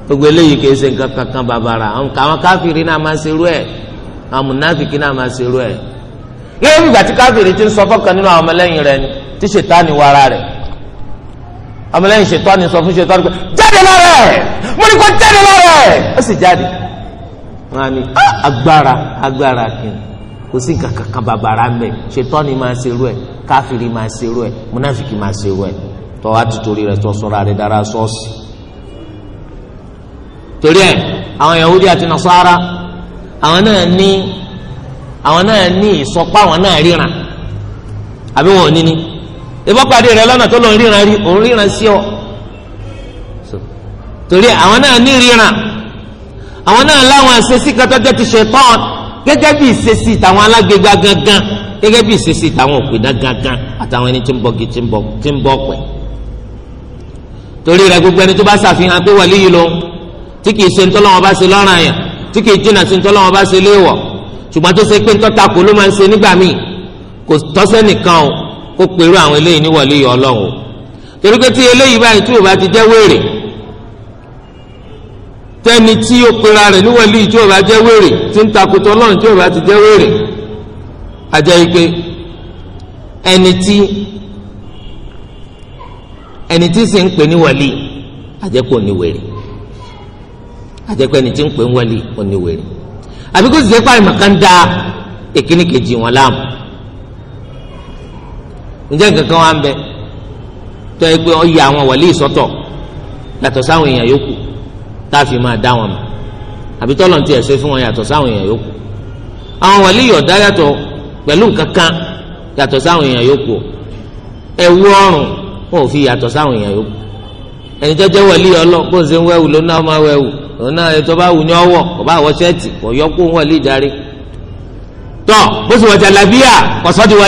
gbogbo eléyìí kìí ṣe nǹkan kankan bàbàrà àwọn káfíìrì náà máa ṣerú ẹ àwọn mùnàfíìkì náà máa ṣerú ẹ yẹ́n bí gbàtí káfíìrì ti ń sọ fọ́kàn nínú àwọn ọmọlẹ́yìn rẹ ni tí ṣètánì wàrà rẹ̀ amúlẹ́yìn ṣètọ́ni sọ fún ṣètọ́ni pé jáde lára ẹ̀ mo ní kó jáde lára ẹ̀ ó sì jáde wọn á ní ah, agbára agbára kìnnì kò sí nǹkan kankan bàbàrà ń bẹ ṣètọ́ni máa ṣerú ẹ̀ káfíìrì máa ṣerú ẹ̀ múnáfìkì máa ṣerú ẹ̀ tọ́ wá títorí rẹ̀ tọ́ sọ́ra rẹ̀ dára sọ́ọ̀sì. torí ẹ̀ àwọn Yahudi àti Nasara àwọn náà ní àwọn náà ní ìsọpá àwọn náà ríran àbí wọn ò ní ní ìbọn pàdé rẹ lọ́nà tó lọ ń ríran rí òun ríran sí ọ torí àwọn náà ní ríran àwọn náà láwọn àṣesí kan tọ́jọ́ ti ṣe tán gẹ́gẹ́ bí ìṣesí tàwọn alágbègbè gangan gẹ́gẹ́ bí ìṣesí tàwọn òpìdá gangan àtàwọn ẹni tí ń bọ́gi tí ń bọ́ pẹ̀ torí rẹ gbogbo ẹni tó bá ṣàfihàn pé wàlíyìí lòun tí kìí ṣe ntọ́lọ́wọ́n bá ṣe lọ́ràn yẹn tí kìí jìnnà sí ntọ́lọ́wọ́n bá ṣe léèwọ̀ ṣùgbọ́n tó ṣe pé ntọ́ta kò ló máa ń ṣe nígbà míì kò tọ́sẹ́ nìkan o kó pẹ̀lú àwọn eléyìí níwọ̀lé yọ ọlọ́run o torí pé tí eléyìí báyìí tí o bá ti jẹ́ wèrè tẹ́ni tí o pera rẹ̀ níwọ̀lé yìí tí o bá jẹ́ wèrè tí ń takùtà ọlọ́run tí o bá ti jẹ́ wèrè ajá yìí pé ẹni tí ẹni tí sì ń pè ní wàlí àjẹpọ̀ ní wèrè àjẹpọ̀ ẹni tí ń pè ní wàlí ní wèrè àbíkó sì jẹ́ pàrọ̀ màkà ń kejì wọn láàmú ǹjẹ́ nǹkan kan wà ń bẹ tó yẹ pé ọyẹ àwọn wàlí ìsọtọ̀ yàtọ̀ sáwọn èèyàn yòókù tá a fi máa dá wọn mọ̀ àbí tọ́lọ̀ ti ẹ̀sẹ̀ fún wọn yàtọ̀ sáwọn èèyàn yòókù àwọn wàlí yọ̀dá yàtọ̀ pẹ̀lú nǹkan kan yàtọ̀ sáwọn èèyàn yòókù ẹ̀wù ọrùn wọn ò fi yàtọ̀ sáwọn èèyàn yòókù ẹni tó jẹ́ wàlí ọlọ bó ń ṣe ń wẹ̀wù lónà ọmọ wẹ̀wù lónà ètò bá wù ní ọwọ́ kò bá wọ ṣẹ́ẹ̀tì kò yọ kó wọlé ìdarí tọ́ bó sì wọ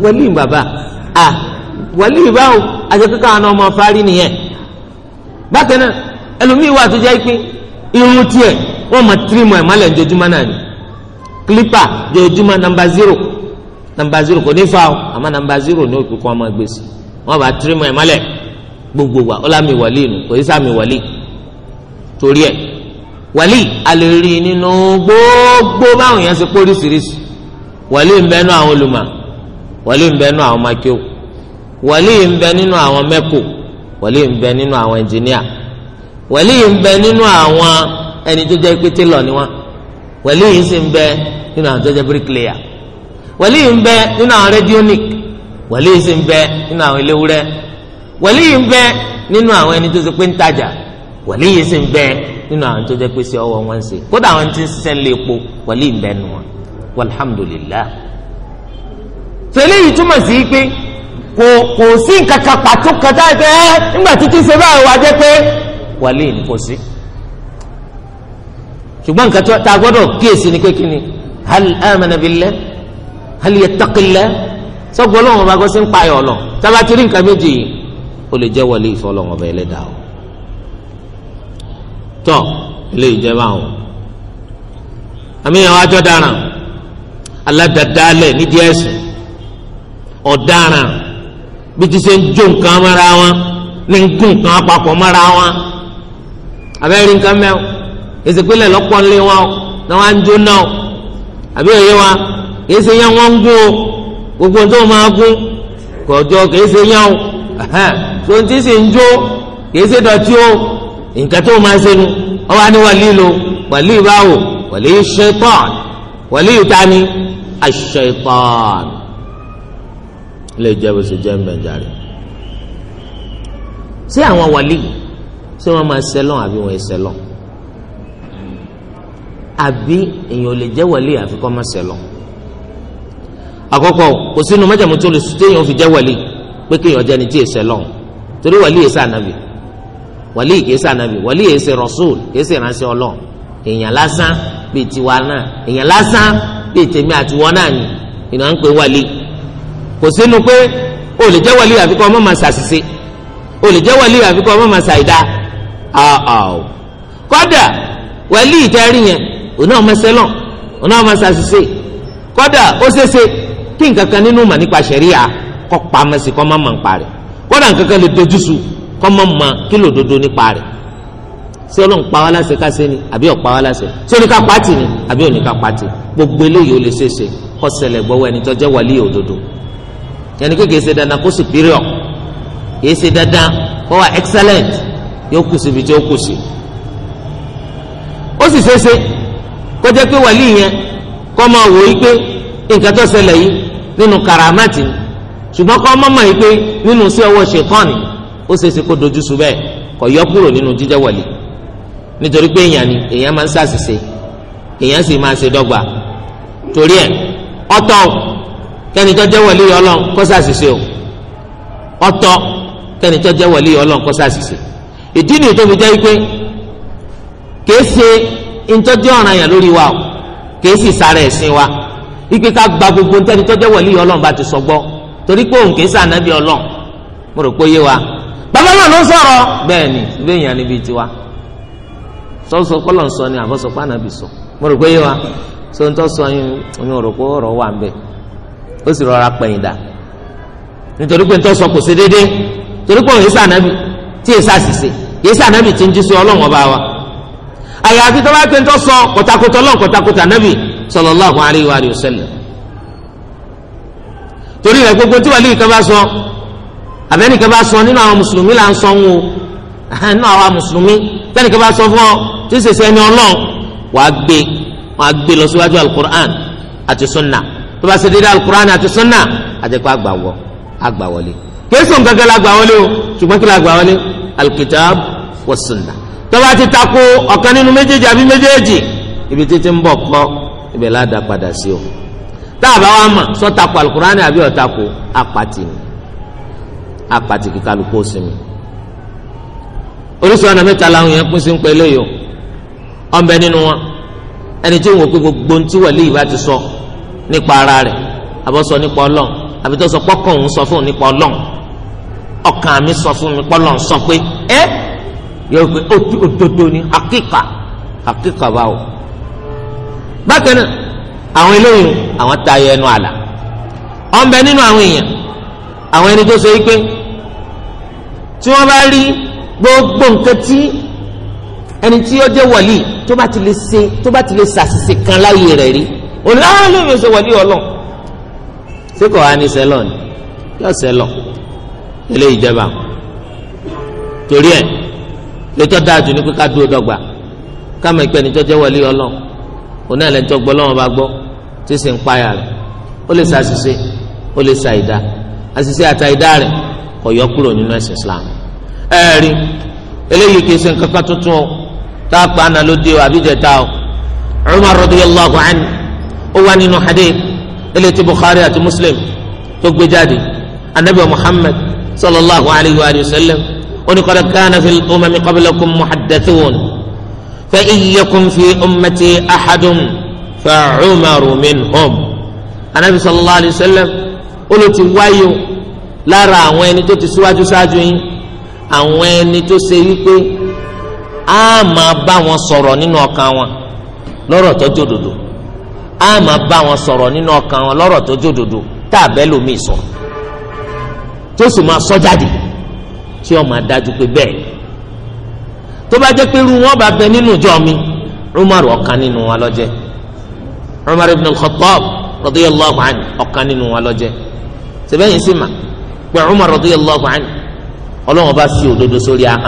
wàlíì bàbá à wàlíì báwo àti kíkọ́ àwọn ọmọ afárí nìyẹn bákan náà ẹlòmíì wà tó jẹ́ pé irun tiẹ̀ wọ́n mọ̀ tírìmù ẹ̀ mọ́lẹ̀ jojúmọ́ náà ni kílípà jojúmọ́ nàmbà zero nàmbà zero kò ní fa o àmọ́ nàmbà zero ní òkú kọ́ ọmọ gbèsè wọ́n bá tírìmù ẹ̀ mọ́lẹ̀ gbogbo wa ọlá mi wàlí nù kò sísá mi wàlí torí ẹ wàlí alèrè nínú gbogbo báwọn yẹn ṣe póríṣiríṣi wàlí ń bẹnu àwọn olùmọ̀ wàlíì ń bẹ nínú àwọn makíw wàlíì ń bẹ nínú àwọn mẹ́kù wàlíì ń bẹ nínú àwọn ẹnjìníà wàlíì ń bẹ nínú àwọn ẹni tó jẹ́ pé télọ̀ ni wọ́n wàlíì sì ń bẹ nínú àwọn tó jẹ́ bíríkìlìyà wàlíì ń bẹ nínú àwọn rédíónìk wàlíì sì ń bẹ nínú àwọn eléwúrẹ́ wàlíì ń bẹ nínú àwọn ẹni tó ṣe pé ń tajà wàlíì sì ń bẹ nínú àwọn tó jẹ́ pé ọwọ́ wọn ṣe kódà àwọn tí ń ṣiṣẹ́ epo wàlíì ń bẹ nù wọn walhamdulillah so eléyìí túmọ̀ sí pé kò kò sí nǹkan kan pàtó kan tá a fẹ́ ẹ́ nígbà títí ṣe báyìí wá jẹ́ pé wàlẹ́ ní kò sí ṣùgbọ́n nǹkan tá a gbọ́dọ̀ kíyèsí ni pé kí ni hal amana billah hal yattaqillah sọ́gbọ́n lọ́wọ́ bá gbọ́ sí ń payọ̀ lọ tábà tí nǹkan méjì yìí ó lè jẹ́ wàlẹ́ ìfọlọ́wọ́ ọba ẹlẹ́dàá o tọ́ ilé ìjẹba àwọn àmì ìyàwó àjọ dára aládàdálẹ̀ nídìí ẹ̀sìn ọ̀daràn bí ti ṣe ń jó nǹkan mọ́ra wọn ní ń gún nǹkan papọ̀ mọ́ra wọn abẹ́rẹ́ nǹkan mẹ́wọ́ ezekele lọ́pọ̀ nílé wọn náà wọ́n á ń jó náà àbí òye wa kìí ṣe yẹn wọ́n ń gún o gbogbo tó máa gún kọjọ kìí ṣe yẹn o tó ń tí sì ń jó kìí ṣe dọ̀tí o nǹkan tó máa ṣe nu ọwọ́ á ní wàlíì lo wàlíì báwo wàlíì ṣaitan wàlíì tani aṣaitan ilé ìjẹ́bù sì jẹ́ mbẹ̀njàre. ṣé àwọn wàlí ṣé wọ́n máa ṣẹlọ́n àbí wọ́n ṣẹlọ́n àbí èèyàn lè jẹ́ wàlí àfi kọ́ máa ṣẹlọ́n àkọ́kọ́ kò sínú mẹ́jọ̀mú tó lè sùn téèyàn fi jẹ́ wàlí pé kéèyàn jẹ́ ni tí èsẹ̀ lọ́n torí wàlí èsẹ̀ ànábì wàlí èsẹ̀ ànábì wàlí èsẹ̀ rọ̀ṣùl èsẹ̀ ìránṣẹ́ ọlọ́n èèyàn lásán èèyàn lásán bíi tèmi náà ni ìnáwó ń pè wàlí kò sínú pé o lè jẹ́ wàlíì àfi kọ́ ọmọ máa ṣàṣìṣe o lè jẹ́ wàlíì àfi kọ́ ọmọ máa ṣàìdá àwọ̀ kọ́dà wàlíì ìtẹ́rí yẹn òun náà máa ṣẹlọ̀ òun náà máa ṣàṣìṣe kọ́dà ó ṣeéṣe kí nǹkan kan nínú mà nípa ṣẹ̀ríà kọ́ pamọ́ sí kọ́ má mà ń parẹ́ kọ́dà nǹkan kan lè dojú su kọ́ má mà kí lòdodo nípa rẹ̀ ṣé ọlọ́run pa wá láṣẹ ká ṣe ni àbí ọ̀pá wá láṣẹ ṣé oníkà pátì ni àbí oníkà pátì gbogbo eléyìí ó lè ṣeéṣe kọ́ ṣẹlẹ̀ gbọ́wọ́ ẹni tó jẹ́ wàlíì òdodo yẹnni kékeré ṣe dandan kó superior kìí ṣe dandan kó wà excellent yóò kù síbi tí ó kù sí. ó sì ṣeéṣe kó jẹ́ pé wàlíì yẹn kó máa wò ó pé nǹkan tó ṣẹlẹ̀ yìí nínú karamati ṣùgbọ́n kó máa mọ̀ yìí pé nínú sí ọwọ́ ṣèkọ́ni ó ṣeéṣe kó dojú sú bẹ́ẹ̀ kó yọ kúrò nínú jíjẹ́ wàlíì nítorí pé èèyàn ni èèyàn máa ń ṣàṣìṣe èèyàn sì máa ṣe dọ́gba torí ẹ̀ ọ̀tọ̀ kẹ́ni tó jẹ́ wọlé ọlọ́run kó sàṣìṣe o ọ̀tọ̀ kẹ́ni tó jẹ́ wọlé ọlọ́run kó sàṣìṣe ìdí nìyí tó fi jẹ́ wípé kìí ṣe ntọ́jú ọ̀ràn yẹn lórí wa o kìí sì sára ẹ̀sìn wa ike ká gba gbogbo ntẹ́ni tó jẹ́ wọlé ọlọ́run bá ti sọ gbọ́ torí pé òun kìí sànàbí ọlọ́run mo rò pé yé wa bàbá náà ló ń sọ̀rọ̀ bẹ́ẹ̀ ni bẹ́ẹ̀ yẹn níbi tiwa sọ́sọ́ kọ́lọ̀ ń sọ ni àbọ̀sọ̀ pàànàbì sọ mo rò pé yé wa so ntọ́ sọ yín mi ò ọ̀rọ̀ wà ń bẹ́ẹ̀ ó sì rọra pẹ̀yìn dà nítorí pé nítorí sọ kò sí déédéé torí pé òun yìí sànábì tí èsì àṣìṣe yìí sànábì tí ń jí sí ọlọ́run ọba wa àyàfi tó bá pé nítorí sọ kòtàkòtà ọlọ́run kòtàkòtà nábì sallallahu alayhi wa sallam torí rẹ̀ gbogbo tí wàlíì kan bá sọ àbẹ́nìkan bá sọ nínú àwọn mùsùlùmí là ń sọ ń wo nínú àwọn mùsùlùmí tẹ́nìkan bá sọ fún ọ tí sèse ẹni ọlọ́run wàá gbé wàá gbé lọ síwájú alukur'an àti sunnah tó bá ṣe déédéé alukur'an àti sunna àjẹpọ̀ àgbàwọ̀ àgbàwọlé kéésùn gángan la gbàwọlé o ṣùgbọ́n kí la gbàwọlé alukitab wa sunna tó ti takò ọ̀kan nínú méjèèjì àbí méjèèjì ibi títí ń bọ̀ pọ̀ ibẹ̀ la dá padà sí o táàbà wa mọ̀ sọ takò alukur'an àbí ọ̀takò apàtì ni apàtì kíkálukú sí mi oríṣi ọ̀nà mẹ́ta làwọn yẹn pín sí ń pẹ́ lẹ́yọ̀ ọ̀nbẹ nínú wọn ẹni tí òun ò pé gbogbo ohun ti sọ so nípa ara rẹ̀ àbọ̀ sọ nípa ọlọ́run àbí tó sọ pọ́kàn òun sọ fún òun nípa ọlọ́run ọkàn mi sọ fún mi pọ́lọ́run sọ pé ẹ́ yóò pé òdodo ni akíkà akíkà báwo. bákan náà àwọn eléyìí àwọn tayọ ẹnu àlà ọ̀nbẹ nínú àwọn èèyàn àwọn ẹni tó ṣe wípé tí wọ́n bá rí gbogbo nǹkan tí ẹni tí ó jẹ́ wọ̀lì tó bá ti lè ṣe tó bá ti lè ṣàṣìṣe kan láyé rẹ̀ rí òun láwọn ló fi ṣe wọlé ọlọ ṣé kò wá ní sẹlọ ni yọ sẹlọ ilé ìjọba torí ẹ lẹtọ dáàtú ní kíkà dúró dọ́gba káma ìpè ní tọjẹ wọlé ọlọ òun náà lẹtọ gbọ lọwọ bá gbọ tí sì ń payà rẹ ó lè sa àṣìṣe ó lè sa ìdá àṣìṣe àta ìdá rẹ kò yọ kúrò nínú ẹsẹ Islam ẹ rí eléyìí kì í ṣe nǹkan kan tuntun o tá a pa àná ló dé o àbí jẹ ta o Umar radiyallahu anhu ó wà nínú hadith eléyìí bukhari àti muslim tó gbé jáde anabi muhammad sallallahu alayhi wa sallam oníkọ́lá kánà fi umami qablakum muhaddathun fa iyyakum fi ummati ahadum fa umaru minhum anabi sallallahu alayhi wa sallam olùtí wáyò lára àwọn ẹni tó ti síwájú ṣáájú yín àwọn ẹni tó ṣe wípé a máa bá wọn sọ̀rọ̀ nínú ọkàn wọn lọ́rọ̀ tó jòdòdò á máa bá wọn sọ̀rọ̀ nínú ọkàn wọn lọ́rọ̀ tó jódodo tá a bẹ́ẹ̀ lómi sọ tó sì máa sọ jáde tí ó máa dájú pé bẹ́ẹ̀ tó bá jẹ́ pé irú wọn bá bẹ nínú ìjọ mi Umar ọ̀kan nínú wa ló jẹ́ ibn al-Khattab radiyallahu ọ̀kan nínú wa ló jẹ́ sì mà pé Umar radiyallahu anhu ọlọ́wọ́n bá sí òdodo sórí ahọ́n.